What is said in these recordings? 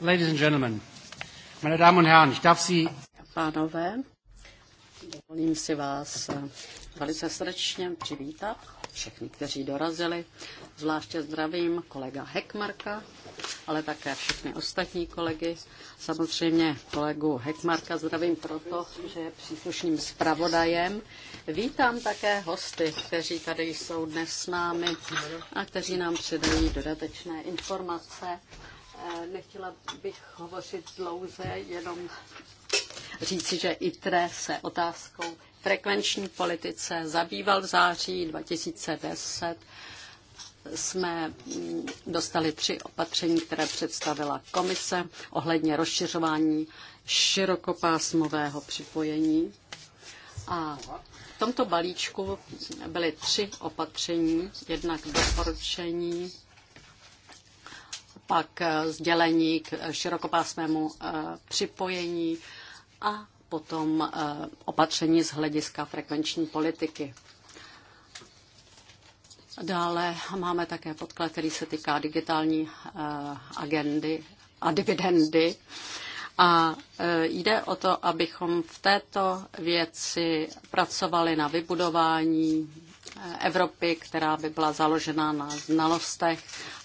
Ladies and gentlemen, meine Damen und Herren, ich darf Sie... Pánové, dovolím si vás eh, velice srdečně přivítat všechny, kteří dorazili. Zvláště zdravím kolega Hekmarka, ale také všechny ostatní kolegy. Samozřejmě kolegu Hekmarka zdravím proto, že je příslušným zpravodajem. Vítám také hosty, kteří tady jsou dnes s námi a kteří nám předají dodatečné informace Nechtěla bych hovořit dlouze, jenom říci, že ITRE se otázkou frekvenční politice zabýval v září 2010. Jsme mm, dostali tři opatření, které představila komise ohledně rozšiřování širokopásmového připojení. A v tomto balíčku byly tři opatření, jednak doporučení pak eh, sdělení k širokopásmému eh, připojení a potom eh, opatření z hlediska frekvenční politiky. Dále máme také podklad, který se týká digitální agendy a dividendy. A jde o to, abychom v této věci pracovali na vybudování Evropy, která by byla založena na znalostech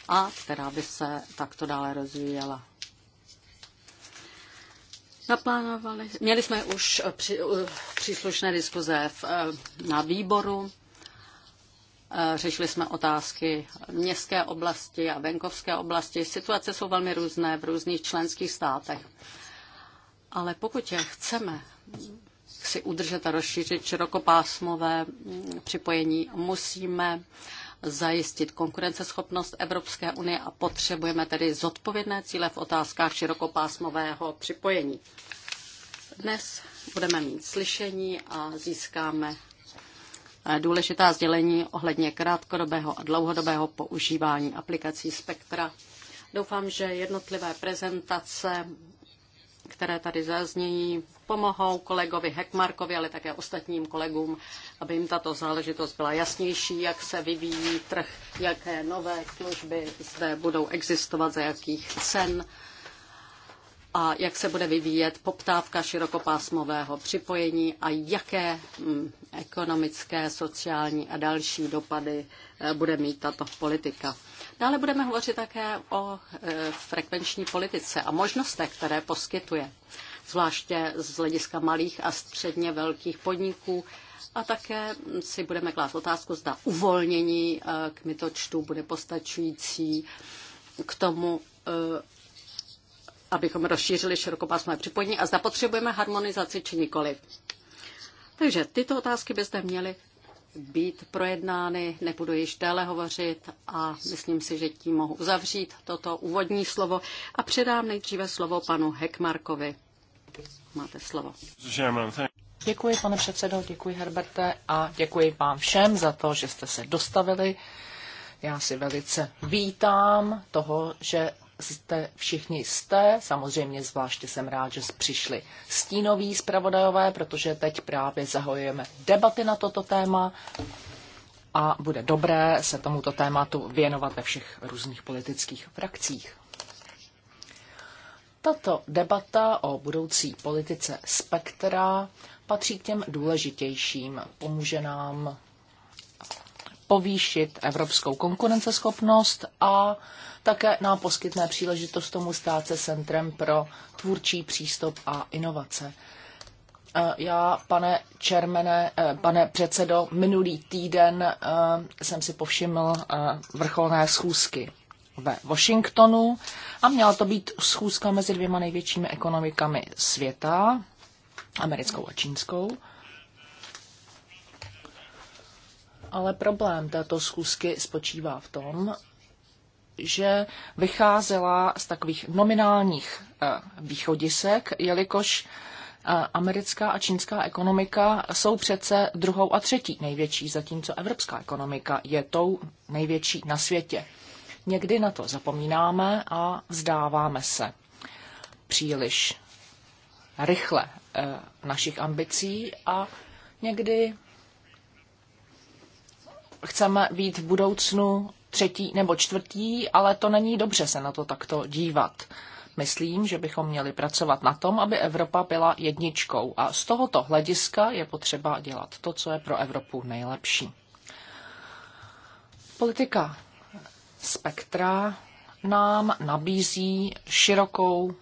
a která by se takto dále rozvíjela. Naplánovali, měli jsme už při, příslušné diskuze v, eh, na výboru, eh, řešili jsme otázky městské oblasti a venkovské oblasti. Situace jsou velmi různé v různých členských státech. Ale pokud je chceme si udržet a rozšířit širokopásmové mm, připojení, musíme zajistit konkurenceschopnost Evropské unie a potřebujeme tedy zodpovědné cíle v otázkách širokopásmového připojení. Dnes budeme mít slyšení a získáme eh, důležitá sdělení ohledně krátkodobého a dlouhodobého používání aplikací Spektra. Doufám, že jednotlivé prezentace, které tady zaznějí, pomohou kolegovi Hekmarkovi, ale také ostatním kolegům, aby jim tato záležitost byla jasnější, jak se vyvíjí trh, jaké nové služby zde budou existovat, za jakých cen a jak se bude vyvíjet poptávka širokopásmového připojení a jaké mm, ekonomické, sociální a další dopady eh, bude mít tato politika. Dále budeme hovořit také o eh, frekvenční politice a možnostech, které poskytuje zvláště z hlediska malých a středně velkých podniků. A také si budeme klást otázku, zda uvolnění eh, kmitočtu bude postačující k tomu, eh, abychom rozšířili širokopásmové připojení a zda potřebujeme harmonizaci či nikoli. Takže tyto otázky byste měli být projednány, nebudu již déle hovořit a myslím si, že tím mohu uzavřít toto úvodní slovo a předám nejdříve slovo panu Hekmarkovi. Máte slovo. Děkuji, pane předsedo, děkuji, Herberte, a děkuji vám všem za to, že jste se dostavili. Já si velice vítám toho, že jste všichni jste. Samozřejmě zvláště jsem rád, že přišli stínoví zpravodajové, protože teď právě zahojujeme debaty na toto téma a bude dobré se tomuto tématu věnovat ve všech různých politických frakcích. Tato debata o budoucí politice spektra patří k těm důležitějším. Pomůže nám povýšit evropskou konkurenceschopnost a také nám poskytne příležitost tomu stát se centrem pro tvůrčí přístup a inovace. Eh, já, pane Čermene, eh, pane předsedo, minulý týden eh, jsem si povšiml vrcholné schůzky ve Washingtonu a měla to být schůzka mezi dvěma největšími ekonomikami světa, americkou a čínskou. Ale problém této schůzky spočívá v tom, že vycházela z takových nominálních eh, východisek, jelikož eh, americká a čínská ekonomika jsou přece druhou a třetí největší, zatímco evropská ekonomika je tou největší na světě. Někdy na to zapomínáme a vzdáváme se příliš rychle eh, našich ambicí a někdy chceme být v budoucnu třetí nebo čtvrtí, ale to není dobře se na to takto dívat. Myslím, že bychom měli pracovat na tom, aby Evropa byla jedničkou a z tohoto hlediska je potřeba dělat to, co je pro Evropu nejlepší. Politika spektra nám nabízí širokou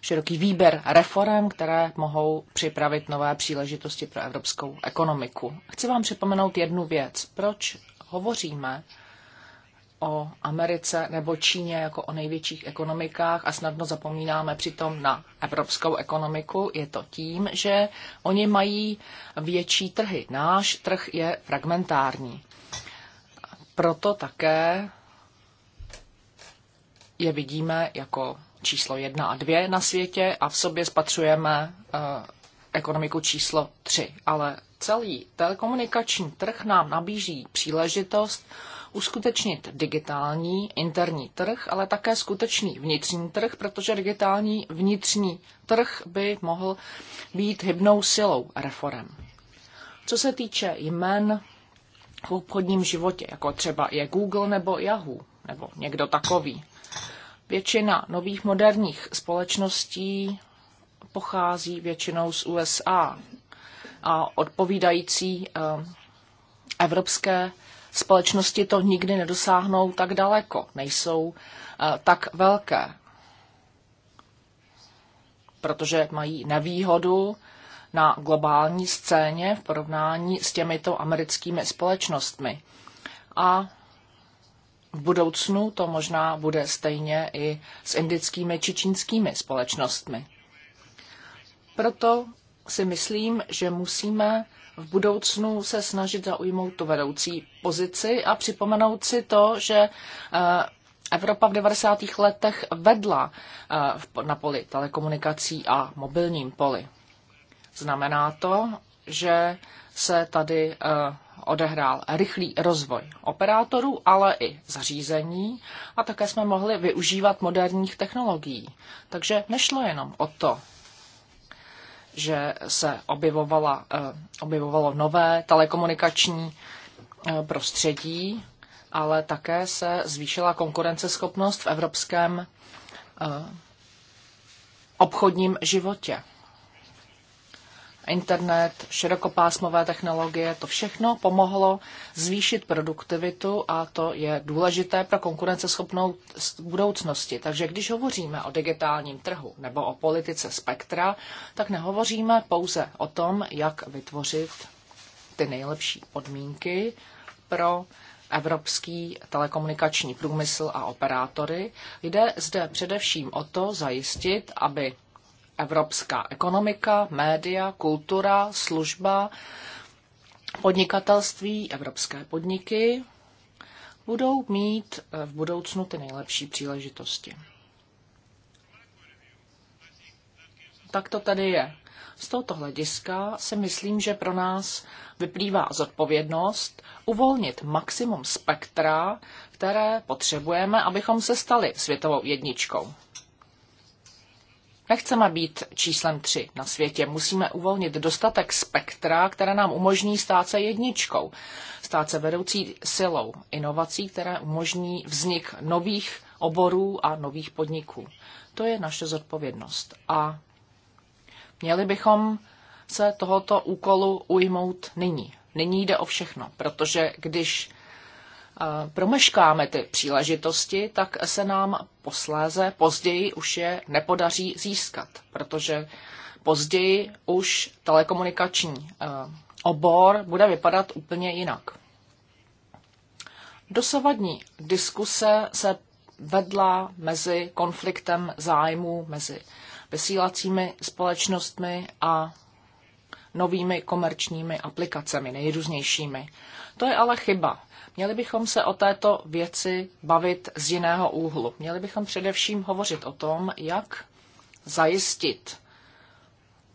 široký výběr reform, které mohou připravit nové příležitosti pro evropskou ekonomiku. Chci vám připomenout jednu věc. Proč hovoříme o Americe nebo Číně jako o největších ekonomikách a snadno zapomínáme přitom na evropskou ekonomiku, je to tím, že oni mají větší trhy. Náš trh je fragmentární. Proto také je vidíme jako číslo jedna a dvě na světě a v sobě spatřujeme eh, ekonomiku číslo tři. Ale celý telekomunikační trh nám nabízí příležitost uskutečnit digitální interní trh, ale také skutečný vnitřní trh, protože digitální vnitřní trh by mohl být hybnou silou reform. Co se týče jmen v obchodním životě, jako třeba je Google nebo Yahoo, nebo někdo takový, většina nových moderních společností pochází většinou z USA a odpovídající eh, evropské společnosti to nikdy nedosáhnou tak daleko, nejsou eh, tak velké, protože mají nevýhodu na globální scéně v porovnání s těmito americkými společnostmi. A v budoucnu to možná bude stejně i s indickými či čínskými společnostmi. Proto si myslím, že musíme v budoucnu se snažit zaujmout tu vedoucí pozici a připomenout si to, že eh, Evropa v 90. letech vedla eh, na poli telekomunikací a mobilním poli. Znamená to, že se tady eh, odehrál rychlý rozvoj operátorů, ale i zařízení a také jsme mohli využívat moderních technologií. Takže nešlo jenom o to že se objevovala, eh, objevovalo nové telekomunikační eh, prostředí, ale také se zvýšila konkurenceschopnost v evropském eh, obchodním životě internet, širokopásmové technologie, to všechno pomohlo zvýšit produktivitu a to je důležité pro konkurenceschopnou budoucnosti. Takže když hovoříme o digitálním trhu nebo o politice spektra, tak nehovoříme pouze o tom, jak vytvořit ty nejlepší podmínky pro evropský telekomunikační průmysl a operátory. Jde zde především o to zajistit, aby evropská ekonomika, média, kultura, služba, podnikatelství, evropské podniky budou mít eh, v budoucnu ty nejlepší příležitosti. Tak to tady je. Z tohoto hlediska si myslím, že pro nás vyplývá zodpovědnost uvolnit maximum spektra, které potřebujeme, abychom se stali světovou jedničkou. Nechceme být číslem tři na světě. Musíme uvolnit dostatek spektra, které nám umožní stát se jedničkou, stát se vedoucí silou inovací, které umožní vznik nových oborů a nových podniků. To je naše zodpovědnost. A měli bychom se tohoto úkolu ujmout nyní. Nyní jde o všechno, protože když promeškáme ty příležitosti, tak se nám posléze, později už je nepodaří získat, protože později už telekomunikační eh, obor bude vypadat úplně jinak. Dosavadní diskuse se vedla mezi konfliktem zájmů mezi vysílacími společnostmi a novými komerčními aplikacemi, nejrůznějšími. To je ale chyba. Měli bychom se o této věci bavit z jiného úhlu. Měli bychom především hovořit o tom, jak zajistit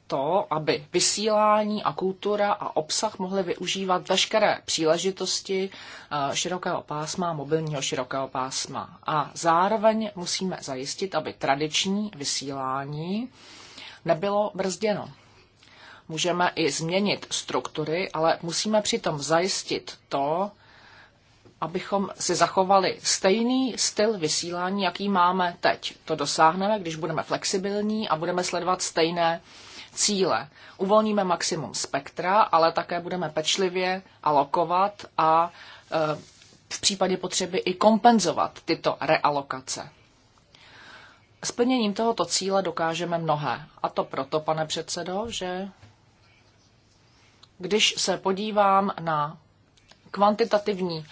to, aby vysílání a kultura a obsah mohly využívat veškeré příležitosti eh, širokého pásma, mobilního širokého pásma. A zároveň musíme zajistit, aby tradiční vysílání nebylo brzděno. Můžeme i změnit struktury, ale musíme přitom zajistit to, abychom si zachovali stejný styl vysílání, jaký máme teď. To dosáhneme, když budeme flexibilní a budeme sledovat stejné cíle. Uvolníme maximum spektra, ale také budeme pečlivě alokovat a eh, v případě potřeby i kompenzovat tyto realokace. Splněním tohoto cíle dokážeme mnohé. A to proto, pane předsedo, že když se podívám na kvantitativní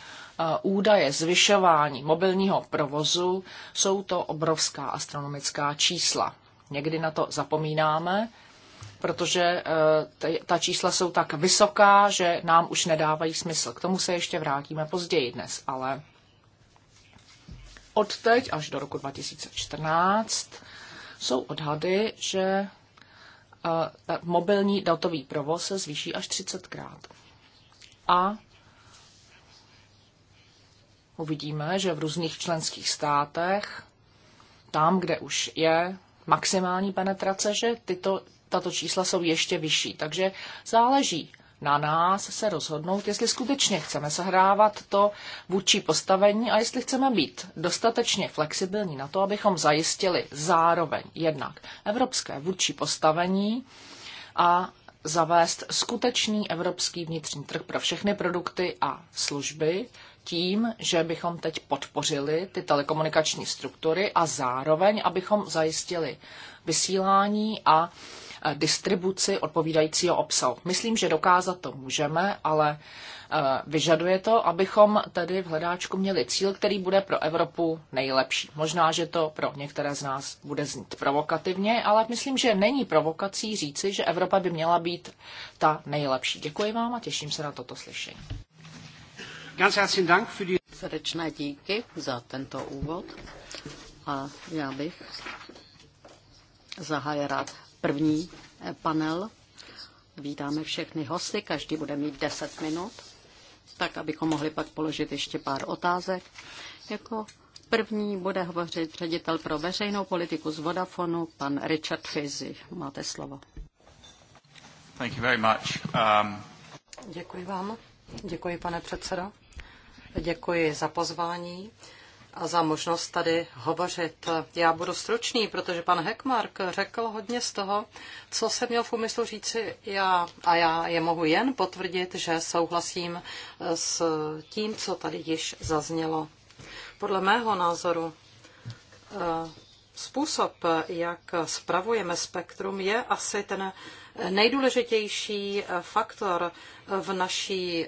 údaje zvyšování mobilního provozu, jsou to obrovská astronomická čísla. Někdy na to zapomínáme, protože e, ta čísla jsou tak vysoká, že nám už nedávají smysl. K tomu se ještě vrátíme později dnes, ale od teď až do roku 2014 jsou odhady, že e, mobilní datový provoz se zvýší až 30krát. A uvidíme, že v různých členských státech, tam, kde už je maximální penetrace, že tyto, tato čísla jsou ještě vyšší. Takže záleží na nás se rozhodnout, jestli skutečně chceme sehrávat to vůči postavení a jestli chceme být dostatečně flexibilní na to, abychom zajistili zároveň jednak evropské vůči postavení a zavést skutečný evropský vnitřní trh pro všechny produkty a služby, tím, že bychom teď podpořili ty telekomunikační struktury a zároveň, abychom zajistili vysílání a e, distribuci odpovídajícího obsahu. Myslím, že dokázat to můžeme, ale e, vyžaduje to, abychom tedy v hledáčku měli cíl, který bude pro Evropu nejlepší. Možná, že to pro některé z nás bude znít provokativně, ale myslím, že není provokací říci, že Evropa by měla být ta nejlepší. Děkuji vám a těším se na toto slyšení. Srdečné díky za tento úvod a já bych zahájil rád první panel. Vítáme všechny hosty, každý bude mít 10 minut, tak abychom mohli pak položit ještě pár otázek. Jako první bude hovořit ředitel pro veřejnou politiku z Vodafonu, pan Richard Fizi. Máte slovo. Thank you very much. Um... Děkuji vám. Děkuji, pane předsedo děkuji za pozvání a za možnost tady hovořit. Já budu stručný, protože pan Heckmark řekl hodně z toho, co se měl v úmyslu říci já. A já je mohu jen potvrdit, že souhlasím s tím, co tady již zaznělo. Podle mého názoru eh, způsob, jak spravujeme spektrum, je asi ten nejdůležitější eh, faktor eh, v, naší, eh,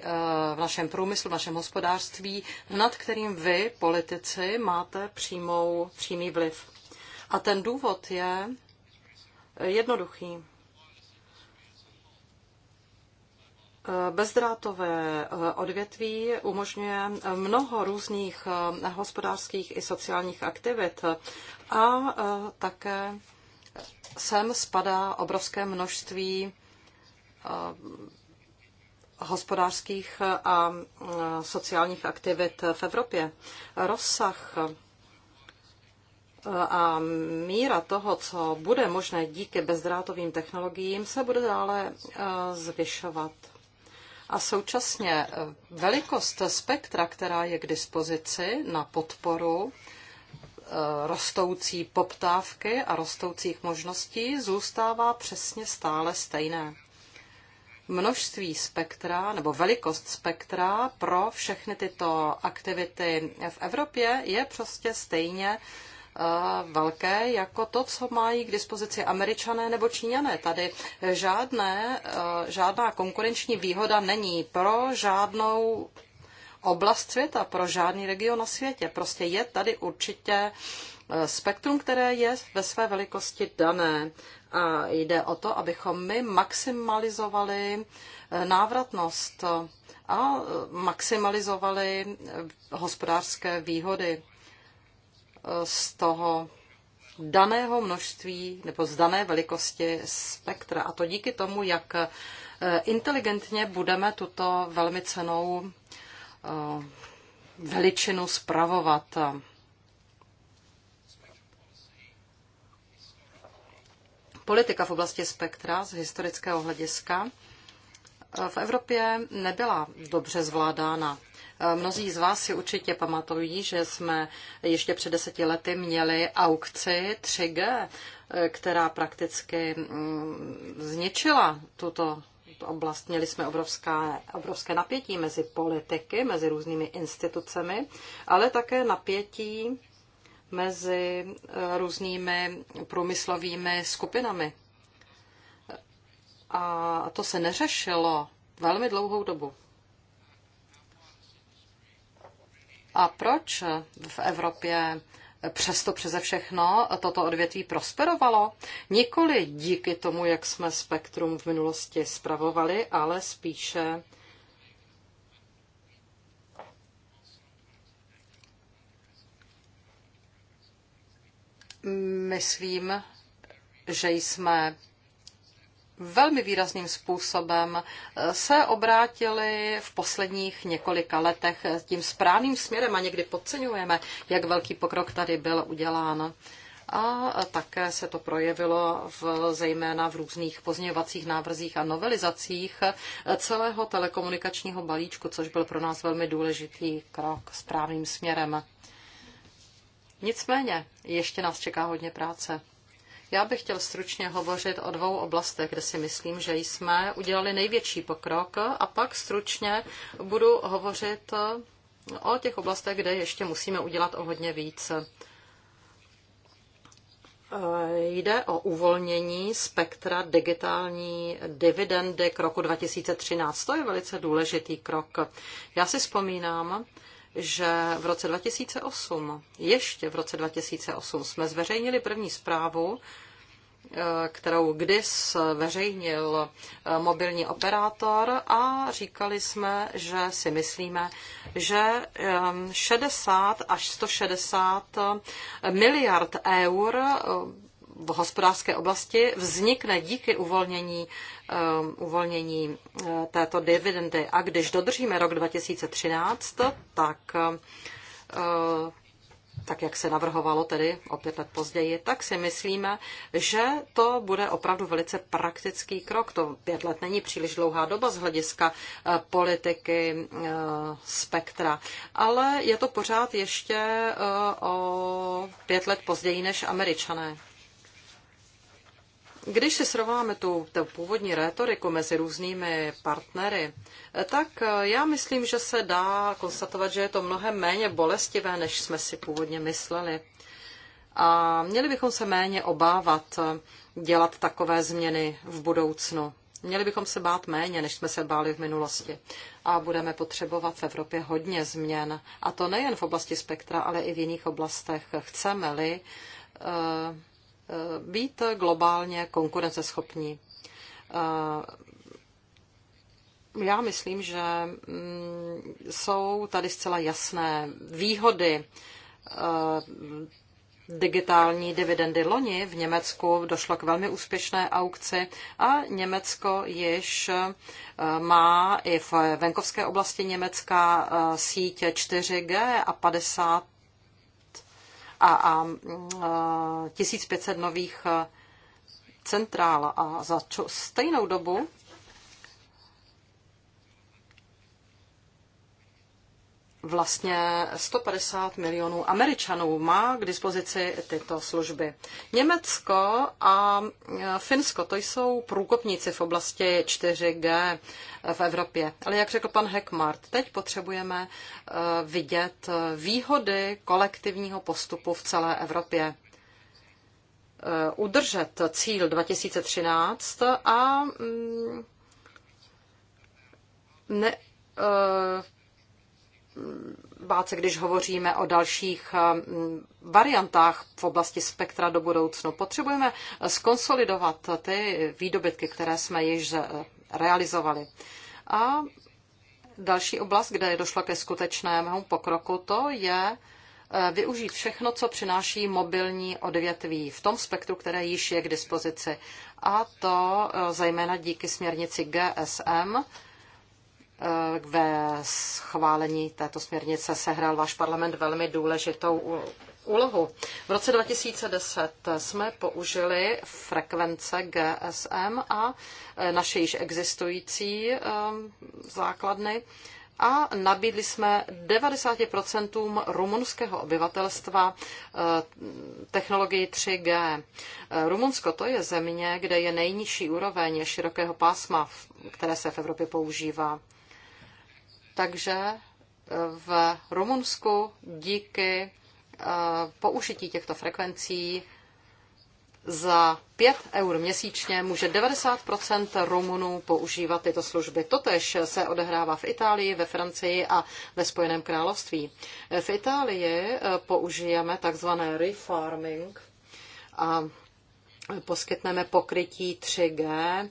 v našem průmyslu, v našem hospodářství, nad kterým vy, politici, máte přímou, přímý vliv. A ten důvod je jednoduchý. Bezdrátové odvětví umožňuje mnoho různých hospodářských i sociálních aktivit a také sem spadá obrovské množství eh, hospodářských a eh, sociálních aktivit v Evropě. Rozsah eh, a míra toho, co bude možné díky bezdrátovým technologiím, se bude dále zvyšovat. A současně velikost spektra, která je k dispozici na podporu Eh, rostoucí poptávky a rostoucích možností zůstává přesně stále stejné. Množství spektra nebo velikost spektra pro všechny tyto aktivity v Evropě je prostě stejně eh, velké jako to, co mají k dispozici američané nebo číňané. Tady žádné, eh, žádná konkurenční výhoda není pro žádnou oblast světa, pro žádný region na světě. Prostě je tady určitě eh, spektrum, které je ve své velikosti dané. A jde o to, abychom my maximalizovali eh, návratnost eh, a maximalizovali hospodářské výhody z toho daného množství nebo z dané velikosti spektra. A to díky tomu, jak inteligentně budeme tuto velmi cenou veličinu spravovat. Politika v oblasti spektra z historického hlediska v Evropě nebyla dobře zvládána. Mnozí z vás si určitě pamatují, že jsme ještě před deseti lety měli aukci 3G, která prakticky mm, zničila tuto oblast. Měli jsme obrovská, obrovské napětí mezi politiky, mezi různými institucemi, ale také napětí mezi eh, různými průmyslovými skupinami. A to se neřešilo velmi dlouhou dobu. A proč v Evropě přesto přeze všechno toto odvětví prosperovalo. Nikoli díky tomu, jak jsme spektrum v minulosti spravovali, ale spíše myslím, že jsme velmi výrazným způsobem eh, se obrátili v posledních několika letech tím správným směrem a někdy podceňujeme, jak velký pokrok tady byl udělán. A také se to projevilo v, zejména v různých pozměňovacích návrzích a novelizacích eh, celého telekomunikačního balíčku, což byl pro nás velmi důležitý krok správným směrem. Nicméně, ještě nás čeká hodně práce. Já bych chtěl stručně hovořit o dvou oblastech, kde si myslím, že jsme udělali největší pokrok a pak stručně budu hovořit o těch oblastech, kde ještě musíme udělat o hodně víc. Jde o uvolnění spektra digitální dividendy k roku 2013. To je velice důležitý krok. Já si vzpomínám, že v roce 2008, ještě v roce 2008, jsme zveřejnili první zprávu, eh, kterou kdy zveřejnil eh, mobilní operátor a říkali jsme, že si myslíme, že 60 eh, až 160 miliard eur v hospodářské oblasti vznikne díky uvolnění, um, uvolnění uh, této dividendy. A když dodržíme rok 2013, tak, uh, tak jak se navrhovalo tedy o pět let později, tak si myslíme, že to bude opravdu velice praktický krok. To pět let není příliš dlouhá doba z hlediska uh, politiky uh, spektra, ale je to pořád ještě uh, o pět let později než američané. Když se srovnáme tu, tu původní rétoriku mezi různými partnery, tak eh, já myslím, že se dá konstatovat, že je to mnohem méně bolestivé, než jsme si původně mysleli. A měli bychom se méně obávat eh, dělat takové změny v budoucnu. Měli bychom se bát méně, než jsme se báli v minulosti. A budeme potřebovat v Evropě hodně změn. A to nejen v oblasti spektra, ale i v jiných oblastech. Chceme-li uh, Eh, být globálně konkurenceschopní. Eh, já myslím, že mm, jsou tady zcela jasné výhody eh, digitální dividendy loni v Německu došlo k velmi úspěšné aukci a Německo již má i v venkovské oblasti Německa sítě 4G a 50 a, a 1500 nových eh, centrál a za čo, stejnou dobu vlastně 150 milionů Američanů má k dispozici tyto služby. Německo a e, Finsko, to jsou průkopníci v oblasti 4G v Evropě. Ale jak řekl pan Heckmart, teď potřebujeme e, vidět výhody kolektivního postupu v celé Evropě e, udržet cíl 2013 a mm, ne, bát se, když hovoříme o dalších mm, variantách v oblasti spektra do budoucnu. Potřebujeme skonsolidovat ty výdobytky, které jsme již realizovali. A další oblast, kde došlo ke skutečnému pokroku, to je eh, využít všechno, co přináší mobilní odvětví v tom spektru, které již je k dispozici. A to eh, zejména díky směrnici GSM, ve schválení této směrnice sehrál váš parlament velmi důležitou úlohu. V roce 2010 jsme použili frekvence GSM a e, naše již existující e, základny a nabídli jsme 90% rumunského obyvatelstva e, technologii 3G. Rumunsko to je země, kde je nejnižší úroveň širokého pásma, které se v Evropě používá. Takže eh, v Rumunsku díky eh, použití těchto frekvencí za 5 eur měsíčně může 90 Rumunů používat tyto služby. Totež se odehrává v Itálii, ve Francii a ve Spojeném království. V Itálii eh, použijeme takzvané refarming a poskytneme pokrytí 3G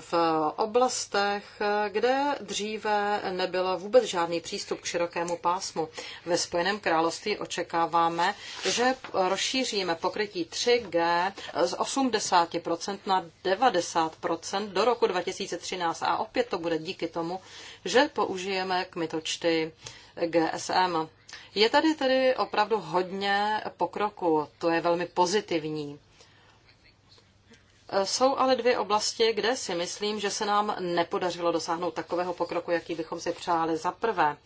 v oblastech, kde dříve nebyl vůbec žádný přístup k širokému pásmu. Ve Spojeném království očekáváme, že rozšíříme pokrytí 3G z 80% na 90% do roku 2013 a opět to bude díky tomu, že použijeme kmitočty GSM. Je tady tedy opravdu hodně pokroku, to je velmi pozitivní. Eh, jsou ale dvě oblasti, kde si myslím, že se nám nepodařilo dosáhnout takového pokroku, jaký bychom si přáli. Za prvé,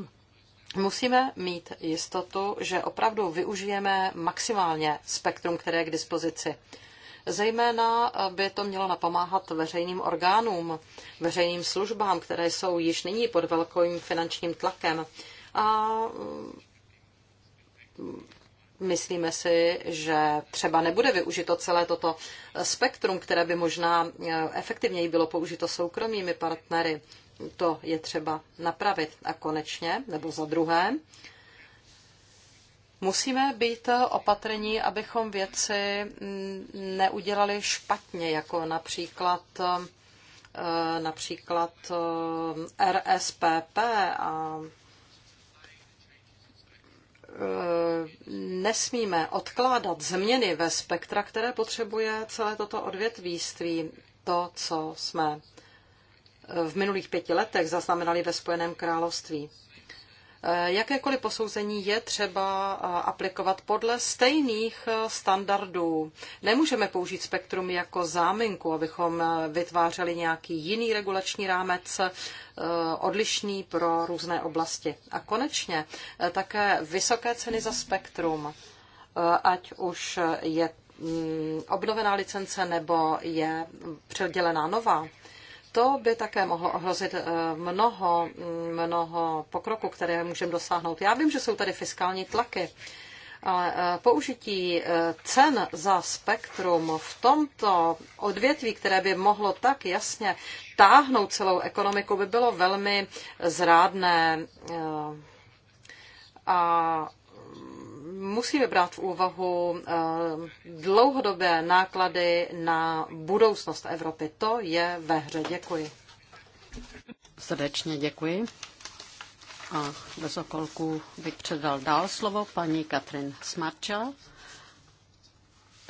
musíme mít jistotu, že opravdu využijeme maximálně spektrum, které je k dispozici. Zejména eh, by to mělo napomáhat veřejným orgánům, veřejným službám, které jsou již nyní pod velkým finančním tlakem. A mm, Myslíme si, že třeba nebude využito celé toto spektrum, které by možná e, efektivněji bylo použito soukromými partnery. To je třeba napravit. A konečně, nebo za druhé, musíme být opatrní, abychom věci mm, neudělali špatně, jako například e, například e, RSPP a Eh, nesmíme odkládat změny ve spektra, které potřebuje celé toto odvětvíství, to, co jsme v minulých pěti letech zaznamenali ve Spojeném království. Eh, jakékoliv posouzení je třeba eh, aplikovat podle stejných eh, standardů. Nemůžeme použít spektrum jako záminku, abychom vytvářeli nějaký jiný regulační rámec odlišný pro různé oblasti. A konečně také vysoké ceny za spektrum, ať už je mm, obnovená licence nebo je předělená nová to by také mohlo ohrozit eh, mnoho, mnoho pokroku, které můžeme dosáhnout. Já vím, že jsou tady fiskální tlaky, ale eh, použití eh, cen za spektrum v tomto odvětví, které by mohlo tak jasně táhnout celou ekonomiku, by bylo velmi zrádné a musíme brát v úvahu eh, dlouhodobé náklady na budoucnost Evropy. To je ve hře. Děkuji. Srdečně děkuji. A bez okolku bych předal dál slovo paní Katrin Smarčela.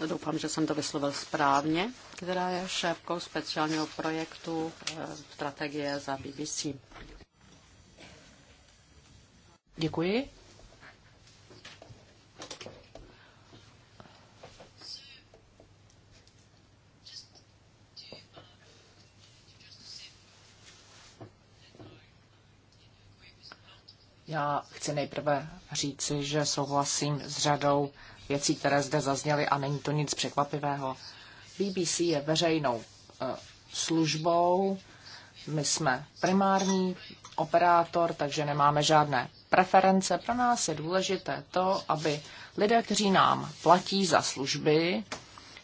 Doufám, že jsem to vyslovil správně, která je šéfkou speciálního projektu eh, strategie za BBC. Děkuji. Já chci nejprve říci, že souhlasím s řadou věcí, které zde zazněly a není to nic překvapivého. BBC je veřejnou eh, službou, my jsme primární operátor, takže nemáme žádné preference. Pro nás je důležité to, aby lidé, kteří nám platí za služby,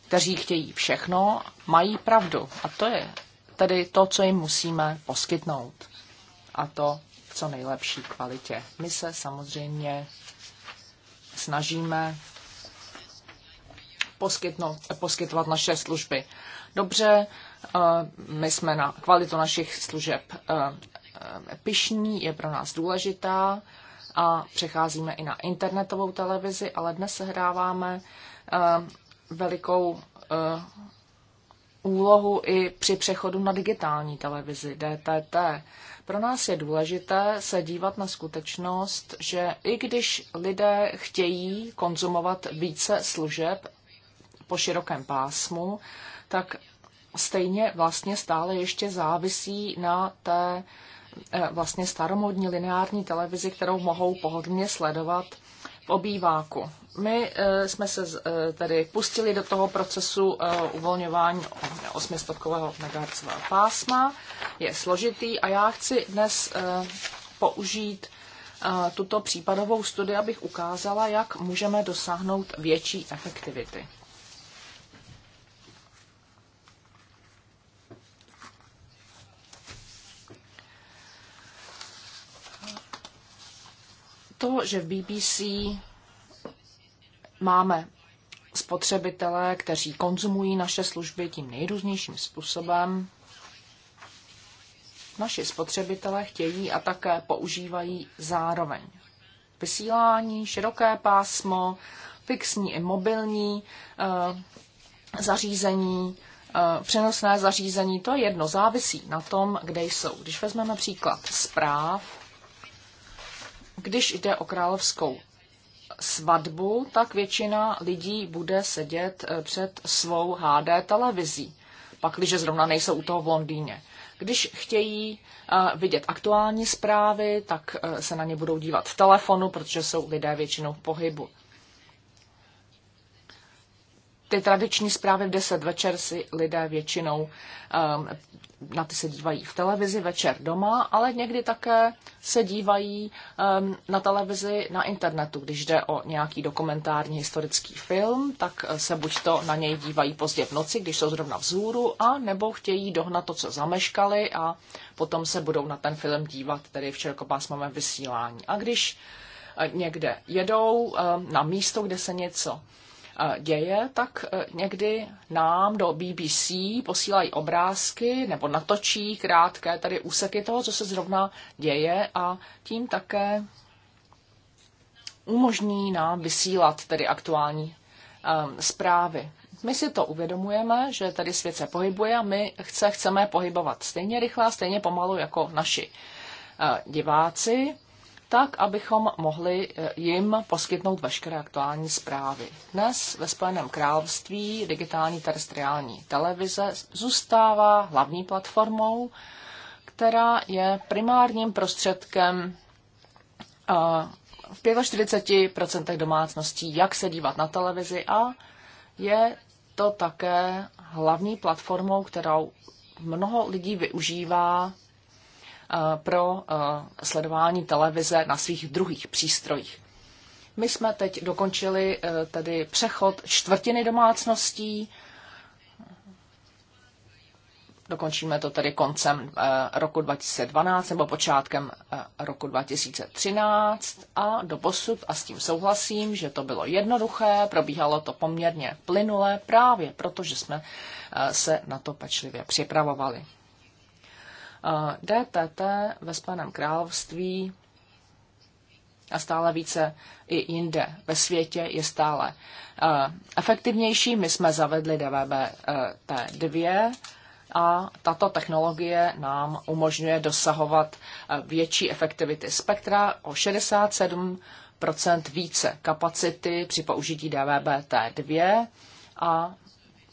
kteří chtějí všechno, mají pravdu. A to je tedy to, co jim musíme poskytnout. A to co nejlepší kvalitě. My se samozřejmě snažíme poskytnout, poskytovat naše služby. Dobře, eh, my jsme na kvalitu našich služeb eh, eh, pišní, je pro nás důležitá a přecházíme i na internetovou televizi, ale dnes sehráváme velikou úlohu i při přechodu na digitální televizi DTT. Pro nás je důležité se dívat na skutečnost, že i když lidé chtějí konzumovat více služeb po širokém pásmu, tak stejně vlastně stále ještě závisí na té eh, vlastně staromodní lineární televizi, kterou mohou pohodlně sledovat v obýváku. My eh, jsme se eh, tedy pustili do toho procesu eh, uvolňování osmistopkového megahertzového pásma. Je složitý a já chci dnes použít tuto případovou studii, abych ukázala, jak můžeme dosáhnout větší efektivity. To, že v BBC máme spotřebitele, kteří konzumují naše služby tím nejrůznějším způsobem, naši spotřebitele chtějí a také používají zároveň. Vysílání, široké pásmo, fixní i mobilní e, zařízení, e, přenosné zařízení, to je jedno, závisí na tom, kde jsou. Když vezmeme příklad zpráv, když jde o královskou svatbu, tak většina lidí bude sedět eh, před svou HD televizí, pakliže zrovna nejsou u toho v Londýně. Když chtějí eh, vidět aktuální zprávy, tak eh, se na ně budou dívat v telefonu, protože jsou lidé většinou v pohybu ty tradiční zprávy v 10 večer si lidé většinou um, na ty se dívají v televizi večer doma, ale někdy také se dívají um, na televizi na internetu. Když jde o nějaký dokumentární historický film, tak eh, se buď to na něj dívají pozdě v noci, když jsou zrovna vzhůru, a nebo chtějí dohnat to, co zameškali a potom se budou na ten film dívat, tedy v čerkopásmovém vysílání. A když eh, někde jedou um, na místo, kde se něco děje, tak e, někdy nám do BBC posílají obrázky nebo natočí krátké tady úseky toho, co se zrovna děje a tím také umožní nám vysílat tedy aktuální um, zprávy. My si to uvědomujeme, že tady svět se pohybuje a my chce, chceme pohybovat stejně rychle a stejně pomalu jako naši uh, diváci tak abychom mohli eh, jim poskytnout veškeré aktuální zprávy. Dnes ve Spojeném království digitální terestriální televize zůstává hlavní platformou, která je primárním prostředkem eh, v 45% domácností, jak se dívat na televizi a je to také hlavní platformou, kterou mnoho lidí využívá Eh, pro eh, sledování televize na svých druhých přístrojích. My jsme teď dokončili eh, tedy přechod čtvrtiny domácností. Dokončíme to tedy koncem roku 2012 nebo počátkem roku 2013 a do posud a s tím souhlasím, že to bylo jednoduché, probíhalo to poměrně plynule právě protože jsme se na to pečlivě připravovali. DPP ve Spojeném království a stále více i jinde ve světě je stále eh, efektivnější. My jsme zavedli eh, DVB-T2 a tato technologie nám umožňuje dosahovat eh, větší efektivity spektra o 67 více kapacity při použití DVB-T2 a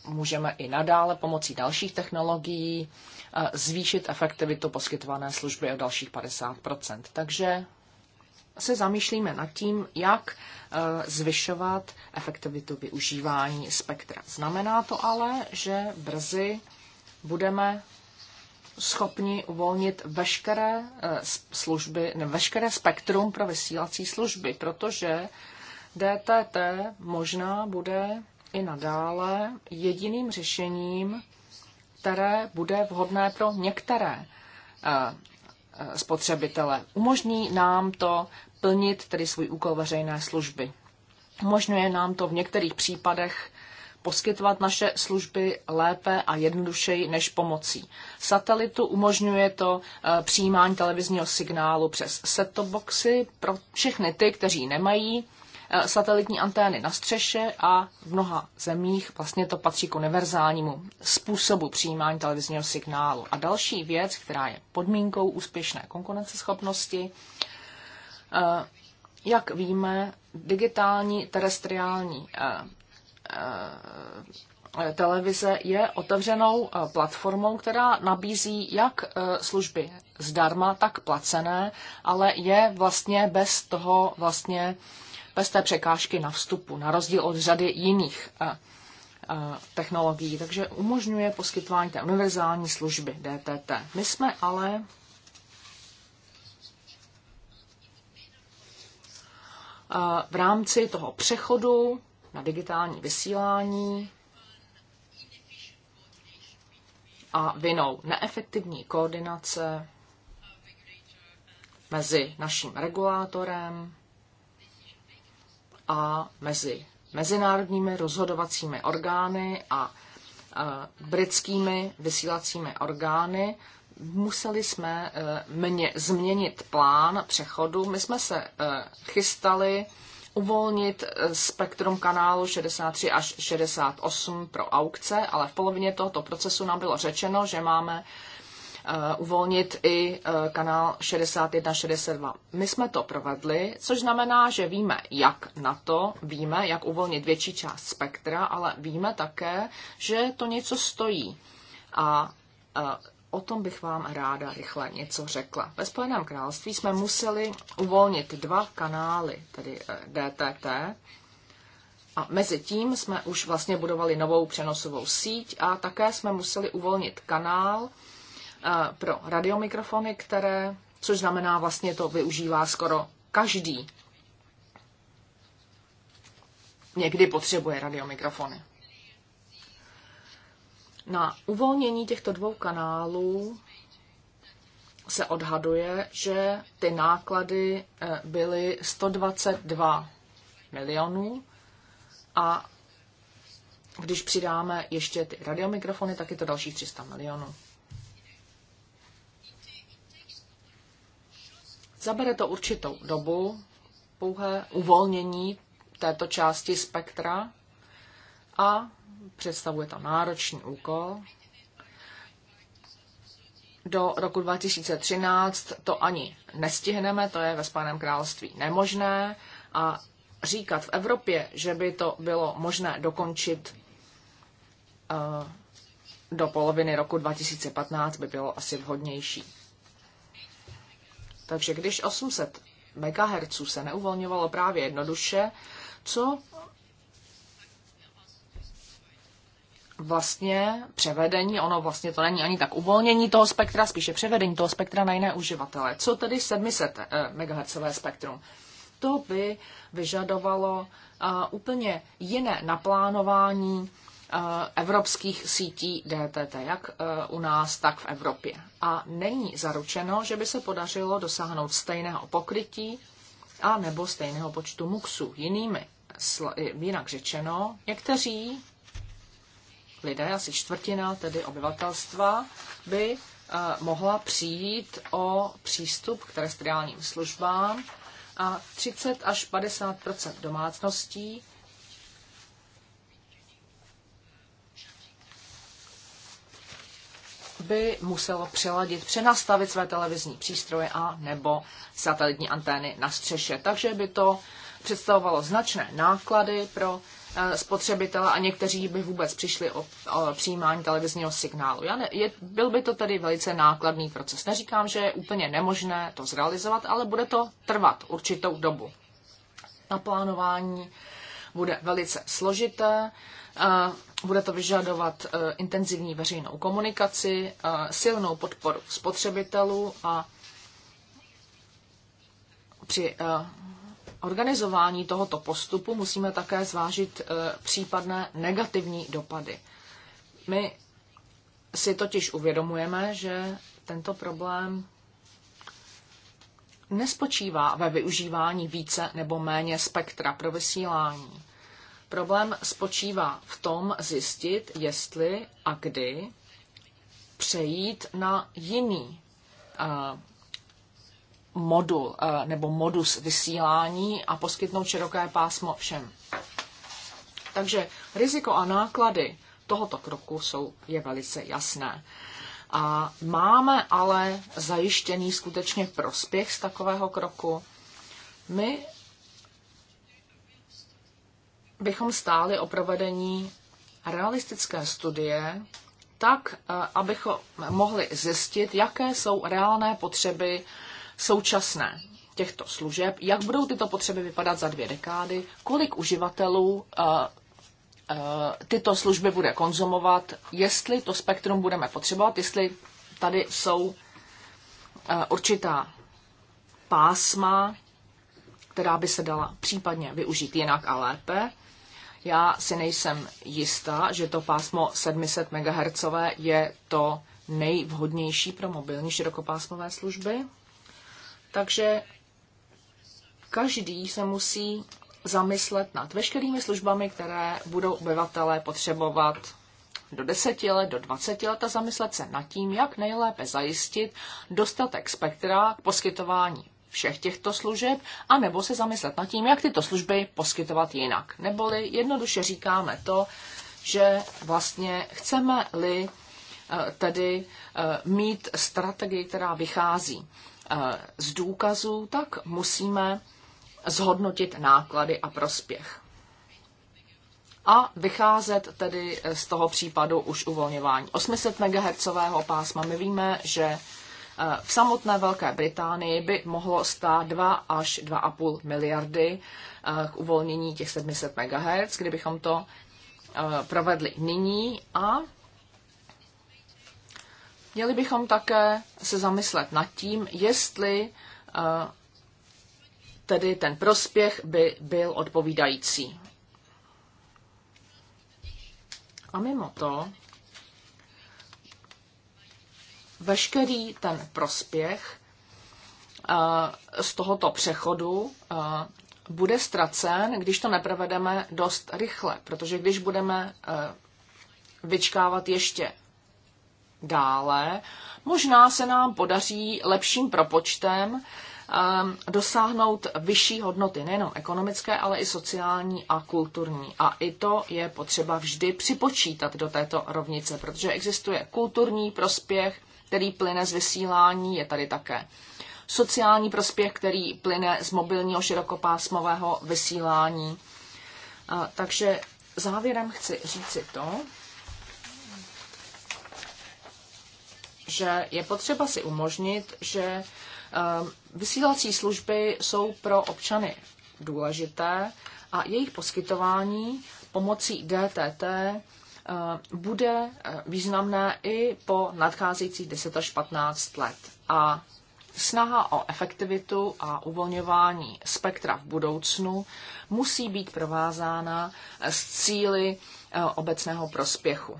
můžeme i nadále pomocí dalších technologií zvýšit efektivitu poskytované služby o dalších 50 Takže se zamýšlíme nad tím, jak e, zvyšovat efektivitu využívání spektra. Znamená to ale, že brzy budeme schopni uvolnit veškeré e, služby, ne, veškeré spektrum pro vysílací služby, protože DTT možná bude i nadále jediným řešením které bude vhodné pro některé eh, eh, spotřebitele. Umožní nám to plnit tedy svůj úkol veřejné služby. Umožňuje nám to v některých případech poskytovat naše služby lépe a jednodušeji než pomocí satelitu. Umožňuje to eh, přijímání televizního signálu přes set-top boxy pro všechny ty, kteří nemají Eh, satelitní antény na střeše a v mnoha zemích vlastně to patří k univerzálnímu způsobu přijímání televizního signálu. A další věc, která je podmínkou úspěšné konkurenceschopnosti, eh, jak víme, digitální terestriální eh, televize je otevřenou platformou, která nabízí jak služby zdarma, tak placené, ale je vlastně bez toho vlastně bez té překážky na vstupu, na rozdíl od řady jiných eh, eh, technologií, takže umožňuje poskytování té univerzální služby DTT. My jsme ale eh, v rámci toho přechodu na digitální vysílání a vinou neefektivní koordinace mezi naším regulátorem a mezi mezinárodními rozhodovacími orgány a britskými vysílacími orgány. Museli jsme e, mě změnit plán přechodu. My jsme se e, chystali uvolnit e, spektrum kanálu 63 až 68 pro aukce, ale v polovině tohoto procesu nám bylo řečeno, že máme Eh, uvolnit i eh, kanál 61-62. My jsme to provedli, což znamená, že víme, jak na to, víme, jak uvolnit větší část spektra, ale víme také, že to něco stojí. A eh, o tom bych vám ráda rychle něco řekla. Ve Spojeném království jsme museli uvolnit dva kanály, tedy DTT, a mezi tím jsme už vlastně budovali novou přenosovou síť a také jsme museli uvolnit kanál pro radiomikrofony, které, což znamená vlastně to využívá skoro každý. Někdy potřebuje radiomikrofony. Na uvolnění těchto dvou kanálů se odhaduje, že ty náklady eh, byly 122 milionů a když přidáme ještě ty radiomikrofony, tak je to dalších 300 milionů. Zabere to určitou dobu, pouhé uvolnění této části spektra a představuje to náročný úkol. Do roku 2013 to ani nestihneme, to je ve Spojeném království nemožné a říkat v Evropě, že by to bylo možné dokončit eh, do poloviny roku 2015 by bylo asi vhodnější. Takže když 800 MHz se neuvolňovalo právě jednoduše, co vlastně převedení, ono vlastně to není ani tak uvolnění toho spektra, spíše převedení toho spektra na jiné uživatele. Co tedy 700 eh, MHz spektrum? To by vyžadovalo eh, úplně jiné naplánování Eh, evropských sítí DTT, jak eh, u nás, tak v Evropě. A není zaručeno, že by se podařilo dosáhnout stejného pokrytí a nebo stejného počtu muxů. Jinými, jinak řečeno, někteří lidé, asi čtvrtina tedy obyvatelstva, by eh, mohla přijít o přístup k terestriálním službám a 30 až 50 domácností by muselo přeladit, přenastavit své televizní přístroje a nebo satelitní antény na střeše. Takže by to představovalo značné náklady pro eh, spotřebitele a někteří by vůbec přišli o, o přijímání televizního signálu. Já ne, je, byl by to tedy velice nákladný proces. Neříkám, že je úplně nemožné to zrealizovat, ale bude to trvat určitou dobu. Naplánování bude velice složité. Eh, bude to vyžadovat e, intenzivní veřejnou komunikaci, e, silnou podporu spotřebitelů a při e, organizování tohoto postupu musíme také zvážit případné negativní dopady. My si totiž uvědomujeme, že tento problém nespočívá ve využívání více nebo méně spektra pro vysílání. Problém spočívá v tom zjistit, jestli a kdy přejít na jiný uh, modul uh, nebo modus vysílání a poskytnout široké pásmo všem. Takže riziko a náklady tohoto kroku jsou, je velice jasné. A máme ale zajištěný skutečně prospěch z takového kroku. My bychom stáli o provedení realistické studie, tak, eh, abychom mohli zjistit, jaké jsou reálné potřeby současné těchto služeb, jak budou tyto potřeby vypadat za dvě dekády, kolik uživatelů eh, eh, tyto služby bude konzumovat, jestli to spektrum budeme potřebovat, jestli tady jsou určitá pásma, která by se dala případně využít jinak a lépe, já si nejsem jistá, že to pásmo 700 MHz je to nejvhodnější pro mobilní širokopásmové služby. Takže každý se musí zamyslet nad veškerými službami, které budou obyvatelé potřebovat do 10 let, do 20 let a zamyslet se nad tím, jak nejlépe zajistit dostatek spektra k poskytování všech těchto služeb, anebo se zamyslet nad tím, jak tyto služby poskytovat jinak. Neboli jednoduše říkáme to, že vlastně chceme-li eh, tedy eh, mít strategii, která vychází eh, z důkazů, tak musíme zhodnotit náklady a prospěch. A vycházet tedy z toho případu už uvolňování 800 MHz pásma. My víme, že Eh, v samotné Velké Británii by mohlo stát 2 až 2,5 miliardy eh, k uvolnění těch 700 MHz, kdybychom to eh, provedli nyní a měli bychom také se zamyslet nad tím, jestli tedy ten prospěch by byl odpovídající. A mimo to veškerý ten prospěch eh, z tohoto přechodu eh, bude ztracen, když to neprovedeme dost rychle, protože když budeme eh, vyčkávat ještě dále, možná se nám podaří lepším propočtem dosáhnout vyšší hodnoty, nejenom ekonomické, ale i sociální a kulturní. A i to je potřeba vždy připočítat do této rovnice, protože existuje kulturní prospěch, který plyne z vysílání, je tady také sociální prospěch, který plyne z mobilního širokopásmového vysílání. Takže závěrem chci říci to, že je potřeba si umožnit, že ehm, vysílací služby jsou pro občany důležité a jejich poskytování pomocí DTT Eh, bude eh, významné i po nadcházejících 10 až 15 let. A snaha o efektivitu a uvolňování spektra v budoucnu musí být provázána s cíly eh, obecného prospěchu.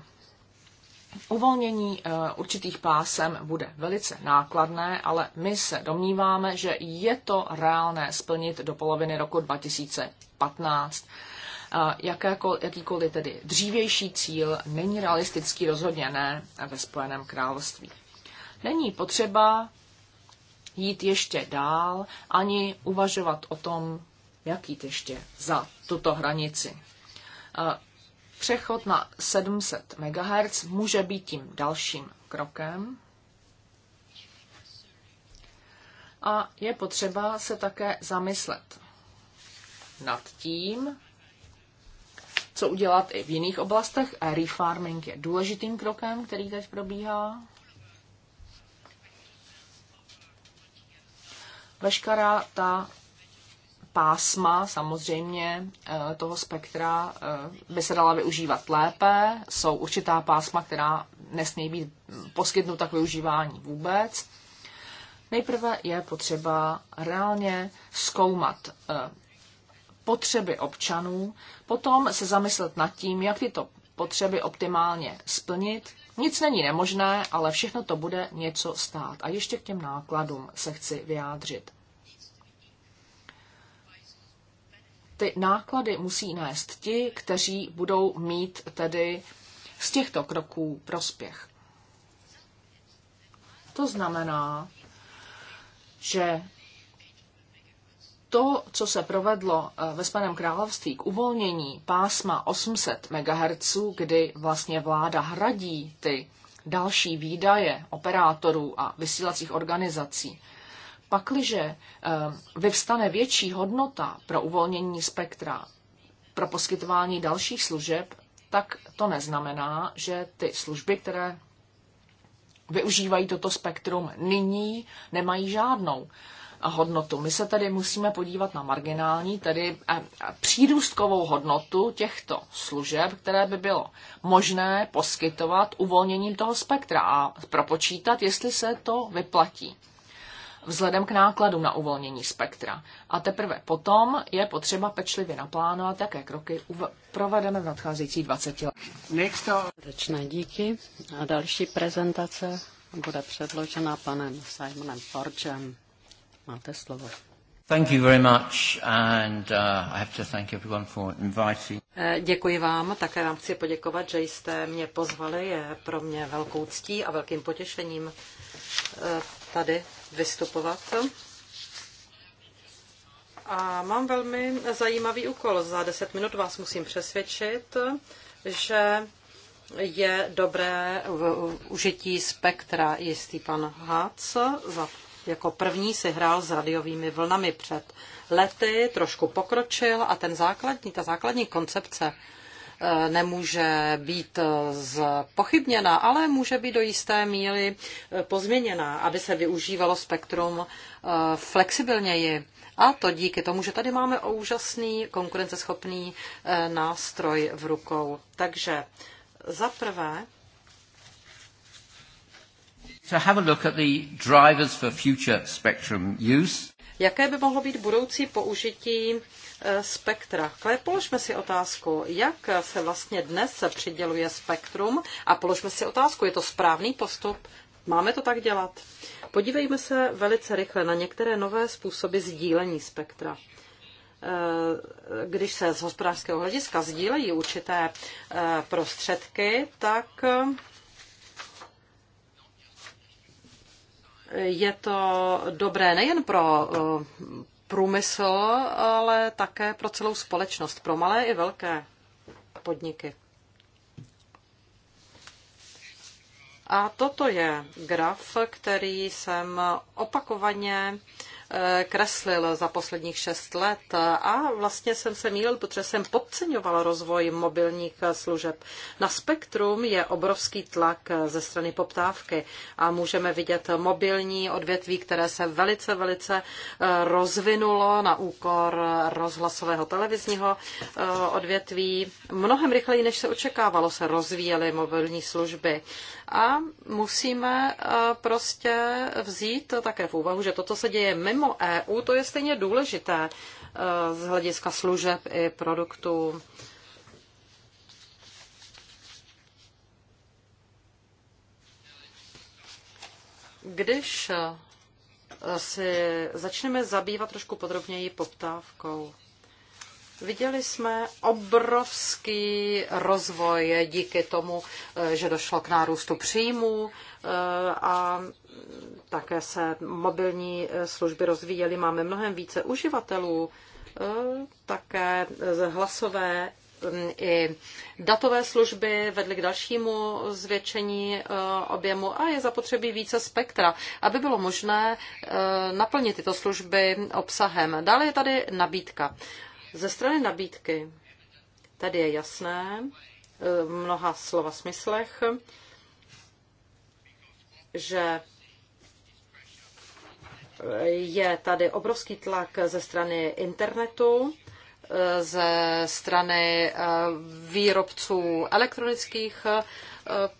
Uvolnění určitých pásem bude velice nákladné, ale my se domníváme, že je to reálné splnit do poloviny roku 2015 jakékoliv, jakýkoliv tedy dřívější cíl není realistický rozhodně ne ve Spojeném království. Není potřeba jít ještě dál, ani uvažovat o tom, jak jít ještě za tuto hranici. Přechod na 700 MHz může být tím dalším krokem. A je potřeba se také zamyslet nad tím, co udělat i v jiných oblastech. A refarming je důležitým krokem, který teď probíhá. Veškerá ta pásma samozřejmě eh, toho spektra eh, by se dala využívat lépe. Jsou určitá pásma, která nesmí být poskytnuta k využívání vůbec. Nejprve je potřeba reálně zkoumat eh, potřeby občanů, potom se zamyslet nad tím, jak tyto potřeby optimálně splnit. Nic není nemožné, ale všechno to bude něco stát. A ještě k těm nákladům se chci vyjádřit. Ty náklady musí nést ti, kteří budou mít tedy z těchto kroků prospěch. To znamená, že to, co se provedlo eh, ve Spojeném království k uvolnění pásma 800 MHz, kdy vlastně vláda hradí ty další výdaje operátorů a vysílacích organizací, pakliže eh, vyvstane větší hodnota pro uvolnění spektra pro poskytování dalších služeb, tak to neznamená, že ty služby, které využívají toto spektrum nyní, nemají žádnou hodnotu. My se tedy musíme podívat na marginální, tedy přírůstkovou hodnotu těchto služeb, které by bylo možné poskytovat uvolněním toho spektra a propočítat, jestli se to vyplatí vzhledem k nákladu na uvolnění spektra. A teprve potom je potřeba pečlivě naplánovat, jaké kroky provedeme v nadcházející 20 letech. Srdečné díky a další prezentace bude předložena panem Simonem Forgem. Máte slovo. Thank you very much and uh, I have to thank everyone for inviting. Eh, děkuji vám, také vám chci poděkovat, že jste mě pozvali. Je pro mě velkou ctí a velkým potěšením eh, tady vystupovat. A mám velmi zajímavý úkol. Za deset minut vás musím přesvědčit, že je dobré v užití spektra jistý pan Hac za jako první si hrál s radiovými vlnami před lety, trošku pokročil a ten základní, ta základní koncepce eh, nemůže být eh, pochybněna, ale může být do jisté míry eh, pozměněna, aby se využívalo spektrum flexibilněji. A to díky tomu, že tady máme úžasný konkurenceschopný nástroj v rukou. Takže za prvé to have a look at the drivers for future spectrum use. Jaké by mohlo být budoucí použití eh, spektra. Ale položme si otázku, jak se vlastně dnes přiděluje spektrum a položme si otázku, je to správný postup? Máme to tak dělat? Podívejme se velice rychle na některé nové způsoby sdílení spektra. Eh, když se z hospodářského hlediska sdílejí určité eh, prostředky, tak Je to dobré nejen pro eh, průmysl, ale také pro celou společnost, pro malé i velké podniky. A toto je graf, který jsem opakovaně Eh, kreslil za posledních šest let a vlastně jsem se mýlil, protože jsem podceňoval rozvoj mobilních služeb. Na spektrum je obrovský tlak ze strany poptávky a můžeme vidět mobilní odvětví, které se velice, velice eh, rozvinulo na úkor rozhlasového televizního eh, odvětví. Mnohem rychleji, než se očekávalo, se rozvíjely mobilní služby. A musíme eh, prostě vzít také v úvahu, že toto se děje mimo EU, to je stejně důležité eh, z hlediska služeb i produktů. Když eh, si začneme zabývat trošku podrobněji poptávkou, Viděli jsme obrovský rozvoj díky tomu, eh, že došlo k nárůstu příjmů eh, a také se mobilní eh, služby rozvíjely. Máme mnohem více uživatelů, také hlasové mm, i datové služby vedly k dalšímu zvětšení objemu a je zapotřebí více spektra, aby bylo možné naplnit tyto služby obsahem. Dále je tady nabídka. Ze strany nabídky tady je jasné, e, v mnoha slova smyslech, že je tady obrovský tlak ze strany internetu, e, ze strany e, výrobců elektronických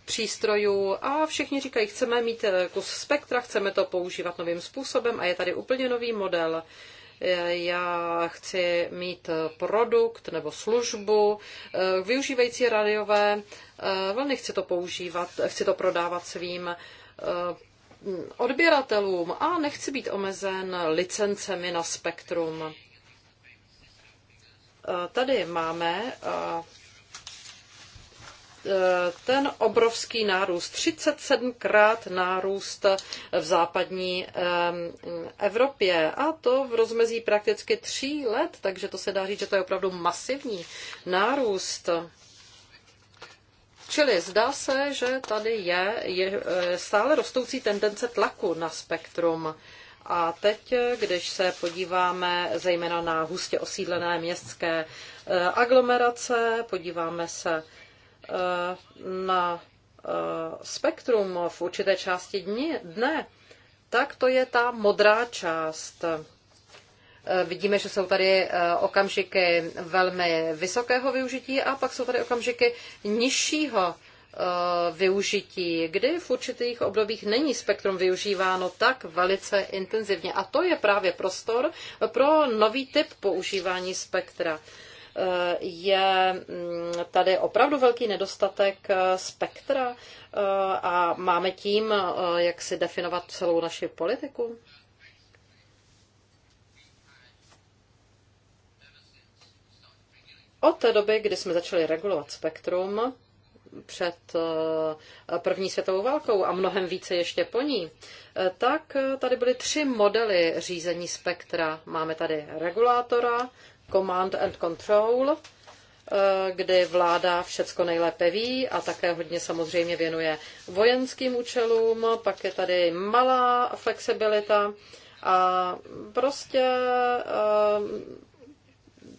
přístrojů a všichni říkají, chceme mít kus spektra, chceme to používat novým způsobem a je tady úplně nový model já chci mít produkt nebo službu eh, využívající radiové eh, vlny, chci to používat, chci to prodávat svým eh, odběratelům a nechci být omezen licencemi na spektrum. Tady máme ten obrovský nárůst, 37krát nárůst v západní Evropě a to v rozmezí prakticky tří let, takže to se dá říct, že to je opravdu masivní nárůst. Čili zdá se, že tady je, je eh, stále rostoucí tendence tlaku na spektrum. A teď, když se podíváme zejména na hustě osídlené městské eh, aglomerace, podíváme se na eh, spektrum v určité části dní, dne, tak to je ta modrá část. Eh, vidíme, že jsou tady eh, okamžiky velmi vysokého využití a pak jsou tady okamžiky nižšího využití, kdy v určitých obdobích není spektrum využíváno tak velice intenzivně. A to je právě prostor pro nový typ používání spektra je mm, tady opravdu velký nedostatek eh, spektra eh, a máme tím, eh, jak si definovat celou naši politiku? Od té doby, kdy jsme začali regulovat spektrum před první světovou válkou a mnohem více ještě po ní, tak tady byly tři modely řízení spektra. Máme tady regulátora, Command and Control, eh, kdy vláda všecko nejlépe ví a také hodně samozřejmě věnuje vojenským účelům, pak je tady malá flexibilita a prostě eh,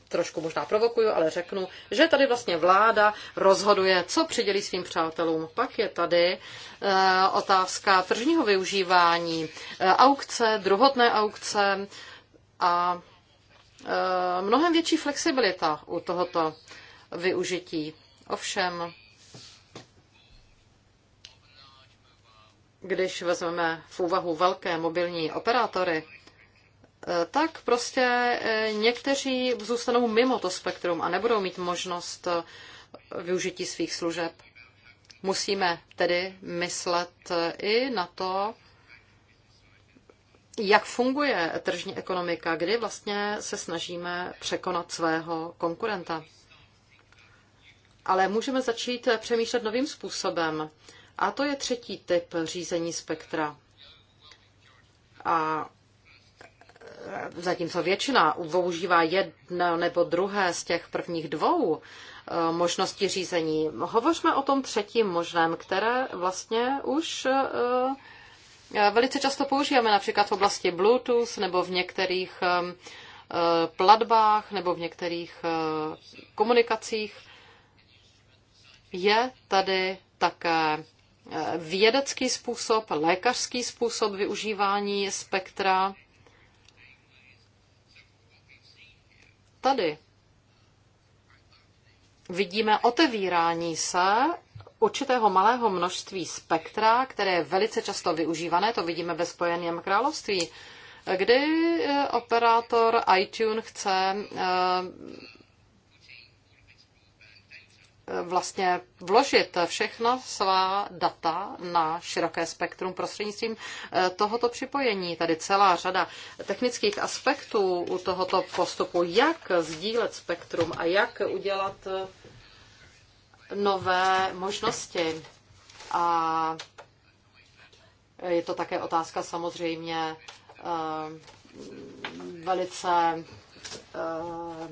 trošku možná provokuju, ale řeknu, že tady vlastně vláda rozhoduje, co přidělí svým přátelům. Pak je tady eh, otázka tržního využívání, aukce, druhotné aukce a Eh, mnohem větší flexibilita u tohoto využití. Ovšem, když vezmeme v úvahu velké mobilní operátory, eh, tak prostě eh, někteří zůstanou mimo to spektrum a nebudou mít možnost využití svých služeb. Musíme tedy myslet i na to, jak funguje tržní ekonomika, kdy vlastně se snažíme překonat svého konkurenta. Ale můžeme začít přemýšlet novým způsobem. A to je třetí typ řízení spektra. A e, zatímco většina používá jedno nebo druhé z těch prvních dvou e, možností řízení, hovořme o tom třetím možném, které vlastně už e, Eh, velice často používáme například v oblasti Bluetooth nebo v některých ehm, eh, platbách nebo v některých eh, komunikacích. Je tady také vědecký způsob, lékařský způsob využívání spektra. Tady vidíme otevírání se určitého malého množství spektra, které je velice často využívané, to vidíme ve Spojeném království, kdy eh, operátor iTunes chce eh, vlastně vložit všechna svá data na široké spektrum prostřednictvím eh, tohoto připojení. Tady celá řada technických aspektů u tohoto postupu, jak sdílet spektrum a jak udělat nové možnosti. A je to také otázka samozřejmě eh, velice eh,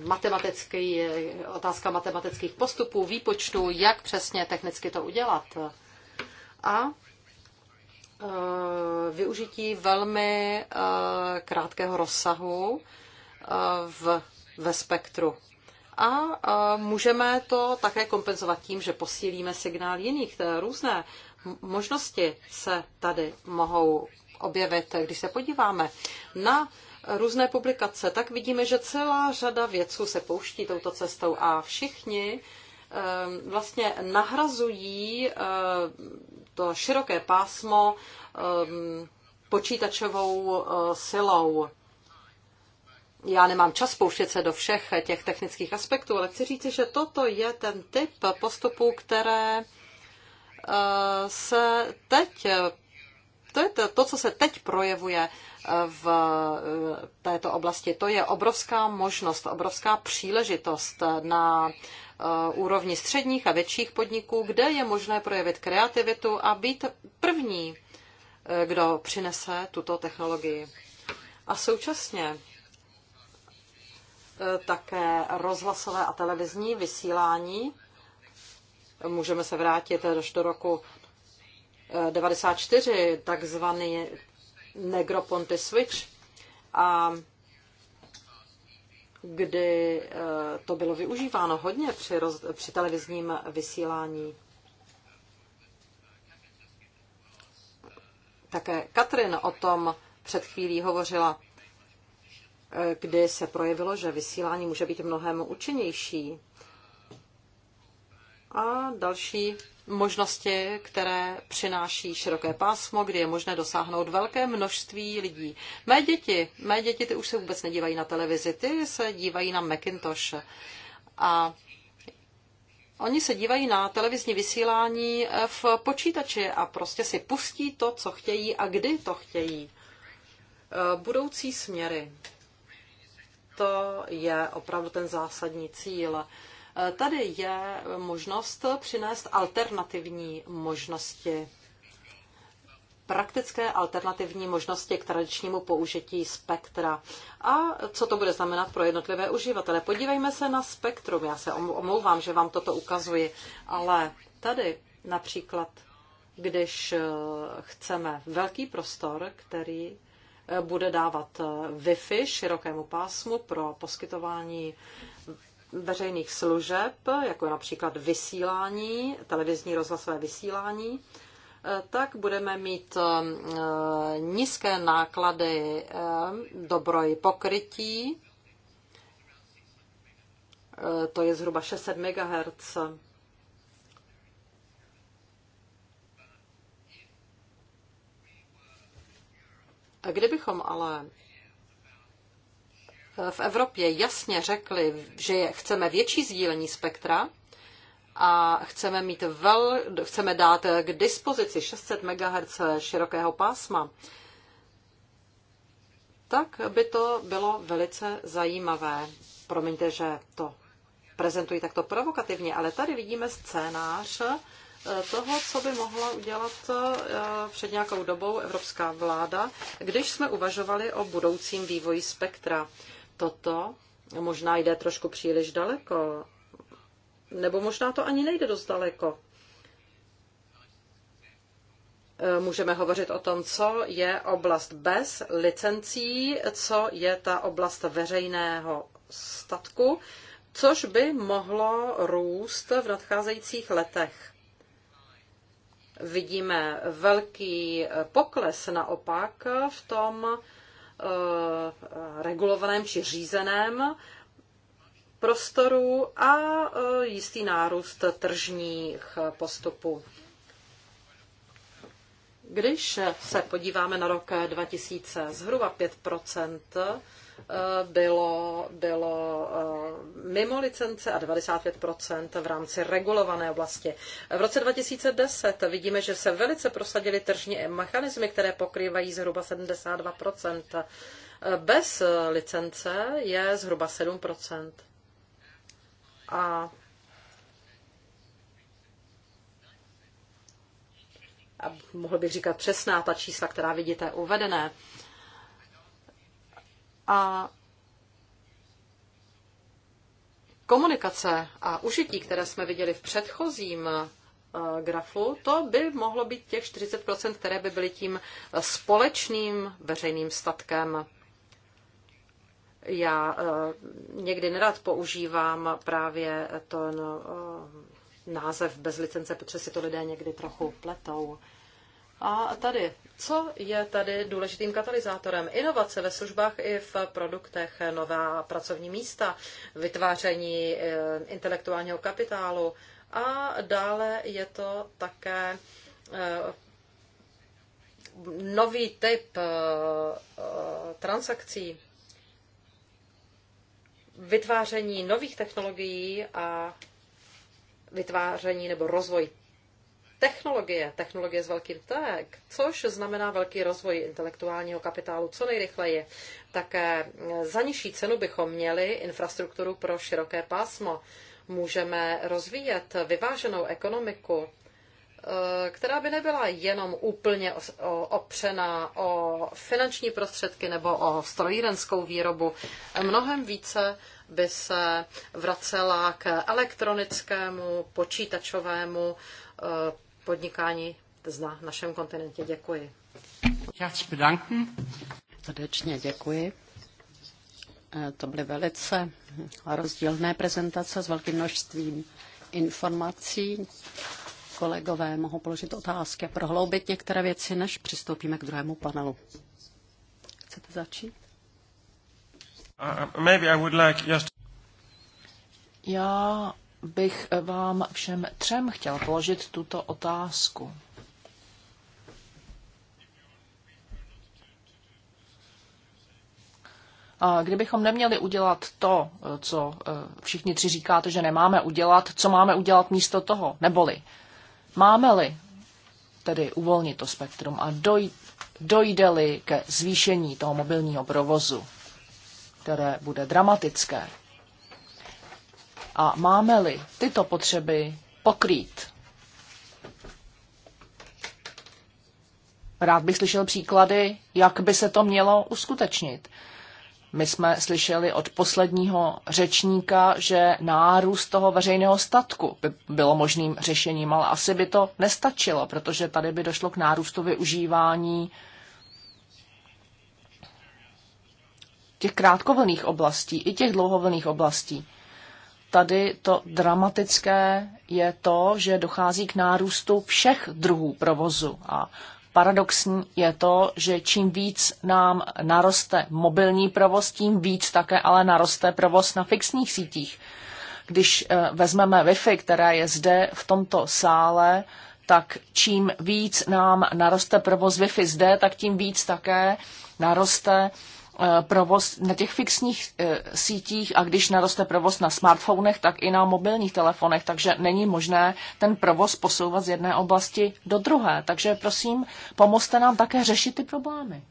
matematický, otázka matematických postupů, výpočtu jak přesně technicky to udělat. A eh, využití velmi krátkého rozsahu v, ve spektru a můžeme to také kompenzovat tím, že posílíme signál jiných. Různé možnosti se tady mohou objevit, když se podíváme na různé publikace, tak vidíme, že celá řada vědců se pouští touto cestou a všichni eh, vlastně nahrazují eh, to široké pásmo eh, počítačovou silou já nemám čas pouštět se do všech těch technických aspektů, ale chci říct, že toto je ten typ postupů, které eh, se teď, to je to, co se teď projevuje eh, v eh, této oblasti. To je obrovská možnost, obrovská příležitost na úrovni středních a větších podniků, kde je možné projevit kreativitu a být první, kdo přinese tuto technologii. A současně Eh, také rozhlasové a televizní vysílání. Můžeme se vrátit až do roku 94, eh, takzvaný Negroponte Switch, a kdy eh, to bylo využíváno hodně při, roz, při televizním vysílání. Také Katrin o tom před chvílí hovořila kdy se projevilo, že vysílání může být mnohem účinnější. A další možnosti, které přináší široké pásmo, kdy je možné dosáhnout velké množství lidí. Mé děti, mé děti ty už se vůbec nedívají na televizi, ty se dívají na Macintosh. A Oni se dívají na televizní vysílání eh, v počítači a prostě si pustí to, co chtějí a kdy to chtějí. Eh, budoucí směry to je opravdu ten zásadní cíl. Eh, tady je možnost přinést alternativní možnosti praktické alternativní možnosti k tradičnímu použití spektra. A co to bude znamenat pro jednotlivé uživatele? Podívejme se na spektrum. Já se omlouvám, že vám toto ukazuji, ale tady například, když eh, chceme velký prostor, který bude dávat eh, Wi-Fi širokému pásmu pro poskytování veřejných služeb, jako například vysílání, televizní rozhlasové vysílání, eh, tak budeme mít eh, nízké náklady dobroj pokrytí, to je zhruba 600 MHz Kdybychom ale v Evropě jasně řekli, že chceme větší sdílení spektra a chceme, mít vel, chceme dát k dispozici 600 MHz širokého pásma, tak by to bylo velice zajímavé. Promiňte, že to prezentuji takto provokativně, ale tady vidíme scénář, toho, co by mohla udělat eh, před nějakou dobou evropská vláda, když jsme uvažovali o budoucím vývoji spektra. Toto možná jde trošku příliš daleko, nebo možná to ani nejde dost daleko. Eh, můžeme hovořit o tom, co je oblast bez licencí, co je ta oblast veřejného statku, což by mohlo růst v nadcházejících letech. Vidíme velký pokles naopak v tom eh, regulovaném či řízeném prostoru a eh, jistý nárůst tržních postupů. Když se podíváme na rok 2000, eh, zhruba 5 Eh, bylo, bylo eh, mimo licence a 95 v rámci regulované oblasti. V roce 2010 vidíme, že se velice prosadily tržní mechanismy, které pokrývají zhruba 72 eh, Bez licence je zhruba 7 A a mohl bych říkat přesná ta čísla, která vidíte uvedené. A komunikace a užití, které jsme viděli v předchozím eh, grafu, to by mohlo být těch 40%, které by byly tím eh, společným veřejným statkem. Já eh, někdy nerad používám právě ten název bez licence, protože si to lidé někdy trochu pletou. A tady, co je tady důležitým katalyzátorem? Inovace ve službách i v produktech, nová pracovní místa, vytváření eh, intelektuálního kapitálu a dále je to také eh, nový typ eh, transakcí, vytváření nových technologií a vytváření nebo rozvoj technologie, technologie s velkým T, což znamená velký rozvoj intelektuálního kapitálu co nejrychleji. Také za nižší cenu bychom měli infrastrukturu pro široké pásmo. Můžeme rozvíjet vyváženou ekonomiku, eh, která by nebyla jenom úplně opřená o finanční prostředky nebo o strojírenskou výrobu. Mnohem více by se vracela k elektronickému, počítačovému eh, podnikání na našem kontinentě. Děkuji. Srdečně děkuji. E, to byly velice rozdílné prezentace s velkým množstvím informací. Kolegové mohou položit otázky a prohloubit některé věci, než přistoupíme k druhému panelu. Chcete začít? Uh, maybe I would like just... Já bych vám všem třem chtěl položit tuto otázku. Kdybychom neměli udělat to, co e, všichni tři říkáte, že nemáme udělat, co máme udělat místo toho? Neboli, máme-li tedy uvolnit to spektrum a doj, dojde-li ke zvýšení toho mobilního provozu, které bude dramatické, a máme-li tyto potřeby pokrýt, rád bych slyšel příklady, jak by se to mělo uskutečnit. My jsme slyšeli od posledního řečníka, že nárůst toho veřejného statku by bylo možným řešením, ale asi by to nestačilo, protože tady by došlo k nárůstu využívání těch krátkovlných oblastí i těch dlouhovlných oblastí tady to dramatické je to, že dochází k nárůstu všech druhů provozu a Paradoxní je to, že čím víc nám naroste mobilní provoz, tím víc také ale naroste provoz na fixních sítích. Když eh, vezmeme Wi-Fi, které je zde v tomto sále, tak čím víc nám naroste provoz Wi-Fi zde, tak tím víc také naroste Eh, provoz na těch fixních eh, sítích a když naroste provoz na smartfonech, tak i na mobilních telefonech, takže není možné ten provoz posouvat z jedné oblasti do druhé. Takže prosím, pomozte nám také řešit ty problémy.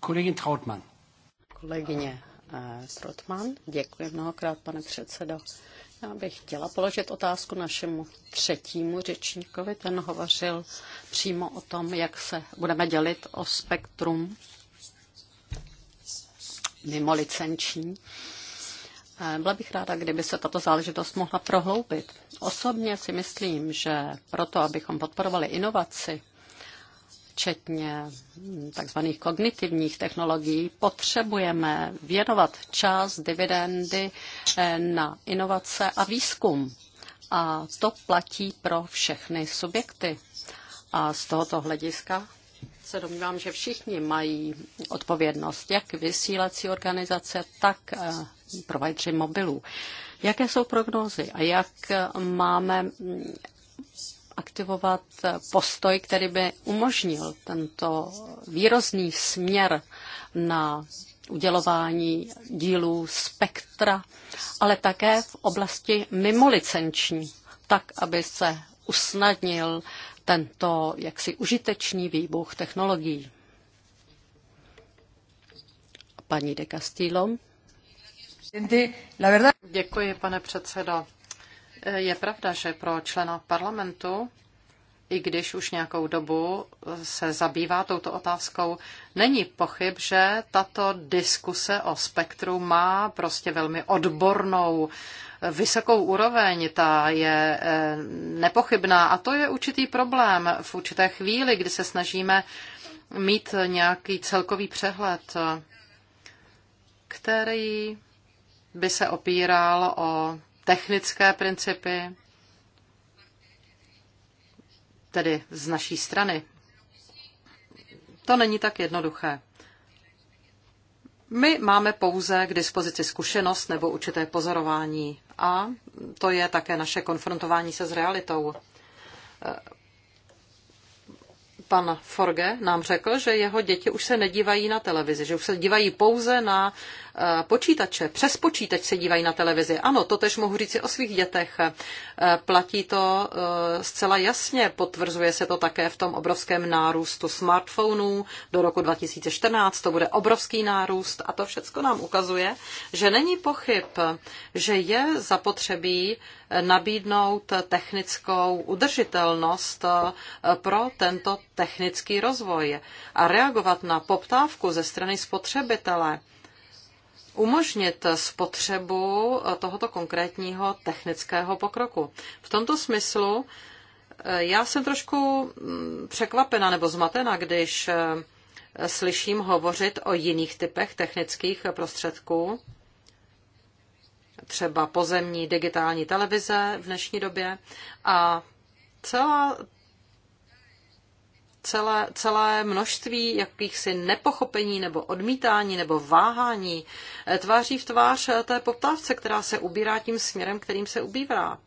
Kolegyně Trautmann. Kolegyně eh, Trotman, děkuji mnohokrát, pane předsedo. Já bych chtěla položit otázku našemu třetímu řečníkovi. Ten hovořil přímo o tom, jak se budeme dělit o spektrum mimo licenční. Eh, byla bych ráda, kdyby se tato záležitost mohla prohloubit. Osobně si myslím, že proto, abychom podporovali inovaci, včetně tzv. kognitivních technologií, potřebujeme věnovat čas dividendy eh, na inovace a výzkum. A to platí pro všechny subjekty. A z tohoto hlediska se domnívám, že všichni mají odpovědnost, jak vysílací organizace, tak eh, provajdři mobilů. Jaké jsou prognózy a jak eh, máme aktivovat postoj, který by umožnil tento výrozný směr na udělování dílů spektra, ale také v oblasti mimolicenční, tak, aby se usnadnil tento jaksi užitečný výbuch technologií. Paní de Castillo. Děkuji, pane předsedo. Je pravda, že pro člena parlamentu, i když už nějakou dobu se zabývá touto otázkou, není pochyb, že tato diskuse o spektru má prostě velmi odbornou vysokou úroveň, ta je eh, nepochybná a to je určitý problém v určité chvíli, kdy se snažíme mít nějaký celkový přehled, eh, který by se opíral o technické principy, tedy z naší strany. To není tak jednoduché. My máme pouze k dispozici zkušenost nebo určité pozorování a to je také naše konfrontování se s realitou. Pan Forge nám řekl, že jeho děti už se nedívají na televizi, že už se dívají pouze na počítače, přes počítač se dívají na televizi. Ano, to tež mohu říci o svých dětech. E, platí to e, zcela jasně, potvrzuje se to také v tom obrovském nárůstu smartphonů. Do roku 2014 to bude obrovský nárůst a to všechno nám ukazuje, že není pochyb, že je zapotřebí e, nabídnout technickou udržitelnost pro tento technický rozvoj a reagovat na poptávku ze strany spotřebitele umožnit spotřebu tohoto konkrétního technického pokroku. V tomto smyslu eh, já jsem trošku mm, překvapena nebo zmatena, když eh, slyším hovořit o jiných typech technických prostředků, třeba pozemní digitální televize v dnešní době. A celá celé, celé množství jakýchsi nepochopení nebo odmítání nebo váhání eh, tváří v tvář eh, té poptávce, která se ubírá tím směrem, kterým se ubírá.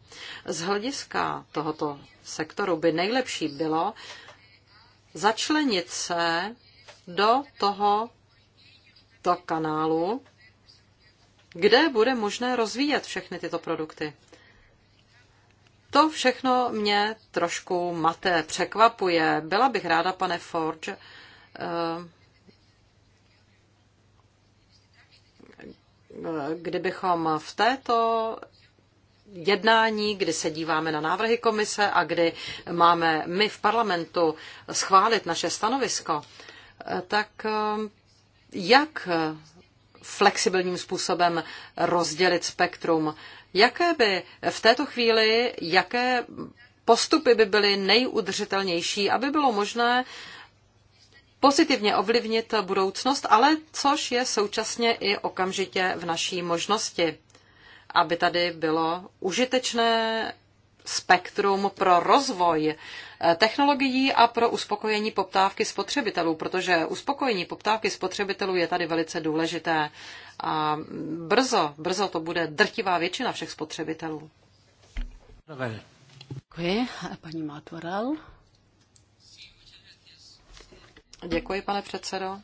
Z hlediska tohoto sektoru by nejlepší bylo začlenit se do toho do kanálu, kde bude možné rozvíjet všechny tyto produkty. To všechno mě trošku maté, překvapuje. Byla bych ráda, pane Forge, eh, kdybychom v této jednání, kdy se díváme na návrhy komise a kdy máme my v parlamentu schválit naše stanovisko, eh, tak eh, jak flexibilním způsobem rozdělit spektrum Jaké by v této chvíli, jaké postupy by byly nejudržitelnější, aby bylo možné pozitivně ovlivnit budoucnost, ale což je současně i okamžitě v naší možnosti, aby tady bylo užitečné spektrum pro rozvoj technologií a pro uspokojení poptávky spotřebitelů, protože uspokojení poptávky spotřebitelů je tady velice důležité. A brzo, brzo to bude drtivá většina všech spotřebitelů. Děkuji. paní Mátvoral. Děkuji, pane předsedo.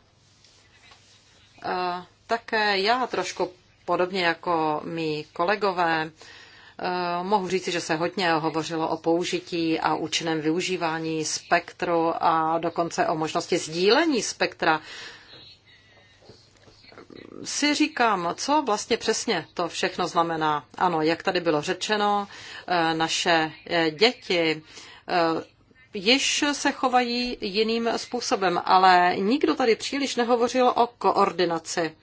Eh, také já trošku podobně jako mý kolegové Eh, mohu říci, že se hodně hovořilo o použití a účinném využívání spektru a dokonce o možnosti sdílení spektra. Si říkám, co vlastně přesně to všechno znamená. Ano, jak tady bylo řečeno, eh, naše eh, děti již se chovají jiným způsobem, ale nikdo tady příliš nehovořil o koordinaci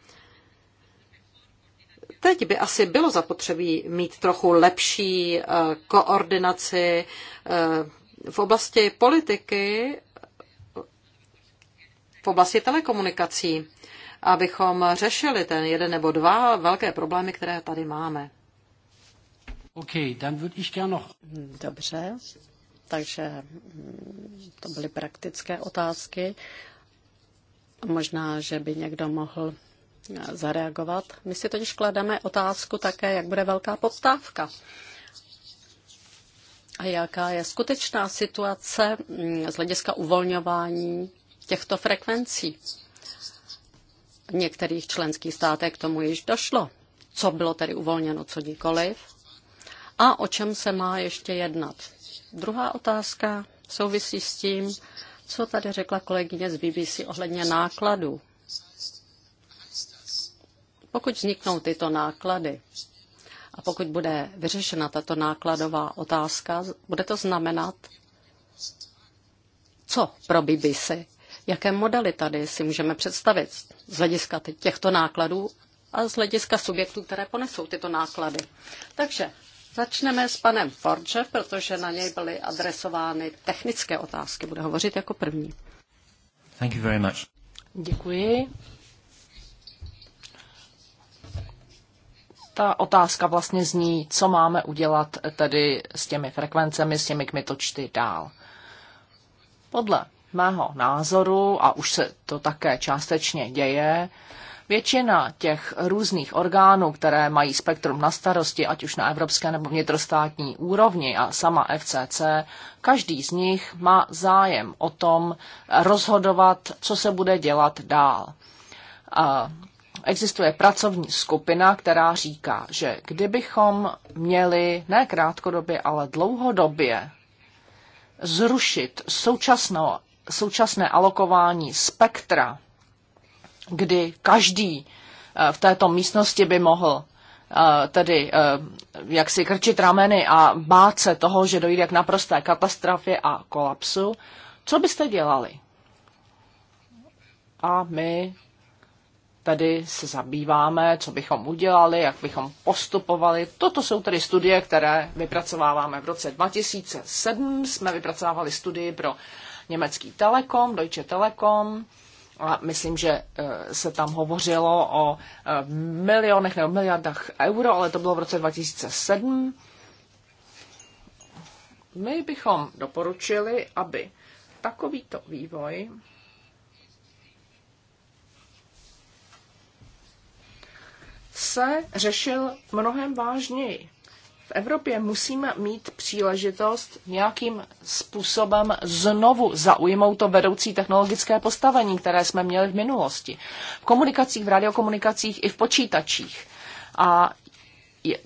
teď by asi bylo zapotřebí mít trochu lepší eh, koordinaci eh, v oblasti politiky, v oblasti telekomunikací, abychom řešili ten jeden nebo dva velké problémy, které tady máme. Okay, dann würde ich gerne noch... Dobře, takže mm, to byly praktické otázky. Možná, že by někdo mohl zareagovat. My si totiž klademe otázku také, jak bude velká poptávka a jaká je skutečná situace mm, z hlediska uvolňování těchto frekvencí. V některých členských státech k tomu již došlo. Co bylo tedy uvolněno, co nikoliv. A o čem se má ještě jednat. Druhá otázka souvisí s tím, co tady řekla kolegyně z BBC ohledně nákladů. Pokud vzniknou tyto náklady a pokud bude vyřešena tato nákladová otázka, bude to znamenat, co pro BBC, jaké modely tady si můžeme představit z hlediska těchto nákladů a z hlediska subjektů, které ponesou tyto náklady. Takže začneme s panem Forge, protože na něj byly adresovány technické otázky. Bude hovořit jako první. Thank you very much. Děkuji. ta otázka vlastně zní, co máme udělat tedy s těmi frekvencemi, s těmi kmitočty dál. Podle mého názoru, a už se to také částečně děje, Většina těch různých orgánů, které mají spektrum na starosti, ať už na evropské nebo vnitrostátní úrovni a sama FCC, každý z nich má zájem o tom rozhodovat, co se bude dělat dál. A existuje pracovní skupina, která říká, že kdybychom měli ne krátkodobě, ale dlouhodobě zrušit současno, současné alokování spektra, kdy každý eh, v této místnosti by mohl eh, tedy eh, jak si krčit rameny a bát se toho, že dojde k naprosté katastrofě a kolapsu, co byste dělali? A my tedy se zabýváme, co bychom udělali, jak bychom postupovali. Toto jsou tedy studie, které vypracováváme v roce 2007. Jsme vypracovávali studii pro německý Telekom, Deutsche Telekom. A myslím, že e, se tam hovořilo o e, milionech nebo miliardách euro, ale to bylo v roce 2007. My bychom doporučili, aby takovýto vývoj se řešil mnohem vážněji. V Evropě musíme mít příležitost nějakým způsobem znovu zaujmout to vedoucí technologické postavení, které jsme měli v minulosti. V komunikacích, v radiokomunikacích i v počítačích. A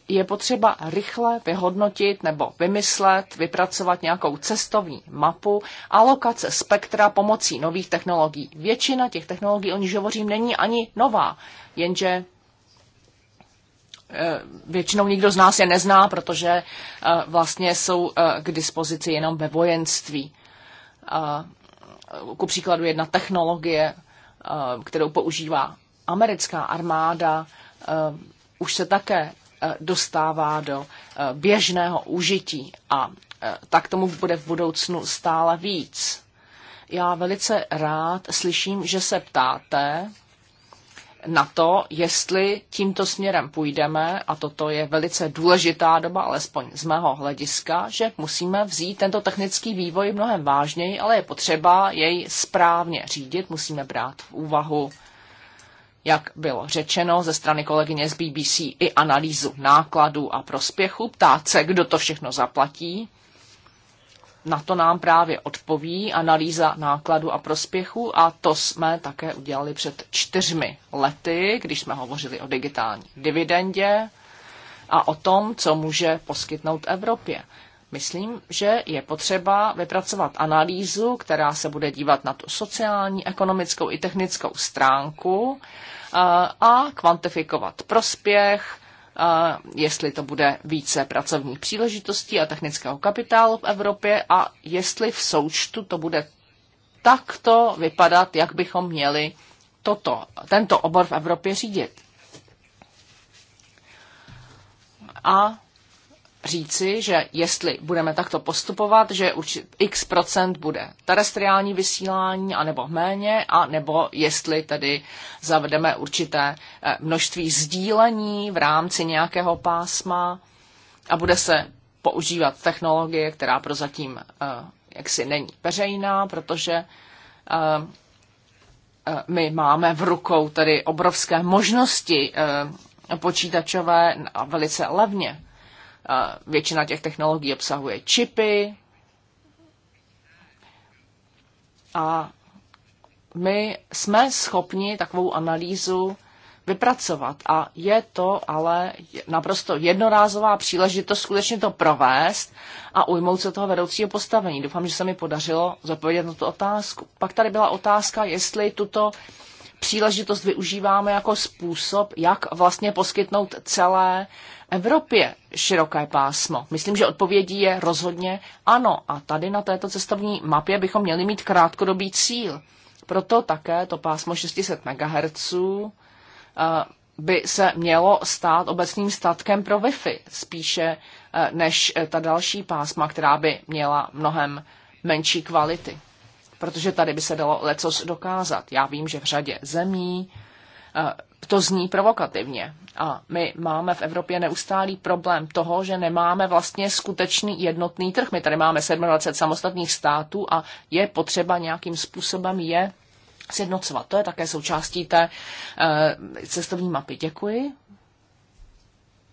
je potřeba rychle vyhodnotit nebo vymyslet, vypracovat nějakou cestovní mapu, alokace spektra pomocí nových technologií. Většina těch technologií, o níž hovořím, není ani nová, jenže Eh, většinou nikdo z nás je nezná, protože eh, vlastně jsou eh, k dispozici jenom ve vojenství. Ku příkladu jedna technologie, kterou používá americká armáda, už se také dostává do běžného užití a tak tomu bude v budoucnu stále víc. Já velice rád slyším, že se ptáte, na to, jestli tímto směrem půjdeme, a toto je velice důležitá doba, alespoň z mého hlediska, že musíme vzít tento technický vývoj mnohem vážněji, ale je potřeba jej správně řídit, musíme brát v úvahu, jak bylo řečeno ze strany kolegyně z BBC, i analýzu nákladů a prospěchu, ptát se, kdo to všechno zaplatí, na to nám právě odpoví analýza nákladu a prospěchu a to jsme také udělali před čtyřmi lety, když jsme hovořili o digitální dividendě a o tom, co může poskytnout Evropě. Myslím, že je potřeba vypracovat analýzu, která se bude dívat na tu sociální, ekonomickou i technickou stránku a kvantifikovat prospěch, jestli to bude více pracovních příležitostí a technického kapitálu v Evropě a jestli v součtu to bude takto vypadat, jak bychom měli toto, tento obor v Evropě řídit. A říci, že jestli budeme takto postupovat, že x procent bude terestriální vysílání, anebo méně, a nebo jestli tedy zavedeme určité eh, množství sdílení v rámci nějakého pásma a bude se používat technologie, která prozatím eh, jaksi není veřejná, protože eh, my máme v rukou tedy obrovské možnosti počítačové a velice levně Většina těch technologií obsahuje čipy a my jsme schopni takovou analýzu vypracovat. A je to ale naprosto jednorázová příležitost skutečně to provést a ujmout se toho vedoucího postavení. Doufám, že se mi podařilo zodpovědět na tu otázku. Pak tady byla otázka, jestli tuto příležitost využíváme jako způsob, jak vlastně poskytnout celé Evropě široké pásmo. Myslím, že odpovědí je rozhodně ano. A tady na této cestovní mapě bychom měli mít krátkodobý cíl. Proto také to pásmo 600 MHz eh, by se mělo stát obecným statkem pro Wi-Fi, spíše eh, než eh, ta další pásma, která by měla mnohem menší kvality protože tady by se dalo lecos dokázat. Já vím, že v řadě zemí eh, to zní provokativně. A my máme v Evropě neustálý problém toho, že nemáme vlastně skutečný jednotný trh. My tady máme 27 samostatných států a je potřeba nějakým způsobem je sjednocovat. To je také součástí té eh, cestovní mapy. Děkuji.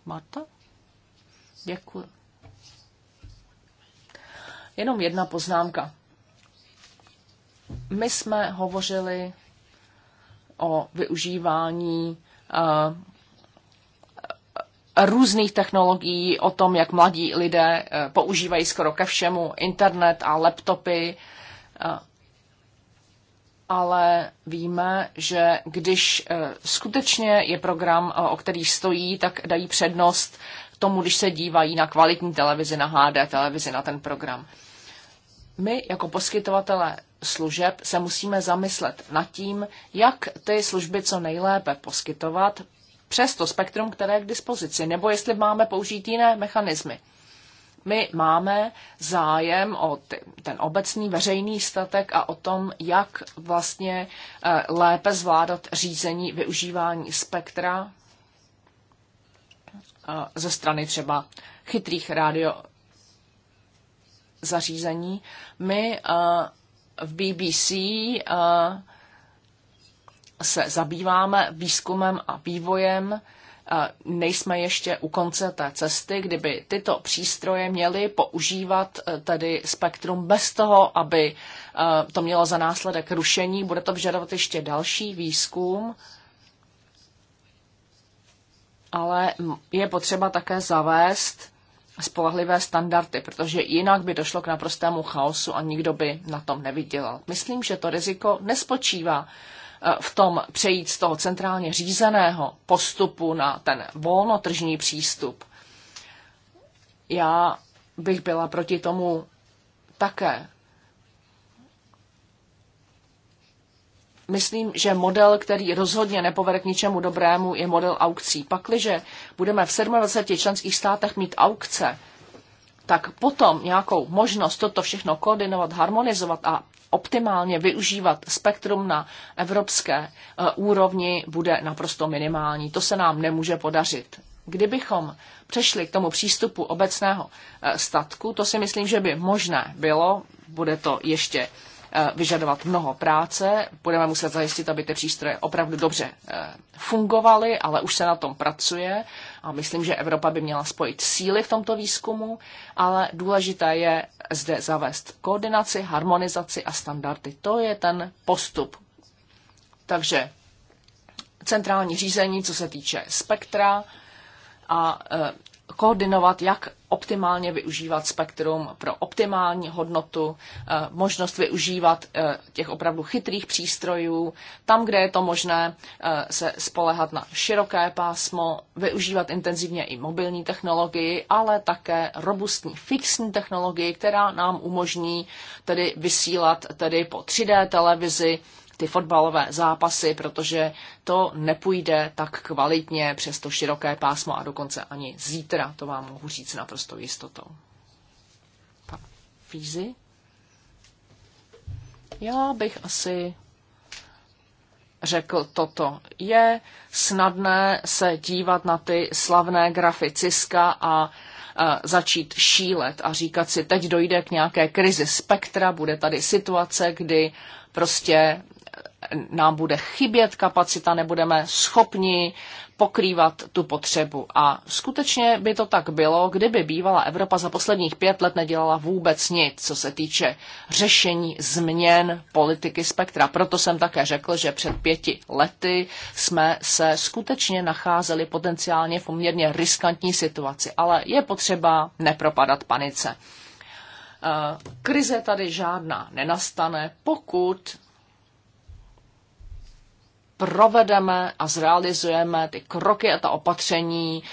Marta? Děkuji. Jenom jedna poznámka. My jsme hovořili o využívání eh, různých technologií, o tom, jak mladí lidé eh, používají skoro ke všemu internet a laptopy, eh, ale víme, že když skutečně je program, o který stojí, tak dají přednost tomu, když se dívají na kvalitní televizi, na HD televizi, na ten program my jako poskytovatelé služeb se musíme zamyslet nad tím, jak ty služby co nejlépe poskytovat přes to spektrum, které je k dispozici, nebo jestli máme použít jiné mechanismy. My máme zájem o ten obecný veřejný statek a o tom, jak vlastně eh, lépe zvládat řízení využívání spektra eh, ze strany třeba chytrých radio, zařízení. My v BBC se zabýváme výzkumem a vývojem. Nejsme ještě u konce té cesty, kdyby tyto přístroje měly používat e, tedy spektrum bez toho, aby e, to mělo za následek rušení. Bude to vyžadovat ještě další výzkum, ale je potřeba také zavést spolehlivé standardy, protože jinak by došlo k naprostému chaosu a nikdo by na tom nevydělal. Myslím, že to riziko nespočívá eh, v tom přejít z toho centrálně řízeného postupu na ten volnotržní přístup. Já bych byla proti tomu také. myslím, že model, který rozhodně nepovede k ničemu dobrému, je model aukcí. Pakliže budeme v 27 členských státech mít aukce, tak potom nějakou možnost toto všechno koordinovat, harmonizovat a optimálně využívat spektrum na evropské e, úrovni bude naprosto minimální. To se nám nemůže podařit. Kdybychom přešli k tomu přístupu obecného e, statku, to si myslím, že by možné bylo, bude to ještě Eh, vyžadovat mnoho práce. Budeme muset zajistit, aby ty přístroje opravdu dobře eh, fungovaly, ale už se na tom pracuje a myslím, že Evropa by měla spojit síly v tomto výzkumu, ale důležité je zde zavést koordinaci, harmonizaci a standardy. To je ten postup. Takže centrální řízení, co se týče spektra, a eh, koordinovat, jak optimálně využívat spektrum pro optimální hodnotu, eh, možnost využívat eh, těch opravdu chytrých přístrojů, tam, kde je to možné eh, se spolehat na široké pásmo, využívat intenzivně i mobilní technologii, ale také robustní fixní technologii, která nám umožní tedy vysílat tedy po 3D televizi ty fotbalové zápasy, protože to nepůjde tak kvalitně přes to široké pásmo a dokonce ani zítra, to vám mohu říct naprosto jistotou. Pan Fízy? Já bych asi řekl toto. Je snadné se dívat na ty slavné grafy Ciska a e, začít šílet a říkat si, teď dojde k nějaké krizi spektra, bude tady situace, kdy prostě nám bude chybět kapacita, nebudeme schopni pokrývat tu potřebu. A skutečně by to tak bylo, kdyby bývala Evropa za posledních pět let nedělala vůbec nic, co se týče řešení změn politiky spektra. Proto jsem také řekl, že před pěti lety jsme se skutečně nacházeli potenciálně v poměrně riskantní situaci, ale je potřeba nepropadat panice. Eh, krize tady žádná nenastane, pokud provedeme a zrealizujeme ty kroky a ta opatření,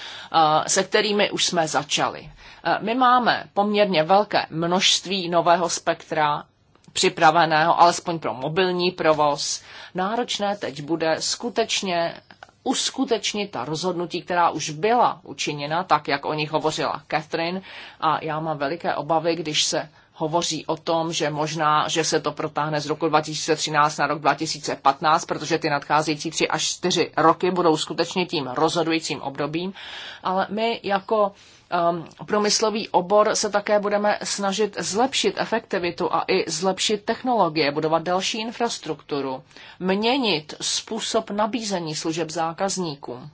eh, se kterými už jsme začali. Eh, my máme poměrně velké množství nového spektra připraveného, alespoň pro mobilní provoz. Náročné teď bude skutečně uskutečnit ta rozhodnutí, která už byla učiněna, tak jak o nich hovořila Catherine. A já mám veliké obavy, když se hovoří o tom, že možná, že se to protáhne z roku 2013 na rok 2015, protože ty nadcházející tři až čtyři roky budou skutečně tím rozhodujícím obdobím. Ale my jako um, průmyslový obor se také budeme snažit zlepšit efektivitu a i zlepšit technologie, budovat další infrastrukturu, měnit způsob nabízení služeb zákazníkům.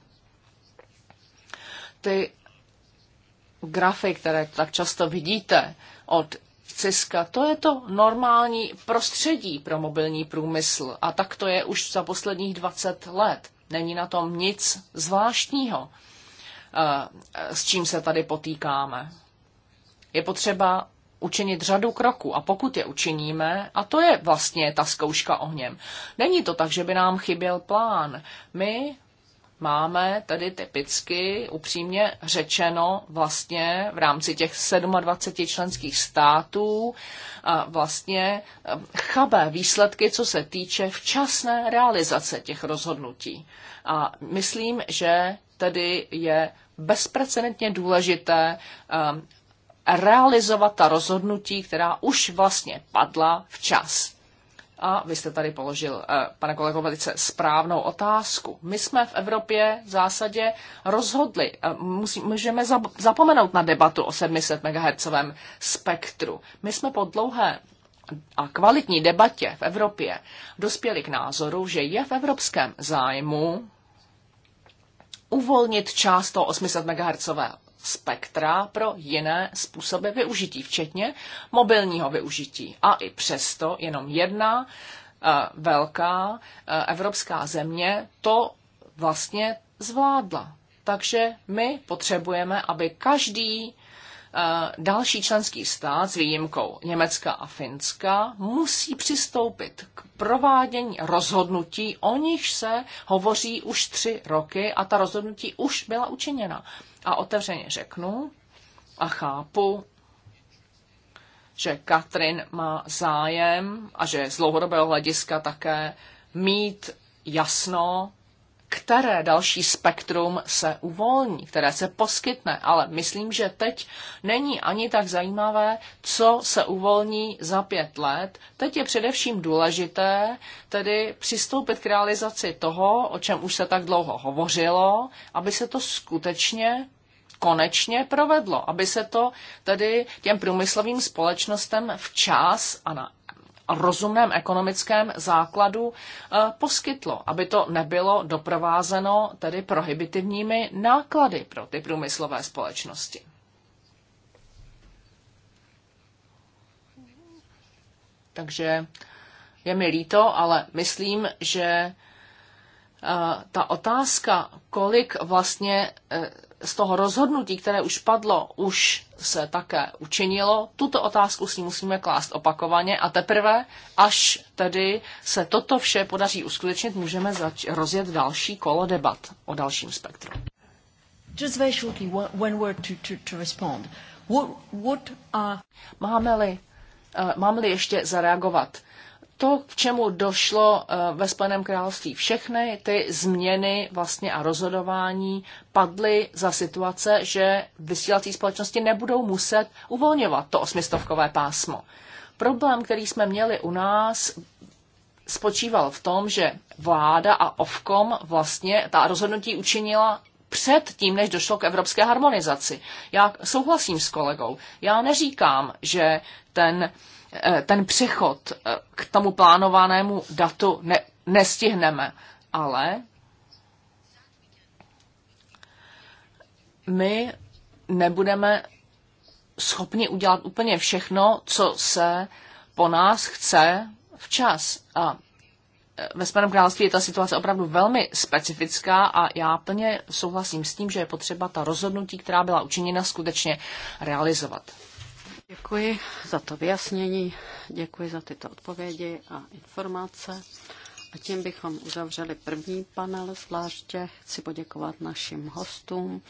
Ty grafy, které tak často vidíte, od Ciska. To je to normální prostředí pro mobilní průmysl a tak to je už za posledních 20 let. Není na tom nic zvláštního, eh, s čím se tady potýkáme. Je potřeba učinit řadu kroků a pokud je učiníme, a to je vlastně ta zkouška ohněm. Není to tak, že by nám chyběl plán. My máme tedy typicky, upřímně řečeno, vlastně v rámci těch 27 členských států vlastně e, chabé výsledky, co se týče včasné realizace těch rozhodnutí. A myslím, že tedy je bezprecedentně důležité e, realizovat ta rozhodnutí, která už vlastně padla včas. A vy jste tady položil, eh, pane kolego, velice správnou otázku. My jsme v Evropě v zásadě rozhodli, eh, musí, můžeme zapomenout na debatu o 700 MHz spektru. My jsme po dlouhé a kvalitní debatě v Evropě dospěli k názoru, že je v evropském zájmu uvolnit část toho 800 MHz spektra pro jiné způsoby využití, včetně mobilního využití. A i přesto jenom jedna eh, velká eh, evropská země to vlastně zvládla. Takže my potřebujeme, aby každý eh, další členský stát s výjimkou Německa a Finska musí přistoupit k provádění rozhodnutí, o nich se hovoří už tři roky a ta rozhodnutí už byla učiněna. A otevřeně řeknu a chápu, že Katrin má zájem a že z dlouhodobého hlediska také mít jasno které další spektrum se uvolní, které se poskytne. Ale myslím, že teď není ani tak zajímavé, co se uvolní za pět let. Teď je především důležité tedy přistoupit k realizaci toho, o čem už se tak dlouho hovořilo, aby se to skutečně konečně provedlo, aby se to tedy těm průmyslovým společnostem včas a na rozumném ekonomickém základu eh, poskytlo, aby to nebylo doprovázeno tedy prohibitivními náklady pro ty průmyslové společnosti. Takže je mi líto, ale myslím, že eh, ta otázka, kolik vlastně eh, z toho rozhodnutí, které už padlo, už se také učinilo. Tuto otázku si musíme klást opakovaně a teprve, až tedy se toto vše podaří uskutečnit, můžeme zač- rozjet další kolo debat o dalším spektru. Just very shortly, to, to, to respond. What, what are... Máme-li, uh, eh, máme li ještě zareagovat to, k čemu došlo eh, ve Spojeném království, všechny ty změny vlastně a rozhodování padly za situace, že vysílací společnosti nebudou muset uvolňovat to osmistovkové pásmo. Problém, který jsme měli u nás, spočíval v tom, že vláda a ovkom vlastně ta rozhodnutí učinila před tím, než došlo k evropské harmonizaci. Já souhlasím s kolegou. Já neříkám, že ten uh, Eh, ten přechod eh, k tomu plánovanému datu ne, nestihneme, ale my nebudeme schopni udělat úplně všechno, co se po nás chce včas. A eh, ve Spojeném království je ta situace opravdu velmi specifická a já plně souhlasím s tím, že je potřeba ta rozhodnutí, která byla učiněna, skutečně realizovat. Děkuji za to vyjasnění, děkuji za tyto odpovědi a informace. A tím bychom uzavřeli první panel. Zvláště chci poděkovat našim hostům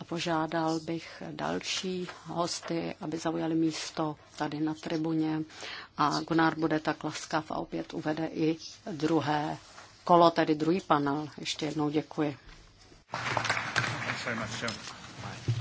a požádal bych další hosty, aby zaujali místo tady na tribuně. A Gunár bude tak laskav a opět uvede i druhé kolo, tedy druhý panel. Ještě jednou děkuji. very much,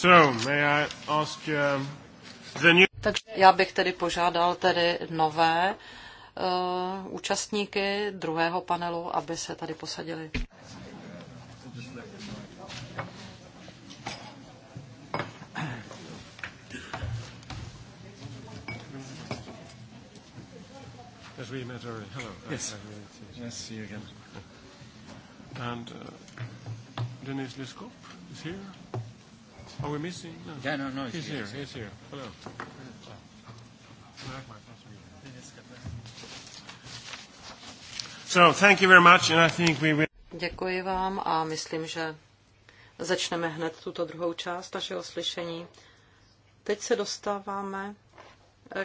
So, may I ask, um, the new... Takže já bych tedy požádal tedy nové uh, účastníky druhého panelu, aby se tady posadili. As we met already. Hello. Uh, yes. Nice uh, to see you again. And uh, Denise Liskop is here. Are we missing? No. Yeah, no, no. He's, he's here. here. He's here. Hello. So, thank you very much, and I think we will... Děkuji vám a myslím, že začneme hned tuto druhou část našeho slyšení. Teď se dostáváme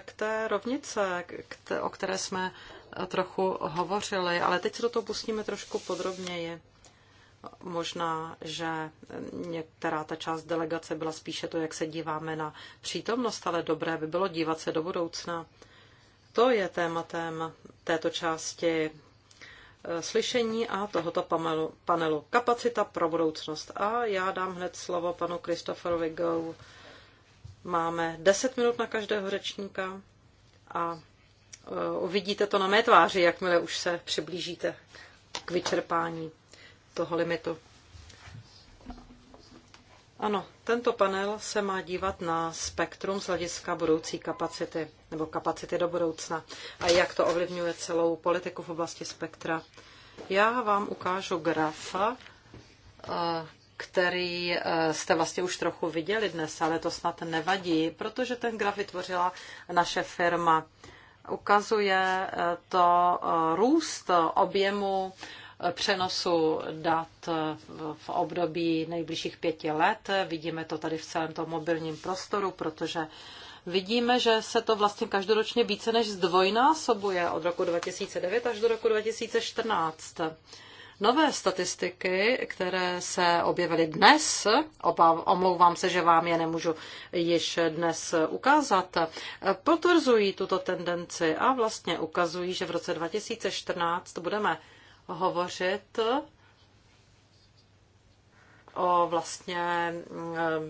k té rovnice, k té, o které jsme trochu hovořili, ale teď se do toho pustíme trošku podrobněji. Možná, že některá ta část delegace byla spíše to, jak se díváme na přítomnost, ale dobré by bylo dívat se do budoucna. To je tématem této části eh, slyšení a tohoto panelu, panelu Kapacita pro budoucnost. A já dám hned slovo panu Christopherovi Go. Máme 10 minut na každého řečníka a eh, uvidíte to na mé tváři, jakmile už se přiblížíte k vyčerpání toho limitu. Ano, tento panel se má dívat na spektrum z hlediska budoucí kapacity nebo kapacity do budoucna a jak to ovlivňuje celou politiku v oblasti spektra. Já vám ukážu grafa, eh, který eh, jste vlastně už trochu viděli dnes, ale to snad nevadí, protože ten graf vytvořila naše firma. Ukazuje eh, to růst objemu přenosu dat v období nejbližších pěti let. Vidíme to tady v celém tom mobilním prostoru, protože vidíme, že se to vlastně každoročně více než zdvojnásobuje od roku 2009 až do roku 2014. Nové statistiky, které se objevily dnes, obav, omlouvám se, že vám je nemůžu již dnes ukázat, potvrzují tuto tendenci a vlastně ukazují, že v roce 2014 budeme hovořit o vlastně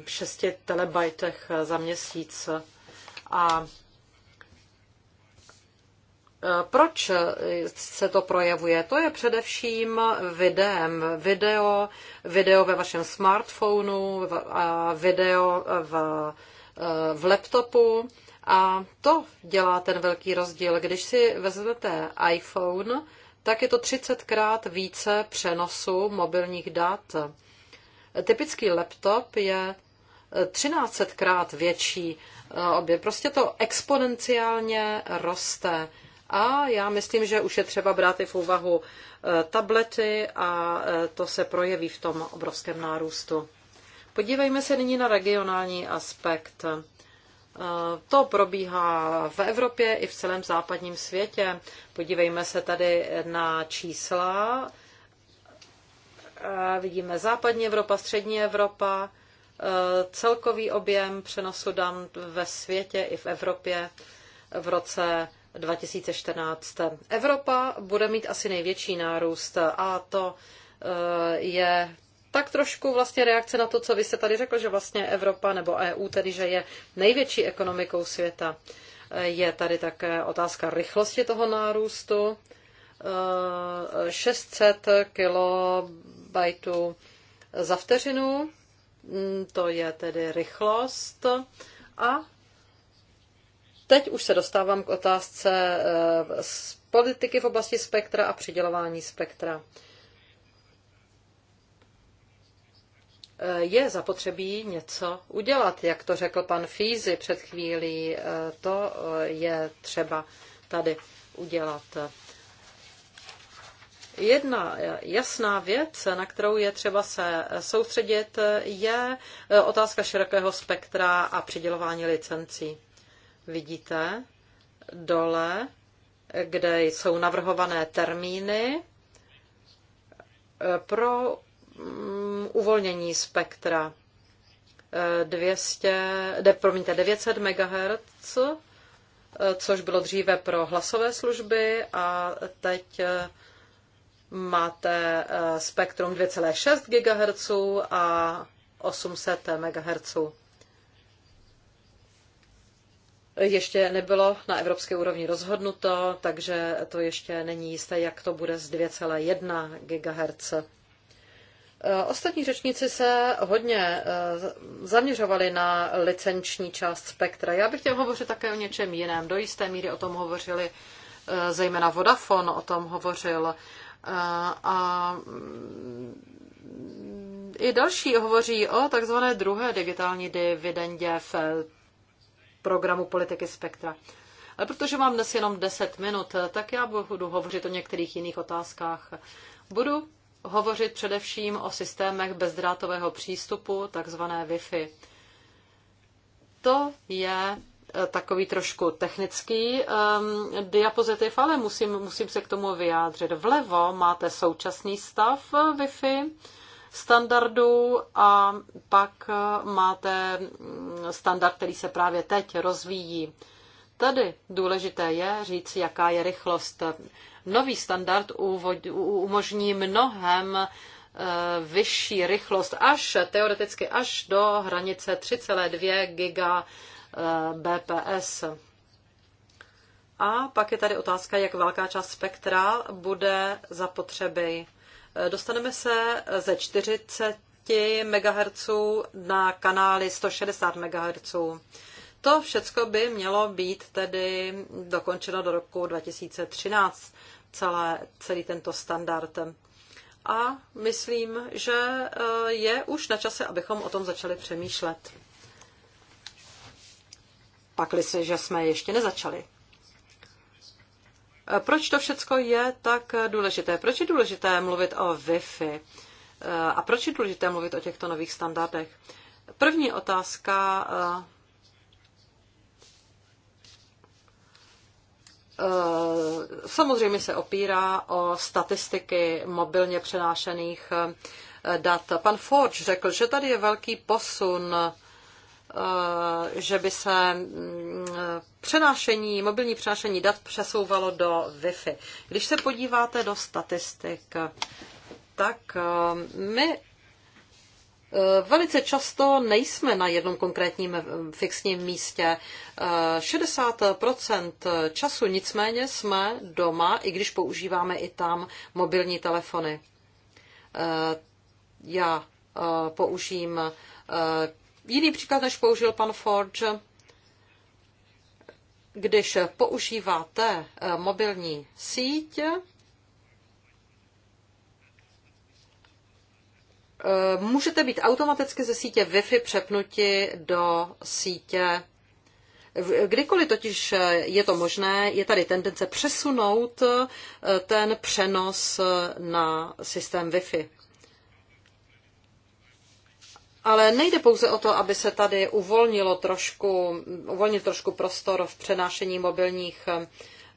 6 mm, telebajtech za měsíc. A e, proč se to projevuje? To je především videem. Video, video ve vašem smartphonu, video v, e, v laptopu. A to dělá ten velký rozdíl. Když si vezmete iPhone, tak je to 30krát více přenosu mobilních dat. Typický laptop je 13krát větší objem. Prostě to exponenciálně roste. A já myslím, že už je třeba brát i v úvahu eh, tablety a eh, to se projeví v tom obrovském nárůstu. Podívejme se nyní na regionální aspekt. Eh, to probíhá v Evropě i v celém západním světě. Podívejme se tady na čísla. Eh, vidíme západní Evropa, střední Evropa, eh, celkový objem přenosu dan ve světě i v Evropě v roce 2014. Evropa bude mít asi největší nárůst a to je tak trošku vlastně reakce na to, co vy jste tady řekl, že vlastně Evropa nebo EU, tedy že je největší ekonomikou světa. Eh, je tady také otázka rychlosti toho nárůstu. 600 eh, kilobajtů za vteřinu, mm, to je tedy rychlost. A teď už se dostávám k otázce eh, politiky v oblasti spektra a přidělování spektra. Eh, je zapotřebí něco udělat. Jak to řekl pan Fízy před chvílí, eh, to eh, je třeba tady udělat. Jedna jasná věc, na kterou je třeba se soustředit, je otázka širokého spektra a přidělování licencí. Vidíte dole, kde jsou navrhované termíny pro Mm, uvolnění spektra 200, eh, de, promiňte, 900 MHz, eh, což bylo dříve pro hlasové služby a teď eh, máte spektrum 2,6 GHz a 800 MHz. Ještě nebylo na evropské úrovni rozhodnuto, takže to ještě není jisté, jak to bude z 2,1 GHz. Eh, ostatní řečníci se hodně eh, zaměřovali na licenční část spektra. Já bych chtěl hovořit také o něčem jiném. Do jisté míry o tom hovořili eh, zejména Vodafone, o tom hovořil a mm, i další hovoří o takzvané druhé digitální dividendě v programu politiky spektra. Ale protože mám dnes jenom 10 minut, tak já budu hovořit o některých jiných otázkách. Budu hovořit především o systémech bezdrátového přístupu, takzvané Wi-Fi. To je eh, takový trošku technický um, diapozitiv, ale musím, musím se k tomu vyjádřit. Vlevo máte současný stav eh, Wi-Fi standardů a pak eh, máte mm, standard, který se právě teď rozvíjí. Tady důležité je říct, jaká je rychlost. Nový standard umožní mnohem eh, vyšší rychlost, až teoreticky až do hranice 3,2 giga eh, BPS. A pak je tady otázka, jak velká část spektra bude zapotřeby. Eh, dostaneme se ze 40 MHz na kanály 160 MHz. To všecko by mělo být tedy dokončeno do roku 2013, celé, celý tento standard. A myslím, že eh, je už na čase, abychom o tom začali přemýšlet. Pakli se, že jsme ještě nezačali. Eh, proč to všecko je tak důležité? Proč je důležité mluvit o Wi-Fi? Eh, a proč je důležité mluvit o těchto nových standardech? První otázka Eh, samozřejmě se opírá o statistiky mobilně přenášených eh, dat. Pan Forge řekl, že tady je velký posun eh, že by se mm, přenášení, mobilní přenášení dat přesouvalo do Wi-Fi. Když se podíváte do statistik, tak my Eh, velice často nejsme na jednom konkrétním eh, fixním místě. 60 eh, času nicméně jsme doma, i když používáme i tam mobilní telefony. Já použím jiný příklad, než použil pan Forge. Když používáte mobilní síť, Eh, můžete být automaticky ze sítě Wi-Fi přepnuti do sítě Kdykoliv totiž eh, je to možné, je tady tendence přesunout eh, ten přenos na systém Wi-Fi. Ale nejde pouze o to, aby se tady uvolnilo trošku, uvolnil trošku prostor v přenášení mobilních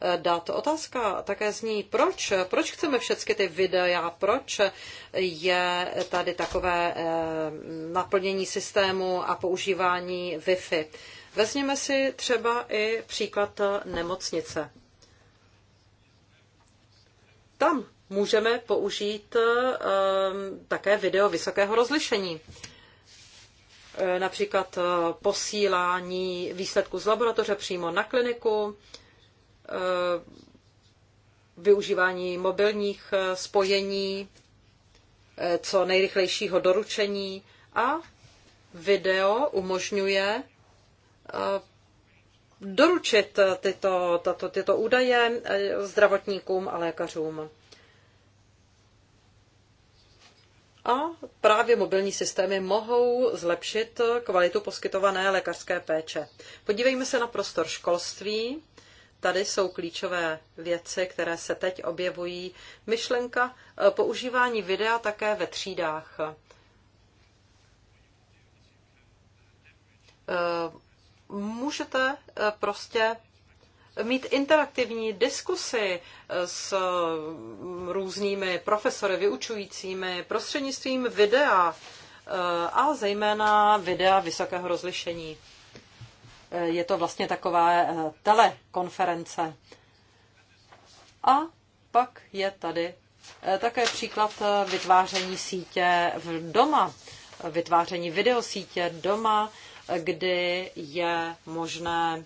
Eh, dat. Otázka také zní, proč, proč chceme všechny ty videa, proč je tady takové eh, naplnění systému a používání Wi-Fi. Vezměme si třeba i příklad eh, nemocnice. Tam můžeme použít také video vysokého rozlišení například posílání výsledků z laboratoře přímo na kliniku Eh, využívání mobilních eh, spojení, eh, co nejrychlejšího doručení a video umožňuje doručit tyto, tato, tyto údaje zdravotníkům a lékařům. A právě mobilní systémy mohou zlepšit kvalitu poskytované lékařské péče. Podívejme se na prostor školství. Tady jsou klíčové věci, které se teď objevují. Myšlenka eh, používání videa také ve třídách. Eh, můžete eh, prostě mít interaktivní diskusy s mm, různými profesory, vyučujícími prostřednictvím videa a zejména videa vysokého rozlišení. Eh, je to vlastně taková eh, telekonference. A pak je tady eh, také příklad vytváření sítě v doma, vytváření videosítě doma, kdy je možné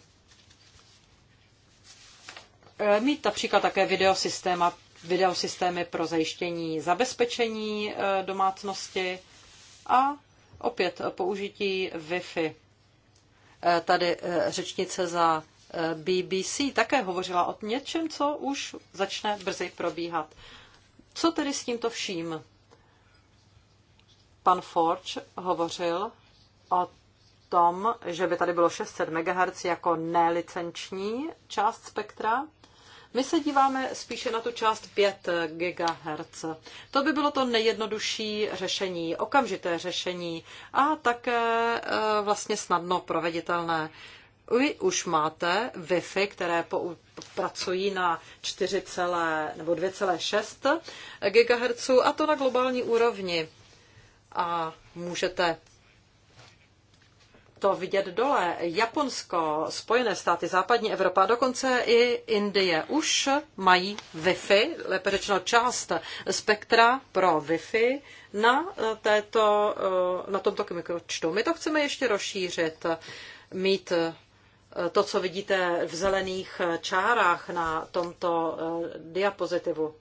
mít například také videosystéma, videosystémy pro zajištění zabezpečení domácnosti a opět použití Wi-Fi. Eh, tady eh, řečnice za eh, BBC také hovořila o něčem, co už začne brzy probíhat. Co tedy s tímto vším? Pan Forge hovořil o tom, že by tady bylo 600 MHz jako nelicenční část spektra my se díváme spíše na tu část 5 GHz. To by bylo to nejjednodušší řešení, okamžité řešení a také e, vlastně snadno proveditelné. Vy už máte Wi-Fi, které pracují na 4, nebo 2,6 GHz a to na globální úrovni. A můžete to vidět dole. Japonsko, Spojené státy, západní Evropa, dokonce i Indie už mají Wi-Fi, lépe řečeno část spektra pro Wi-Fi na, této, na tomto mikročtu. My to chceme ještě rozšířit, mít to, co vidíte v zelených čárách na tomto diapozitivu.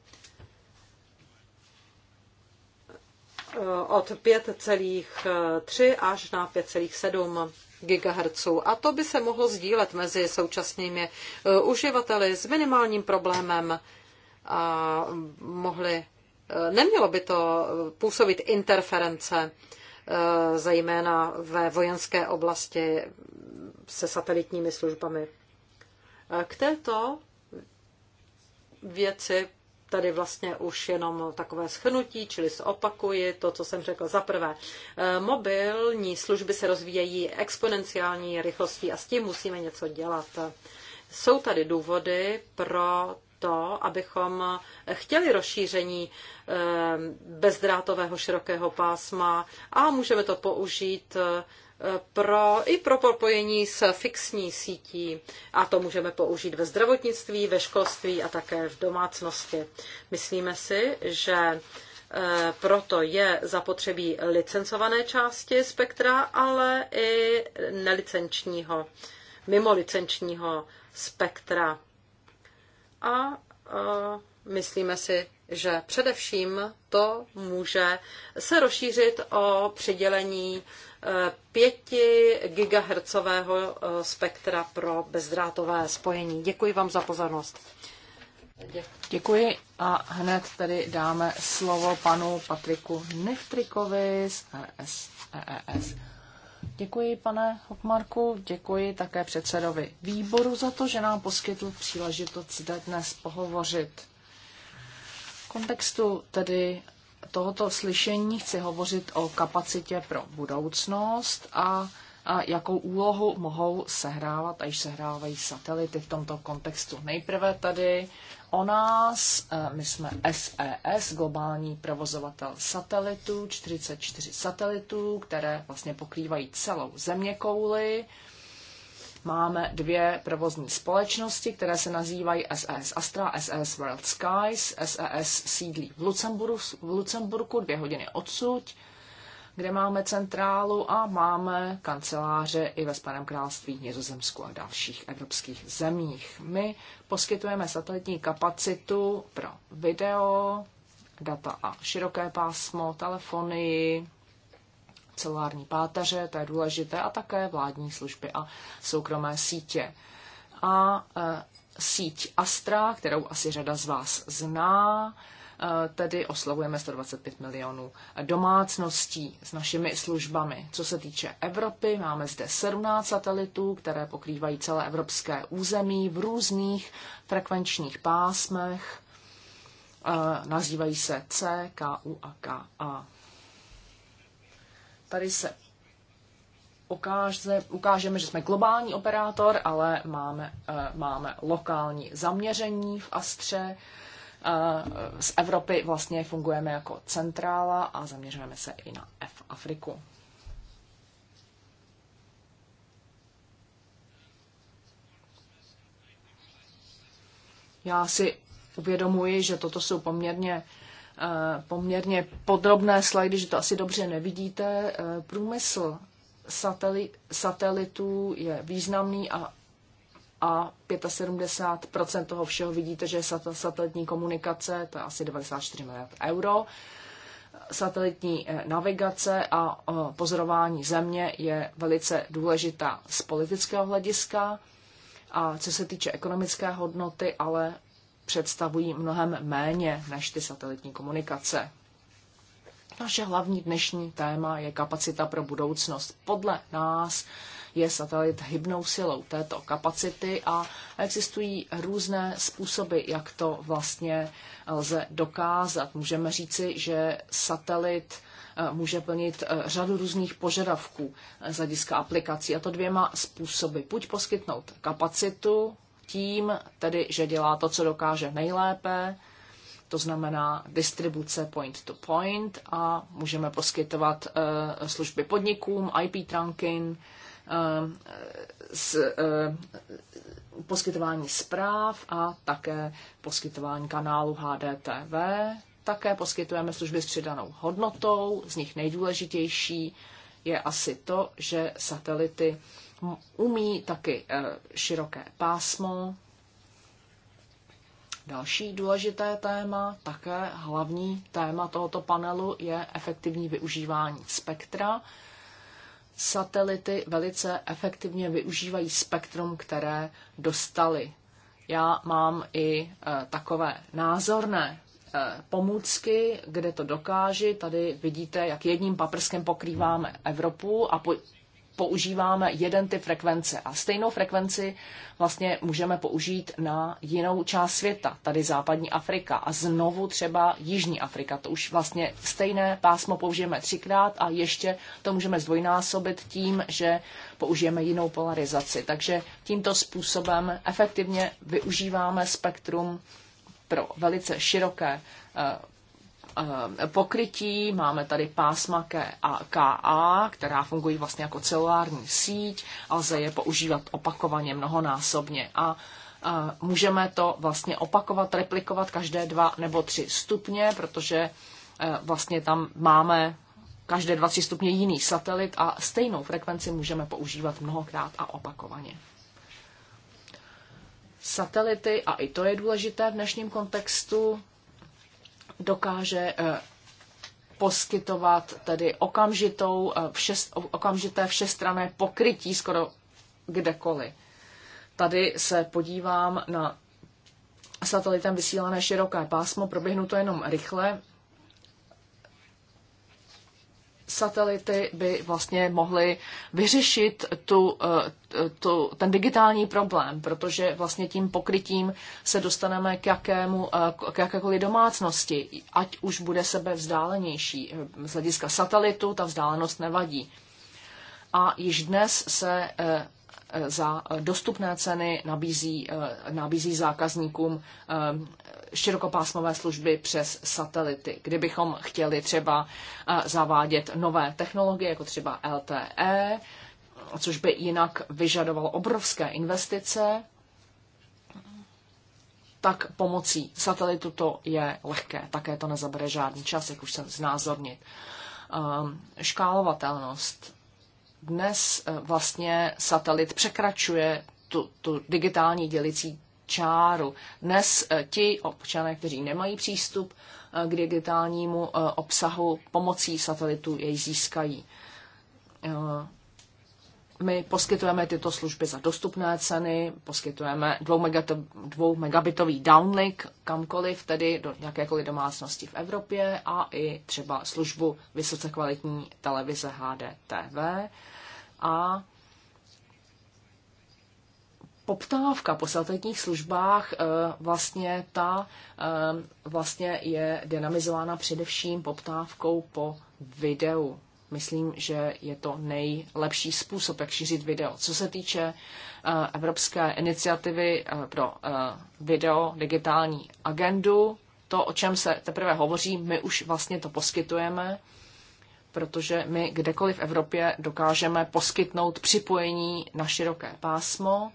Eh, od 5,3 eh, až na 5,7 GHz. A to by se mohlo sdílet mezi současnými eh, uživateli s minimálním problémem a mohli, nemělo by to působit interference, zejména ve vojenské oblasti se satelitními službami. K této věci tady vlastně už jenom takové schnutí, čili se opakuje to, co jsem řekl za prvé. Eh, mobilní služby se rozvíjejí exponenciální rychlostí a s tím musíme něco dělat. Jsou tady důvody pro to, abychom chtěli rozšíření eh, bezdrátového širokého pásma a můžeme to použít eh, pro, i pro propojení s fixní sítí. A to můžeme použít ve zdravotnictví, ve školství a také v domácnosti. Myslíme si, že eh, proto je zapotřebí licencované části spektra, ale i nelicenčního, mimolicenčního spektra. A eh, myslíme si, že především to může se rozšířit o přidělení 5 GHz eh, spektra pro bezdrátové spojení. Děkuji vám za pozornost. Děkuji a hned tady dáme slovo panu Patriku Neftrikovi z ES, ES. E děkuji, pane Hopmarku, děkuji také předsedovi výboru za to, že nám poskytl příležitost zde dnes pohovořit. V kontextu tedy tohoto slyšení chci hovořit o kapacitě pro budoucnost a, a jakou úlohu mohou sehrávat a již sehrávají satelity v tomto kontextu. Nejprve tady o nás, e, my jsme SES, e globální provozovatel satelitů, 44 satelitů, které vlastně pokrývají celou zeměkouli. Máme dvě provozní společnosti, které se nazývají SES e Astra, SES e World Skies, SES e sídlí v Lucemburku, v Lucemburku dvě hodiny odsud, kde máme centrálu a máme kanceláře i ve Spaném království, Nizozemsku a dalších evropských zemích. My poskytujeme satelitní kapacitu pro video, data a široké pásmo, telefonii, celulární páteře, to je důležité, a také vládní služby a soukromé sítě. A e, síť Astra, kterou asi řada z vás zná, e, tedy oslavujeme 125 milionů domácností s našimi službami. Co se týče Evropy, máme zde 17 satelitů, které pokrývají celé evropské území v různých frekvenčních pásmech. E, nazývají se C, KU a KA tady se ukáže, ukážeme, že jsme globální operátor, ale máme, eh, máme lokální zaměření v Astře. Eh, z Evropy vlastně fungujeme jako centrála a zaměřujeme se i na F Afriku. Já si uvědomuji, že toto jsou poměrně Eh, poměrně podrobné slajdy, že to asi dobře nevidíte. Eh, průmysl sateli, satelitů je významný a, a 75% toho všeho vidíte, že je satelitní komunikace, to je asi 94 miliard euro. Satelitní eh, navigace a pozorování země je velice důležitá z politického hlediska. A co se týče ekonomické hodnoty, ale představují mnohem méně než ty satelitní komunikace. Naše hlavní dnešní téma je kapacita pro budoucnost. Podle nás je satelit hybnou silou této kapacity a existují různé způsoby, jak to vlastně lze dokázat. Můžeme říci, že satelit eh, může plnit eh, řadu různých požadavků z hlediska aplikací, a to dvěma způsoby. Buď poskytnout kapacitu, tím, tedy, že dělá to, co dokáže nejlépe, to znamená distribuce point to point a můžeme poskytovat eh, služby podnikům, IP trunking, eh, eh, poskytování zpráv a také poskytování kanálu HDTV. Také poskytujeme služby s přidanou hodnotou, z nich nejdůležitější je asi to, že satelity umí, taky eh, široké pásmo. Další důležité téma, také hlavní téma tohoto panelu, je efektivní využívání spektra. Satelity velice efektivně využívají spektrum, které dostali. Já mám i eh, takové názorné eh, pomůcky, kde to dokáži. Tady vidíte, jak jedním paprskem pokrýváme Evropu a po, používáme jeden typ frekvence a stejnou frekvenci vlastně můžeme použít na jinou část světa, tady západní Afrika a znovu třeba jižní Afrika. To už vlastně stejné pásmo použijeme třikrát a ještě to můžeme zdvojnásobit tím, že použijeme jinou polarizaci. Takže tímto způsobem efektivně využíváme spektrum pro velice široké eh, Eh, pokrytí, máme tady pásma KA, která fungují vlastně jako celulární síť, a lze je používat opakovaně mnohonásobně a eh, můžeme to vlastně opakovat, replikovat každé dva nebo tři stupně, protože eh, vlastně tam máme každé dva, tři stupně jiný satelit a stejnou frekvenci můžeme používat mnohokrát a opakovaně satelity, a i to je důležité v dnešním kontextu, dokáže eh, poskytovat tedy okamžitou, eh, všest, okamžité všestrané pokrytí skoro kdekoliv. Tady se podívám na satelitem vysílané široké pásmo, proběhnu to jenom rychle satelity by vlastně mohly vyřešit tu, eh, tu, ten digitální problém, protože vlastně tím pokrytím se dostaneme k, jakému, eh, k jakékoliv domácnosti, ať už bude sebe vzdálenější. Eh, z hlediska satelitu ta vzdálenost nevadí. A již dnes se za dostupné ceny nabízí, nabízí zákazníkům širokopásmové služby přes satelity. Kdybychom chtěli třeba eh, zavádět nové technologie, jako třeba LTE, což by jinak vyžadovalo obrovské investice, tak pomocí satelitu to je lehké. Také to nezabere žádný čas, jak už jsem znázornit. Ehm, škálovatelnost. Dnes eh, vlastně satelit překračuje tu, tu digitální dělicí čáru. Dnes eh, ti občané, kteří nemají přístup eh, k digitálnímu eh, obsahu pomocí satelitu, jej získají. My poskytujeme tyto služby za dostupné ceny, poskytujeme 2 megabitový downlink kamkoliv, tedy do jakékoliv domácnosti v Evropě a i třeba službu vysoce kvalitní televize HDTV. A poptávka po satelitních službách eh, vlastně ta eh, vlastně je dynamizována především poptávkou po videu. Myslím, že je to nejlepší způsob, jak šířit video. Co se týče eh, Evropské iniciativy pro video digitální agendu, to, o čem se teprve hovoří, my už vlastně to poskytujeme protože my kdekoliv v Evropě dokážeme poskytnout připojení na široké pásmo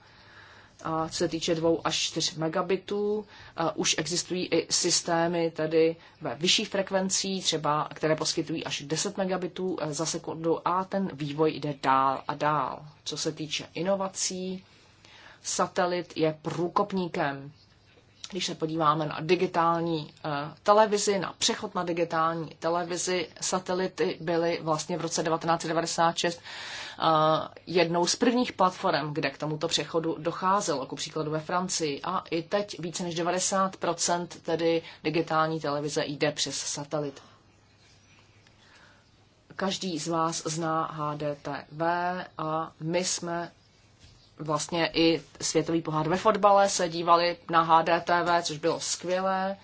a co se týče 2 až 4 megabitů, už existují i systémy tedy ve vyšších frekvencí, třeba které poskytují až 10 megabitů e, za sekundu a ten vývoj jde dál a dál. Co se týče inovací, satelit je průkopníkem když se podíváme na digitální eh, televizi, na přechod na digitální televizi, satelity byly vlastně v roce 1996 eh, jednou z prvních platform, kde k tomuto přechodu docházelo, ku příkladu ve Francii. A i teď více než 90 tedy digitální televize jde přes satelit. Každý z vás zná HDTV a my jsme vlastně i světový pohár ve fotbale se dívali na HDTV, což bylo skvělé.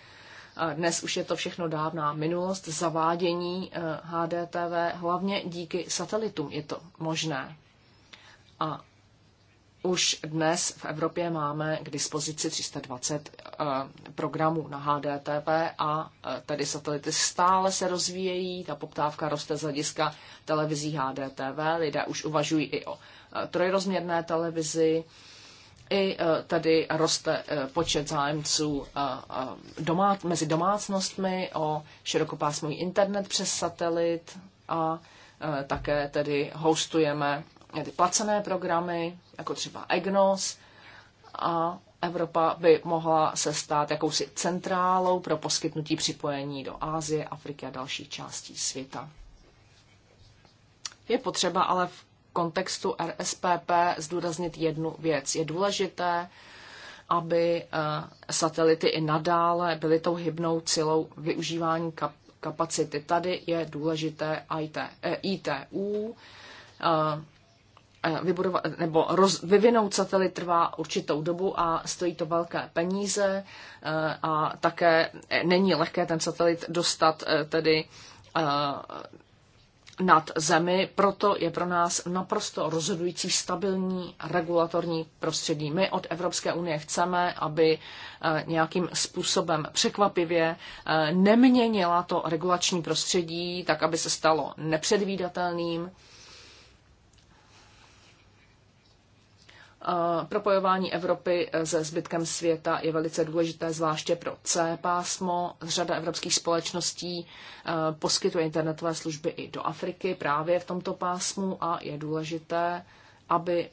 Dnes už je to všechno dávná minulost, zavádění HDTV, eh, hlavně díky satelitům je to možné. A už dnes v Evropě máme k dispozici 320 eh, programů na HDTV a eh, tedy satelity stále se rozvíjejí, ta poptávka roste z hlediska televizí HDTV, lidé už uvažují i o trojrozměrné televizi. I eh, tady roste eh, počet zájemců eh, mezi domácnostmi o širokopásmový internet přes satelit a také tedy hostujeme ty placené programy, jako třeba EGNOS, a Evropa by mohla se stát jakousi centrálou pro poskytnutí připojení do Ázie, Afriky a dalších částí světa. Je potřeba ale v kontextu RSPP zdůraznit jednu věc. Je důležité, aby eh, satelity i nadále byly tou hybnou cílou využívání kapacity. Tady je důležité IT, eh, ITU, eh, vybudovat, nebo roz, vyvinout satelit trvá určitou dobu a stojí to velké peníze a také není lehké ten satelit dostat tedy nad zemi, proto je pro nás naprosto rozhodující stabilní regulatorní prostředí. My od Evropské unie chceme, aby eh, nějakým způsobem překvapivě eh, neměnila to regulační prostředí, tak aby se stalo nepředvídatelným, Propojování Evropy se zbytkem světa je velice důležité, zvláště pro C pásmo. Řada evropských společností e, poskytuje internetové služby i do Afriky právě v tomto pásmu a je důležité, aby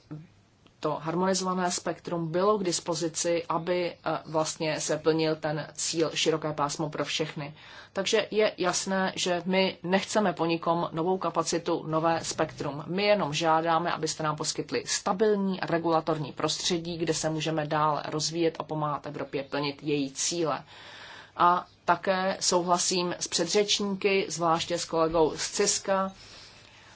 to harmonizované spektrum bylo k dispozici, aby e, vlastně se plnil ten cíl široké pásmo pro všechny. Takže je jasné, že my nechceme po nikom novou kapacitu, nové spektrum. My jenom žádáme, abyste nám poskytli stabilní regulatorní prostředí, kde se můžeme dál rozvíjet a pomáhat Evropě plnit její cíle. A také souhlasím s předřečníky, zvláště s kolegou z CISKA,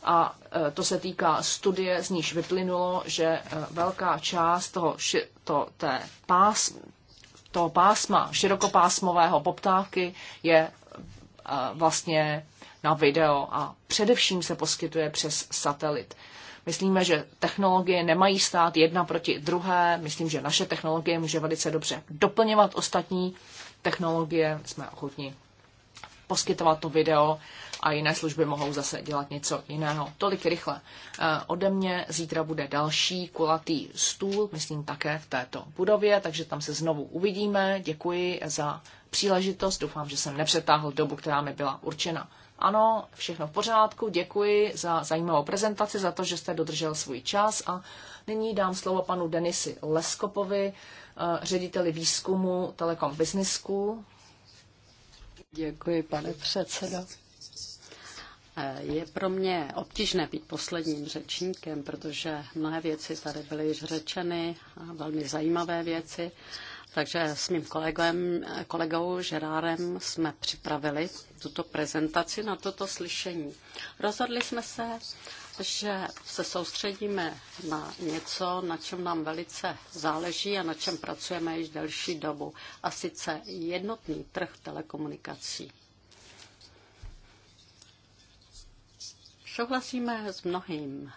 a e, to se týká studie, z níž vyplynulo, že e, velká část toho, to, té pás, toho pásma širokopásmového poptávky je e, vlastně na video a především se poskytuje přes satelit. Myslíme, že technologie nemají stát jedna proti druhé. Myslím, že naše technologie může velice dobře doplňovat ostatní technologie. Jsme ochotni poskytovat to video a jiné služby mohou zase dělat něco jiného. Tolik rychle. Eh, ode mě zítra bude další kulatý stůl, myslím také v této budově, takže tam se znovu uvidíme. Děkuji za příležitost. Doufám, že jsem nepřetáhl dobu, která mi byla určena. Ano, všechno v pořádku. Děkuji za zajímavou prezentaci, za to, že jste dodržel svůj čas a nyní dám slovo panu Denisi Leskopovi, eh, řediteli výzkumu Telekom Business School. Děkuji, pane předsedo. Je pro mě obtížné být posledním řečníkem, protože mnohé věci tady byly již řečeny, a velmi zajímavé věci. Takže s mým kolegem, kolegou Žerárem jsme připravili tuto prezentaci na toto slyšení. Rozhodli jsme se, že se soustředíme na něco, na čem nám velice záleží a na čem pracujeme již delší dobu, a sice jednotný trh telekomunikací. Souhlasíme s mnohým,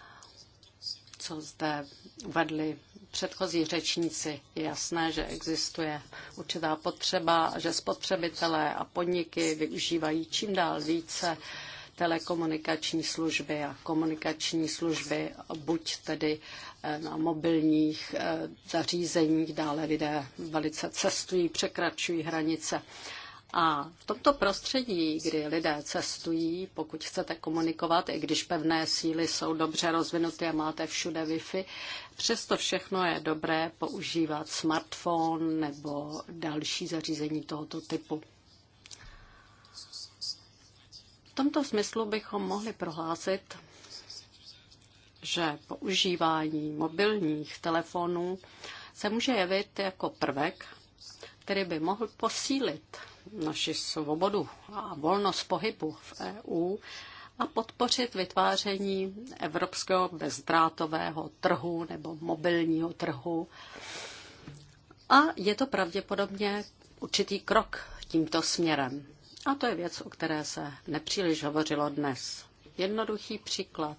co zde uvedli předchozí řečníci. Je jasné, že existuje určitá potřeba, že spotřebitelé a podniky využívají čím dál více telekomunikační služby a komunikační služby, buď tedy eh, na mobilních eh, zařízeních, dále lidé velice cestují, překračují hranice. A v tomto prostředí, kdy lidé cestují, pokud chcete komunikovat, i když pevné síly jsou dobře rozvinuty a máte všude Wi-Fi, přesto všechno je dobré používat smartphone nebo další zařízení tohoto typu. V tomto smyslu bychom mohli prohlásit, že používání mobilních telefonů se může jevit jako prvek, který by mohl posílit naši svobodu a volnost pohybu v EU a podpořit vytváření evropského bezdrátového trhu nebo mobilního trhu. A je to pravděpodobně určitý krok tímto směrem. A to je věc, o které se nepříliš hovořilo dnes. Jednoduchý příklad.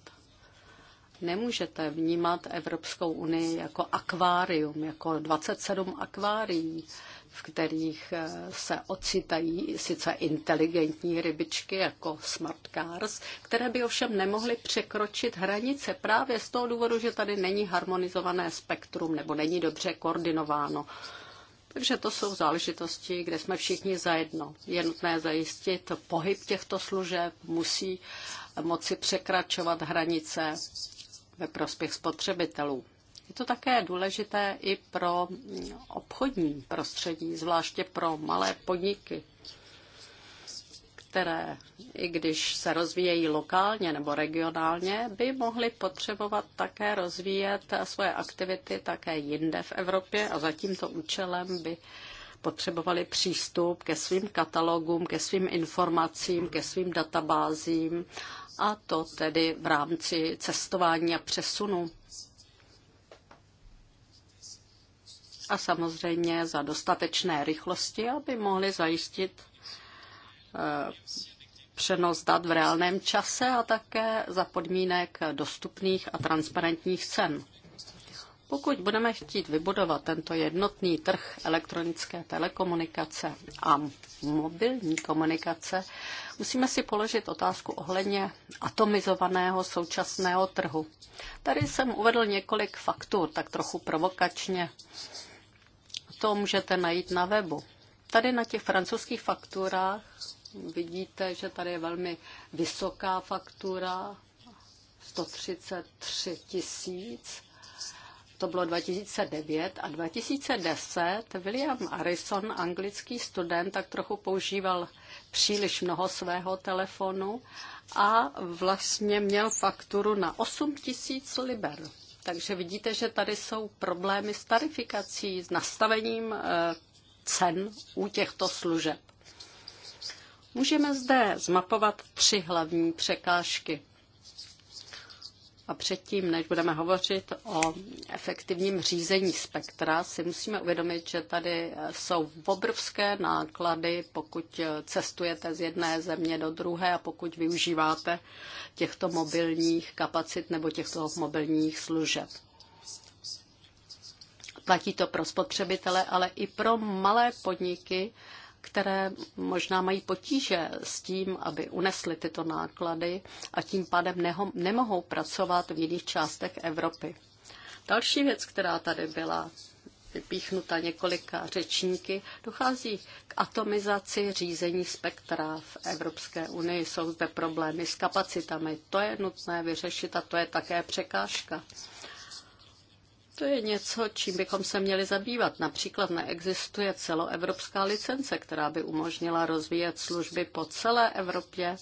Nemůžete vnímat Evropskou unii jako akvárium, jako 27 akvárií, v kterých eh, se ocitají sice inteligentní rybičky jako smart cars, které by ovšem nemohly překročit hranice právě z toho důvodu, že tady není harmonizované spektrum nebo není dobře koordinováno. Takže to jsou záležitosti, kde jsme všichni zajedno. Je nutné zajistit pohyb těchto služeb, musí moci překračovat hranice ve prospěch spotřebitelů. Je to také důležité i pro obchodní prostředí, zvláště pro malé podniky, které, i když se rozvíjejí lokálně nebo regionálně, by mohly potřebovat také rozvíjet svoje aktivity také jinde v Evropě a za tímto účelem by potřebovali přístup ke svým katalogům, ke svým informacím, ke svým databázím a to tedy v rámci cestování a přesunu. A samozřejmě za dostatečné rychlosti, aby mohli zajistit eh, přenos dat v reálném čase a také za podmínek dostupných a transparentních cen. Pokud budeme chtít vybudovat tento jednotný trh elektronické telekomunikace a mobilní komunikace, musíme si položit otázku ohledně atomizovaného současného trhu. Tady jsem uvedl několik faktur, tak trochu provokačně. To můžete najít na webu. Tady na těch francouzských fakturách vidíte, že tady je velmi vysoká faktura, 133 tisíc to bylo 2009 a 2010 William Harrison, anglický student, tak trochu používal příliš mnoho svého telefonu a vlastně měl fakturu na 8 tisíc liber. Takže vidíte, že tady jsou problémy s tarifikací, s nastavením eh, cen u těchto služeb. Můžeme zde zmapovat tři hlavní překážky. A předtím, než budeme hovořit o efektivním řízení spektra, si musíme uvědomit, že tady jsou obrovské náklady, pokud cestujete z jedné země do druhé a pokud využíváte těchto mobilních kapacit nebo těchto mobilních služeb. Platí to pro spotřebitele, ale i pro malé podniky, které možná mají potíže s tím, aby unesly tyto náklady a tím pádem neho, nemohou pracovat v jiných částech Evropy. Další věc, která tady byla vypíchnuta několika řečníky, dochází k atomizaci řízení spektra v Evropské unii. Jsou zde problémy s kapacitami. To je nutné vyřešit a to je také překážka. To je něco, čím bychom se měli zabývat. Například neexistuje celoevropská licence, která by umožnila rozvíjet služby po celé Evropě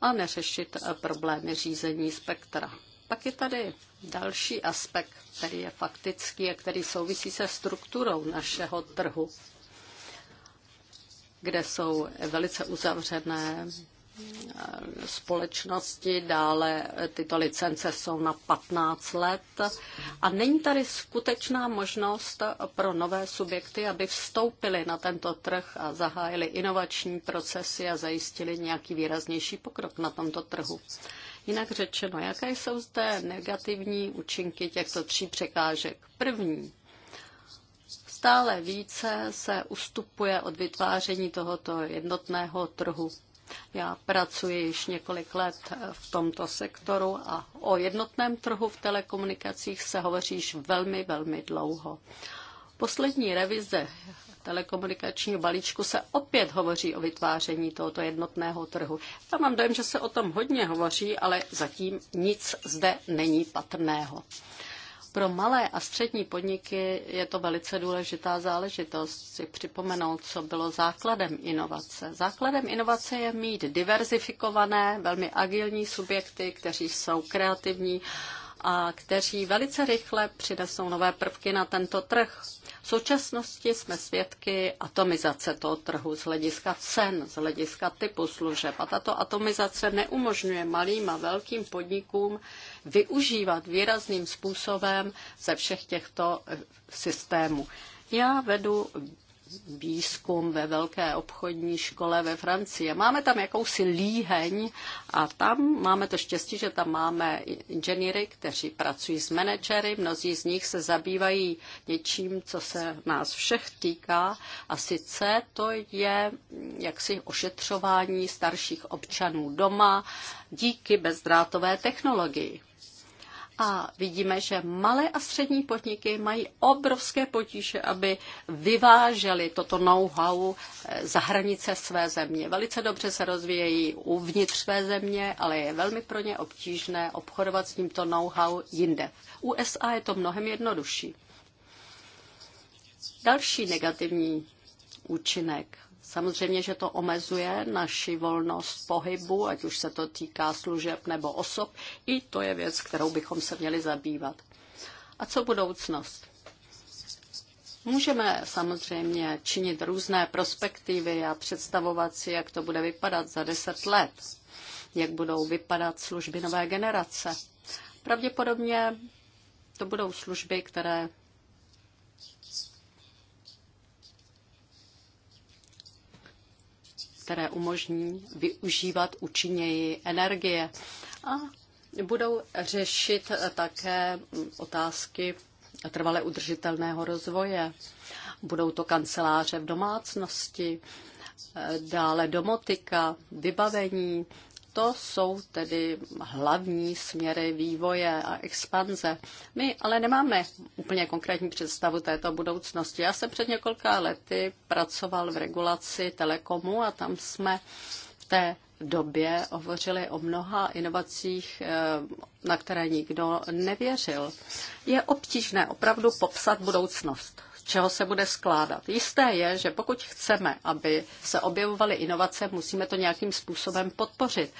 a neřešit eh, problémy řízení spektra. Pak je tady další aspekt, který je faktický a který souvisí se strukturou našeho trhu, kde jsou velice uzavřené společnosti, dále tyto licence jsou na 15 let a není tady skutečná možnost pro nové subjekty, aby vstoupili na tento trh a zahájili inovační procesy a zajistili nějaký výraznější pokrok na tomto trhu. Jinak řečeno, jaké jsou zde negativní účinky těchto tří překážek? První, stále více se ustupuje od vytváření tohoto jednotného trhu. Já pracuji již několik let v tomto sektoru a o jednotném trhu v telekomunikacích se hovoří již velmi, velmi dlouho. Poslední revize telekomunikačního balíčku se opět hovoří o vytváření tohoto jednotného trhu. Tam mám dojem, že se o tom hodně hovoří, ale zatím nic zde není patrného. Pro malé a střední podniky je to velice důležitá záležitost si připomenout, co bylo základem inovace. Základem inovace je mít diverzifikované, velmi agilní subjekty, kteří jsou kreativní a kteří velice rychle přinesou nové prvky na tento trh. V současnosti jsme svědky atomizace toho trhu z hlediska cen, z hlediska typu služeb. A tato atomizace neumožňuje malým a velkým podnikům využívat výrazným způsobem ze všech těchto systémů. Já vedu výzkum ve velké obchodní škole ve Francii. máme tam jakousi líheň a tam máme to štěstí, že tam máme inženýry, kteří pracují s manažery, mnozí z nich se zabývají něčím, co se nás všech týká a sice to je jaksi ošetřování starších občanů doma díky bezdrátové technologii a vidíme, že malé a střední podniky mají obrovské potíže, aby vyvážely toto know-how eh, za hranice své země. Velice dobře se rozvíjejí uvnitř své země, ale je velmi pro ně obtížné obchodovat s tímto know-how jinde. V USA je to mnohem jednodušší. Další negativní účinek Samozřejmě, že to omezuje naši volnost pohybu, ať už se to týká služeb nebo osob. I to je věc, kterou bychom se měli zabývat. A co budoucnost? Můžeme samozřejmě činit různé prospektivy a představovat si, jak to bude vypadat za deset let, jak budou vypadat služby nové generace. Pravděpodobně to budou služby, které které umožní využívat účinněji energie a budou řešit také otázky trvale udržitelného rozvoje. Budou to kanceláře v domácnosti, dále domotika, vybavení, to jsou tedy hlavní směry vývoje a expanze. My ale nemáme úplně konkrétní představu této budoucnosti. Já jsem před několika lety pracoval v regulaci telekomu a tam jsme v té době hovořili o mnoha inovacích, eh, na které nikdo nevěřil. Je obtížné opravdu popsat budoucnost z čeho se bude skládat. Jisté je, že pokud chceme, aby se objevovaly inovace, musíme to nějakým způsobem podpořit.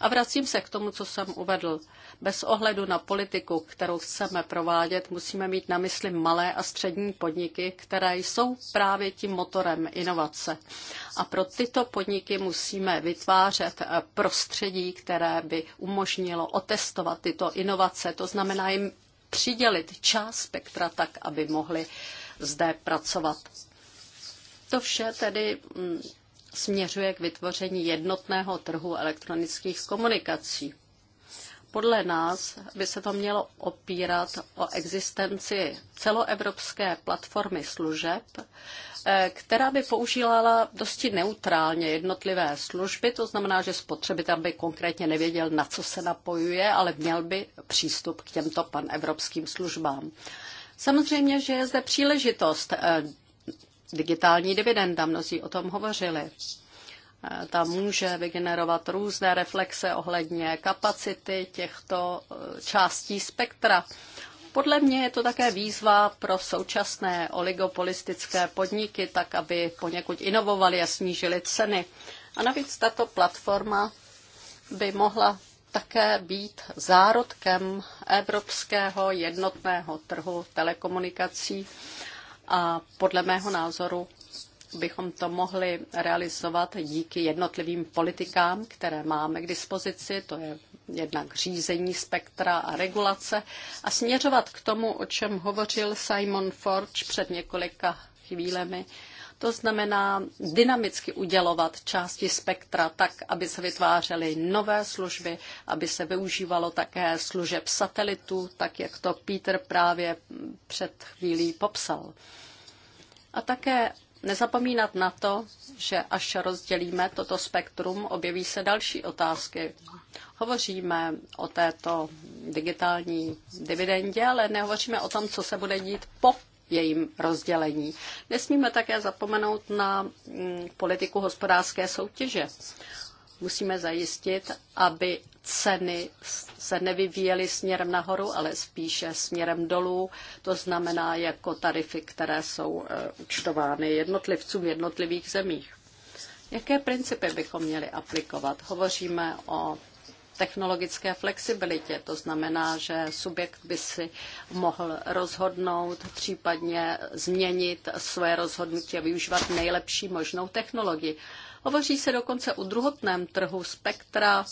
A vracím se k tomu, co jsem uvedl. Bez ohledu na politiku, kterou chceme provádět, musíme mít na mysli malé a střední podniky, které jsou právě tím motorem inovace. A pro tyto podniky musíme vytvářet eh, prostředí, které by umožnilo otestovat tyto inovace. To znamená jim přidělit část spektra tak, aby mohli zde pracovat. To vše tedy mm, směřuje k vytvoření jednotného trhu elektronických komunikací. Podle nás by se to mělo opírat o existenci celoevropské platformy služeb, eh, která by používala dosti neutrálně jednotlivé služby, to znamená, že spotřebitel by konkrétně nevěděl, na co se napojuje, ale měl by přístup k těmto panevropským službám. Samozřejmě, že je zde příležitost eh, digitální dividenda, mnozí o tom hovořili. Eh, ta může vygenerovat různé reflexe ohledně kapacity těchto eh, částí spektra. Podle mě je to také výzva pro současné oligopolistické podniky, tak aby poněkud inovovali a snížili ceny. A navíc tato platforma by mohla také být zárodkem evropského jednotného trhu telekomunikací a podle mého názoru bychom to mohli realizovat díky jednotlivým politikám, které máme k dispozici, to je jednak řízení spektra a regulace, a směřovat k tomu, o čem hovořil Simon Forge před několika chvílemi, to znamená dynamicky udělovat části spektra tak, aby se vytvářely nové služby, aby se využívalo také služeb satelitu, tak jak to Peter právě před chvílí popsal. A také nezapomínat na to, že až rozdělíme toto spektrum, objeví se další otázky. Hovoříme o této digitální dividendě, ale nehovoříme o tom, co se bude dít po jejím rozdělení. Nesmíme také zapomenout na mm, politiku hospodářské soutěže. Musíme zajistit, aby ceny se nevyvíjely směrem nahoru, ale spíše směrem dolů. To znamená jako tarify, které jsou e, účtovány jednotlivcům v jednotlivých zemích. Jaké principy bychom měli aplikovat? Hovoříme o technologické flexibilitě. To znamená, že subjekt by si mohl rozhodnout, případně změnit své rozhodnutí a využívat nejlepší možnou technologii. Hovoří se dokonce o druhotném trhu spektra,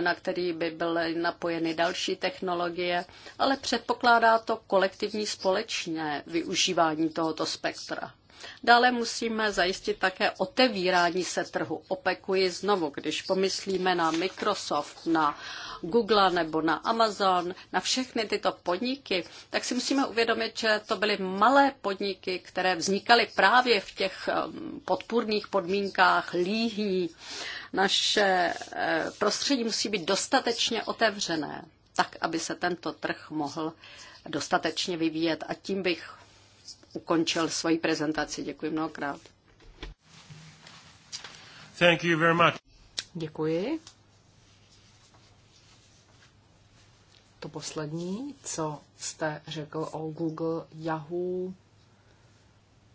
na který by byly napojeny další technologie, ale předpokládá to kolektivní společné využívání tohoto spektra. Dále musíme zajistit také otevírání se trhu. Opekuji znovu, když pomyslíme na Microsoft, na Google nebo na Amazon, na všechny tyto podniky, tak si musíme uvědomit, že to byly malé podniky, které vznikaly právě v těch um, podpůrných podmínkách líhní. Naše eh, prostředí musí být dostatečně otevřené, tak aby se tento trh mohl dostatečně vyvíjet. A tím bych ukončil svoji prezentaci. Děkuji mnohokrát. Thank you very much. Děkuji. To poslední, co jste řekl o Google, Yahoo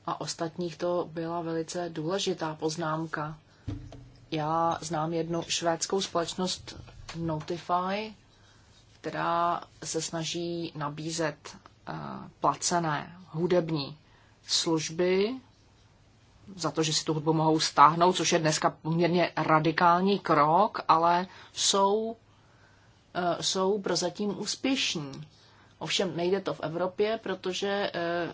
a ostatních, to byla velice důležitá poznámka. Já znám jednu švédskou společnost Notify, která se snaží nabízet Eh, placené hudební služby za to, že si tu hudbu mohou stáhnout, což je dneska poměrně radikální krok, ale jsou, eh, jsou prozatím úspěšní. Ovšem nejde to v Evropě, protože eh,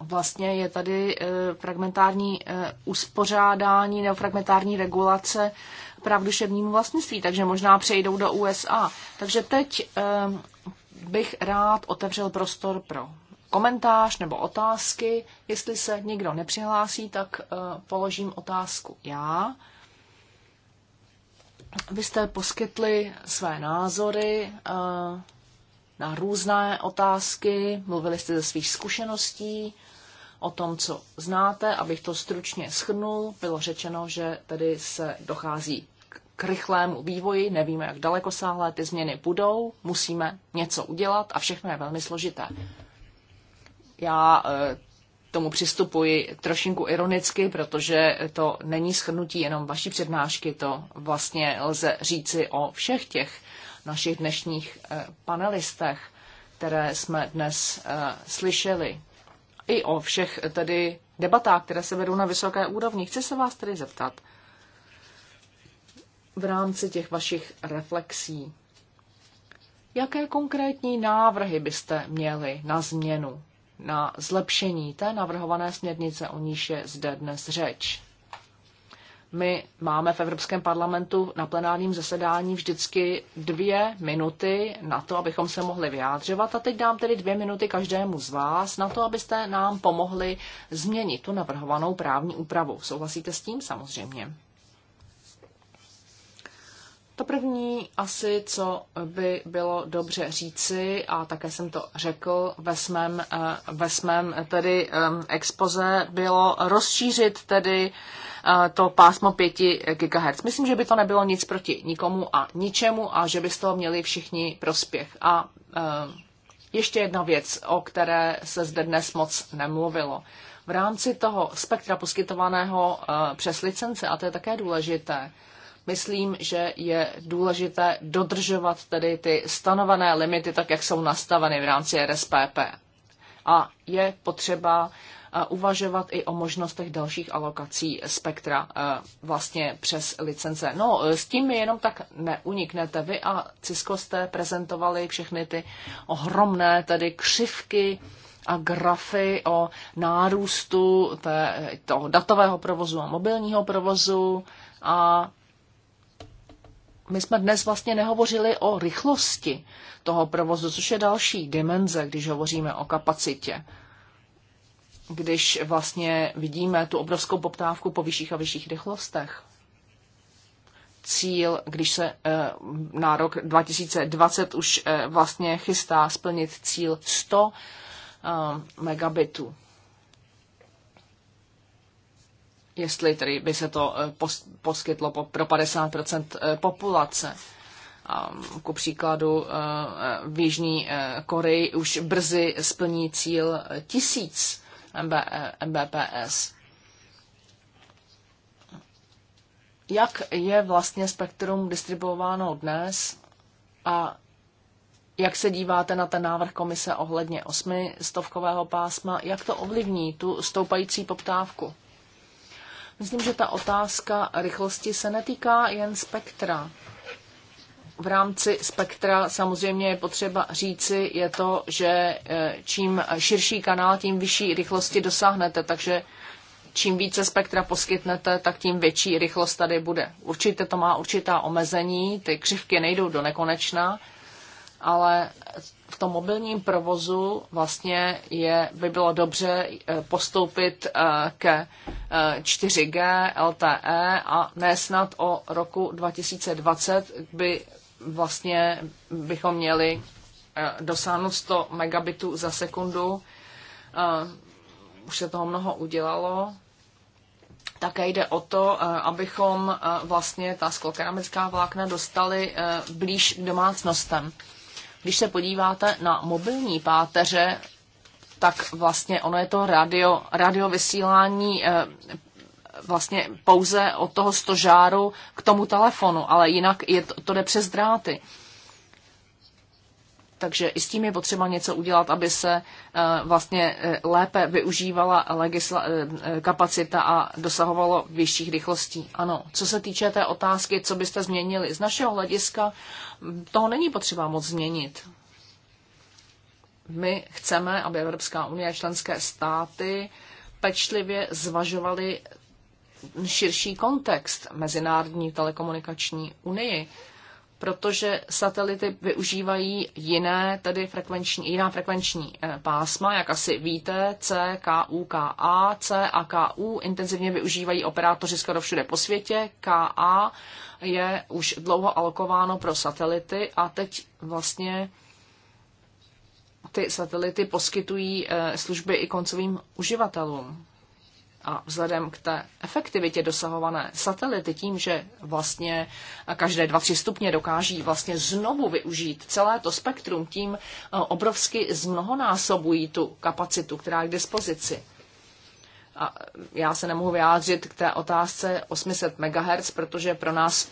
vlastně je tady fragmentární uspořádání nebo fragmentární regulace práv vlastnictví, takže možná přejdou do USA. Takže teď bych rád otevřel prostor pro komentář nebo otázky. Jestli se někdo nepřihlásí, tak eh, položím otázku já. Vy jste poskytli své názory eh, na různé otázky, mluvili jste ze svých zkušeností, o tom, co znáte, abych to stručně schrnul. Bylo řečeno, že tady se dochází k rychlému vývoji, nevíme, jak daleko sáhlé ty změny budou, musíme něco udělat a všechno je velmi složité. Já eh, tomu přistupuji trošinku ironicky, protože to není schrnutí jenom vaší přednášky, to vlastně lze říci o všech těch našich dnešních eh, panelistech, které jsme dnes eh, slyšeli. I o všech tedy debatách, které se vedou na vysoké úrovni. Chci se vás tedy zeptat, v rámci těch vašich reflexí. Jaké konkrétní návrhy byste měli na změnu, na zlepšení té navrhované směrnice, o níž je zde dnes řeč? My máme v Evropském parlamentu na plenárním zasedání vždycky dvě minuty na to, abychom se mohli vyjádřovat. A teď dám tedy dvě minuty každému z vás na to, abyste nám pomohli změnit tu navrhovanou právní úpravu. Souhlasíte s tím samozřejmě? To první asi, co by bylo dobře říci, a také jsem to řekl ve svém, eh, ve svém eh, tedy expoze, bylo rozšířit tedy eh, to pásmo 5 GHz. Myslím, že by to nebylo nic proti nikomu a ničemu a že by z toho měli všichni prospěch. A ještě jedna věc, o které se zde dnes moc nemluvilo. V rámci toho spektra poskytovaného přes licence, a to je také důležité, Myslím, že je důležité dodržovat tedy ty stanovené limity, tak jak jsou nastaveny v rámci RSPP. A je potřeba eh, uvažovat i o možnostech dalších alokací spektra eh, vlastně přes licence. No, eh, s tím mi jenom tak neuniknete. Vy a Cisco jste prezentovali všechny ty ohromné tady křivky a grafy o nárůstu té, toho datového provozu a mobilního provozu a my jsme dnes vlastně nehovořili o rychlosti toho provozu, což je další dimenze, když hovoříme o kapacitě. Když vlastně vidíme tu obrovskou poptávku po vyšších a vyšších rychlostech. Cíl, když se e, na rok 2020 už e, vlastně chystá splnit cíl 100 e, eh, megabitů. jestli tedy by se to eh, poskytlo pro 50 eh, populace. Ehm, ku příkladu eh, v Jižní Koreji už brzy splní cíl tisíc MBPS. Jak je vlastně spektrum distribuováno dnes a jak se díváte na ten návrh komise ohledně osmistovkového pásma? Jak to ovlivní tu stoupající poptávku? Myslím, že ta otázka rychlosti se netýká jen spektra. V rámci spektra samozřejmě je potřeba říci, je to, že e, čím širší kanál, tím vyšší rychlosti dosáhnete, takže čím více spektra poskytnete, tak tím větší rychlost tady bude. Určitě to má určitá omezení, ty křivky nejdou do nekonečna, ale v tom mobilním provozu vlastně je, by bylo dobře eh, postoupit eh, ke 4G, eh, LTE a ne snad o roku 2020 by vlastně bychom měli dosáhnout 100 megabitů za sekundu. Už se toho mnoho udělalo. Také jde o to, abychom vlastně ta sklokeramická vlákna dostali blíž k domácnostem. Když se podíváte na mobilní páteře, tak vlastně ono je to radio, radio vysílání eh, vlastně pouze od toho stožáru k tomu telefonu, ale jinak je to, to jde přes dráty takže i s tím je potřeba něco udělat, aby se eh, vlastně eh, lépe využívala legisla- eh, kapacita a dosahovalo vyšších rychlostí. Ano, co se týče té otázky, co byste změnili, z našeho hlediska hm, toho není potřeba moc změnit. My chceme, aby Evropská unie a členské státy pečlivě zvažovaly širší kontext Mezinárodní telekomunikační unii protože satelity využívají jiné, tedy frekvenční, jiná frekvenční eh, pásma, jak asi víte, C, KU, KA, C a U intenzivně využívají operátoři skoro všude po světě, KA je už dlouho alokováno pro satelity a teď vlastně ty satelity poskytují eh, služby i koncovým uživatelům a vzhledem k té efektivitě dosahované satelity tím, že vlastně každé 2-3 stupně dokáží vlastně znovu využít celé to spektrum, tím eh, obrovsky zmnohonásobují tu kapacitu, která je k dispozici. A já se nemohu vyjádřit k té otázce 800 MHz, protože pro nás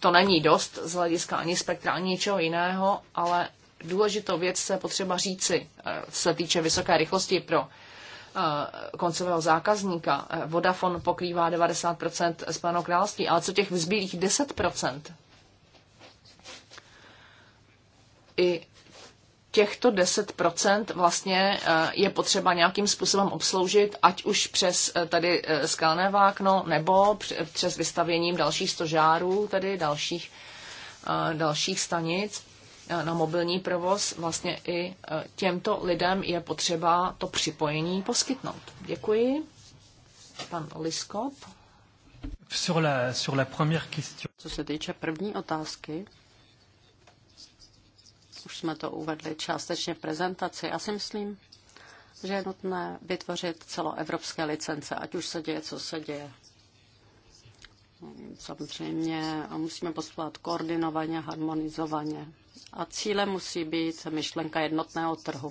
to není dost z hlediska ani spektra, ani ničeho jiného, ale důležitou věc se potřeba říci, co eh, se týče vysoké rychlosti pro Eh, koncového zákazníka. Eh, Vodafone pokrývá 90% Spojeného království, ale co těch vzbylých 10%? I těchto 10% vlastně eh, je potřeba nějakým způsobem obsloužit, ať už přes tady skalné vákno, nebo přes vystavěním dalších stožárů, tedy dalších, dalších stanic. Eh, na mobilní provoz, vlastně i eh, těmto lidem je potřeba to připojení poskytnout. Děkuji. Pan Liskop. Sur la, sur la première question. Co se týče první otázky, už jsme to uvedli částečně v prezentaci. Já si myslím, že je nutné vytvořit celoevropské licence, ať už se děje, co se děje. Samozřejmě musíme postupovat koordinovaně, harmonizovaně. A cílem musí být myšlenka jednotného trhu.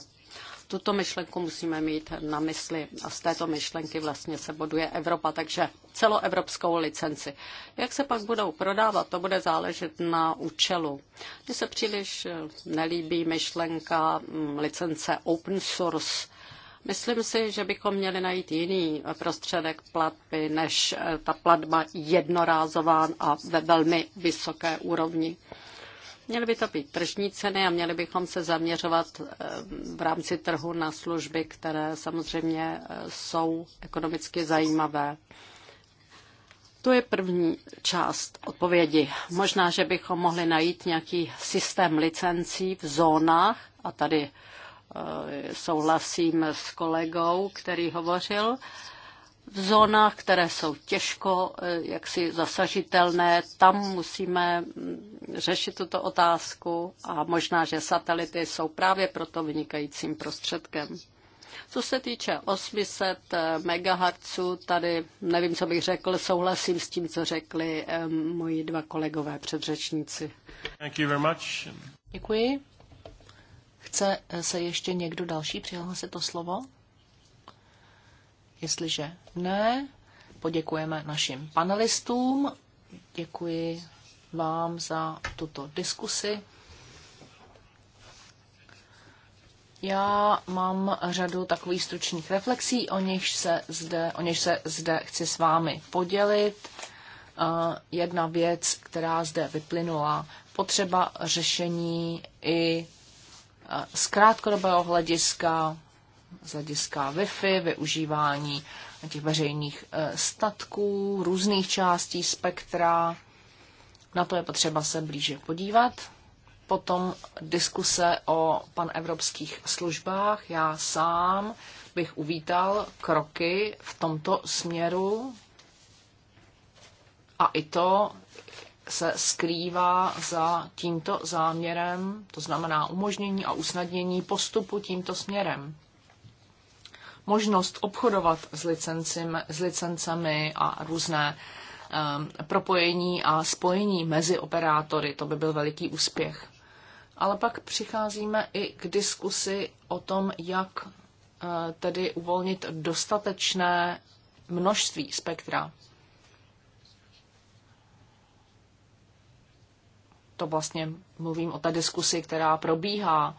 Tuto myšlenku musíme mít na mysli a z této myšlenky vlastně se boduje Evropa, takže celoevropskou licenci. Jak se pak budou prodávat, to bude záležet na účelu. Mně se příliš nelíbí myšlenka mm, licence open source, Myslím si, že bychom měli najít jiný prostředek platby než eh, ta platba jednorázová a ve velmi vysoké úrovni. Měly by to být tržní ceny a měli bychom se zaměřovat eh, v rámci trhu na služby, které samozřejmě eh, jsou ekonomicky zajímavé. To je první část odpovědi. Možná, že bychom mohli najít nějaký systém licencí v zónách a tady Eh, souhlasím s kolegou, který hovořil. V zónách, které jsou těžko eh, jaksi zasažitelné, tam musíme mm, řešit tuto otázku a možná, že satelity jsou právě proto vynikajícím prostředkem. Co se týče 800 eh, MHz, tady nevím, co bych řekl, souhlasím s tím, co řekli moji dva kolegové předřečníci. Děkuji. Chce eh, se ještě někdo další přihlásit o slovo? Jestliže ne, poděkujeme našim panelistům. Děkuji vám za tuto diskusi. Já mám řadu takových stručných reflexí, o nich se zde, o nich se zde chci s vámi podělit. Eh, jedna věc, která zde vyplynula, potřeba řešení i z krátkodobého hlediska, z hlediska Wi-Fi, využívání těch veřejných eh, statků, různých částí spektra. Na to je potřeba se blíže podívat. Potom diskuse o panevropských službách. Já sám bych uvítal kroky v tomto směru. A i to, se skrývá za tímto záměrem, to znamená umožnění a usnadnění postupu tímto směrem. Možnost obchodovat s, licencim, s licencemi a různé um, propojení a spojení mezi operátory, to by byl veliký úspěch. Ale pak přicházíme i k diskusi o tom, jak uh, tedy uvolnit dostatečné množství spektra to vlastně mluvím o té diskusi, která probíhá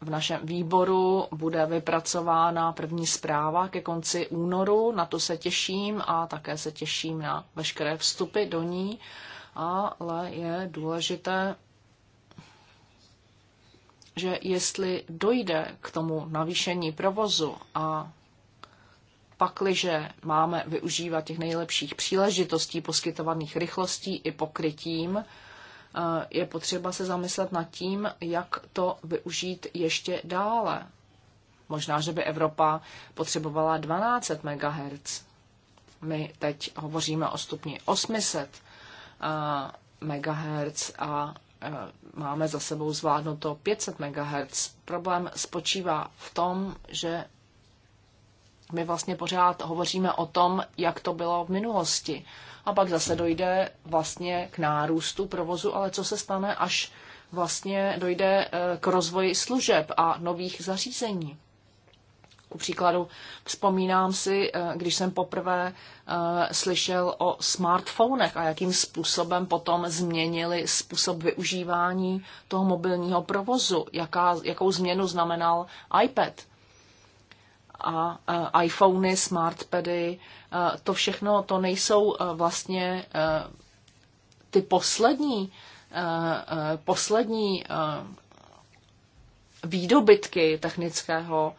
v našem výboru bude vypracována první zpráva ke konci únoru. Na to se těším a také se těším na veškeré vstupy do ní. Ale je důležité, že jestli dojde k tomu navýšení provozu a pakliže máme využívat těch nejlepších příležitostí poskytovaných rychlostí i pokrytím, eh, je potřeba se zamyslet nad tím, jak to využít ještě dále. Možná, že by Evropa potřebovala 12 MHz. My teď hovoříme o stupni 800 eh, MHz a eh, máme za sebou zvládnuto 500 MHz. Problém spočívá v tom, že my vlastně pořád hovoříme o tom, jak to bylo v minulosti. A pak zase dojde vlastně k nárůstu provozu, ale co se stane, až vlastně dojde eh, k rozvoji služeb a nových zařízení. Ku příkladu vzpomínám si, eh, když jsem poprvé eh, slyšel o smartfonech a jakým způsobem potom změnili způsob využívání toho mobilního provozu, jaká, jakou změnu znamenal iPad – a iPhony, smartpady, to všechno, to nejsou vlastně ty poslední, poslední výdobytky technického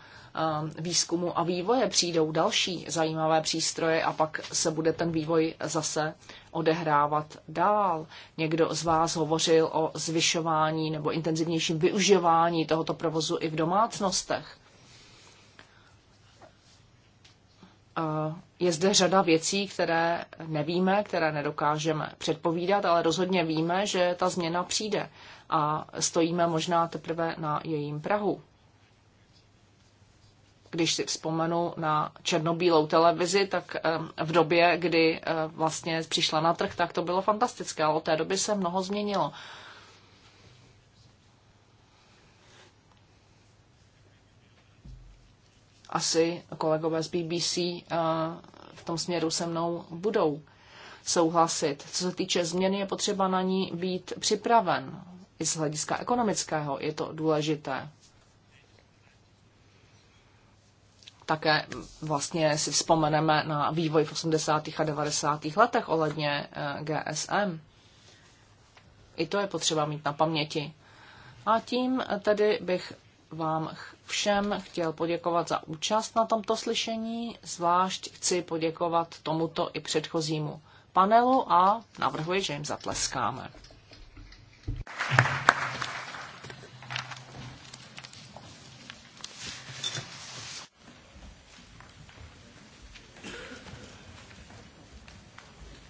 výzkumu a vývoje přijdou další zajímavé přístroje a pak se bude ten vývoj zase odehrávat dál. Někdo z vás hovořil o zvyšování nebo intenzivnějším využívání tohoto provozu i v domácnostech. Eh, je zde řada věcí, které nevíme, které nedokážeme předpovídat, ale rozhodně víme, že ta změna přijde a stojíme možná teprve na jejím Prahu. Když si vzpomenu na černobílou televizi, tak v době, kdy eh, vlastně přišla na trh, tak to bylo fantastické, ale od té doby se mnoho změnilo. asi kolegové z BBC eh, v tom směru se mnou budou souhlasit. Co se týče změny, je potřeba na ní být připraven. I z hlediska ekonomického je to důležité. Také vlastně si vzpomeneme na vývoj v 80. a 90. letech ohledně eh, GSM. I to je potřeba mít na paměti. A tím tedy bych vám všem chtěl poděkovat za účast na tomto slyšení. Zvlášť chci poděkovat tomuto i předchozímu panelu a navrhuji, že jim zatleskáme.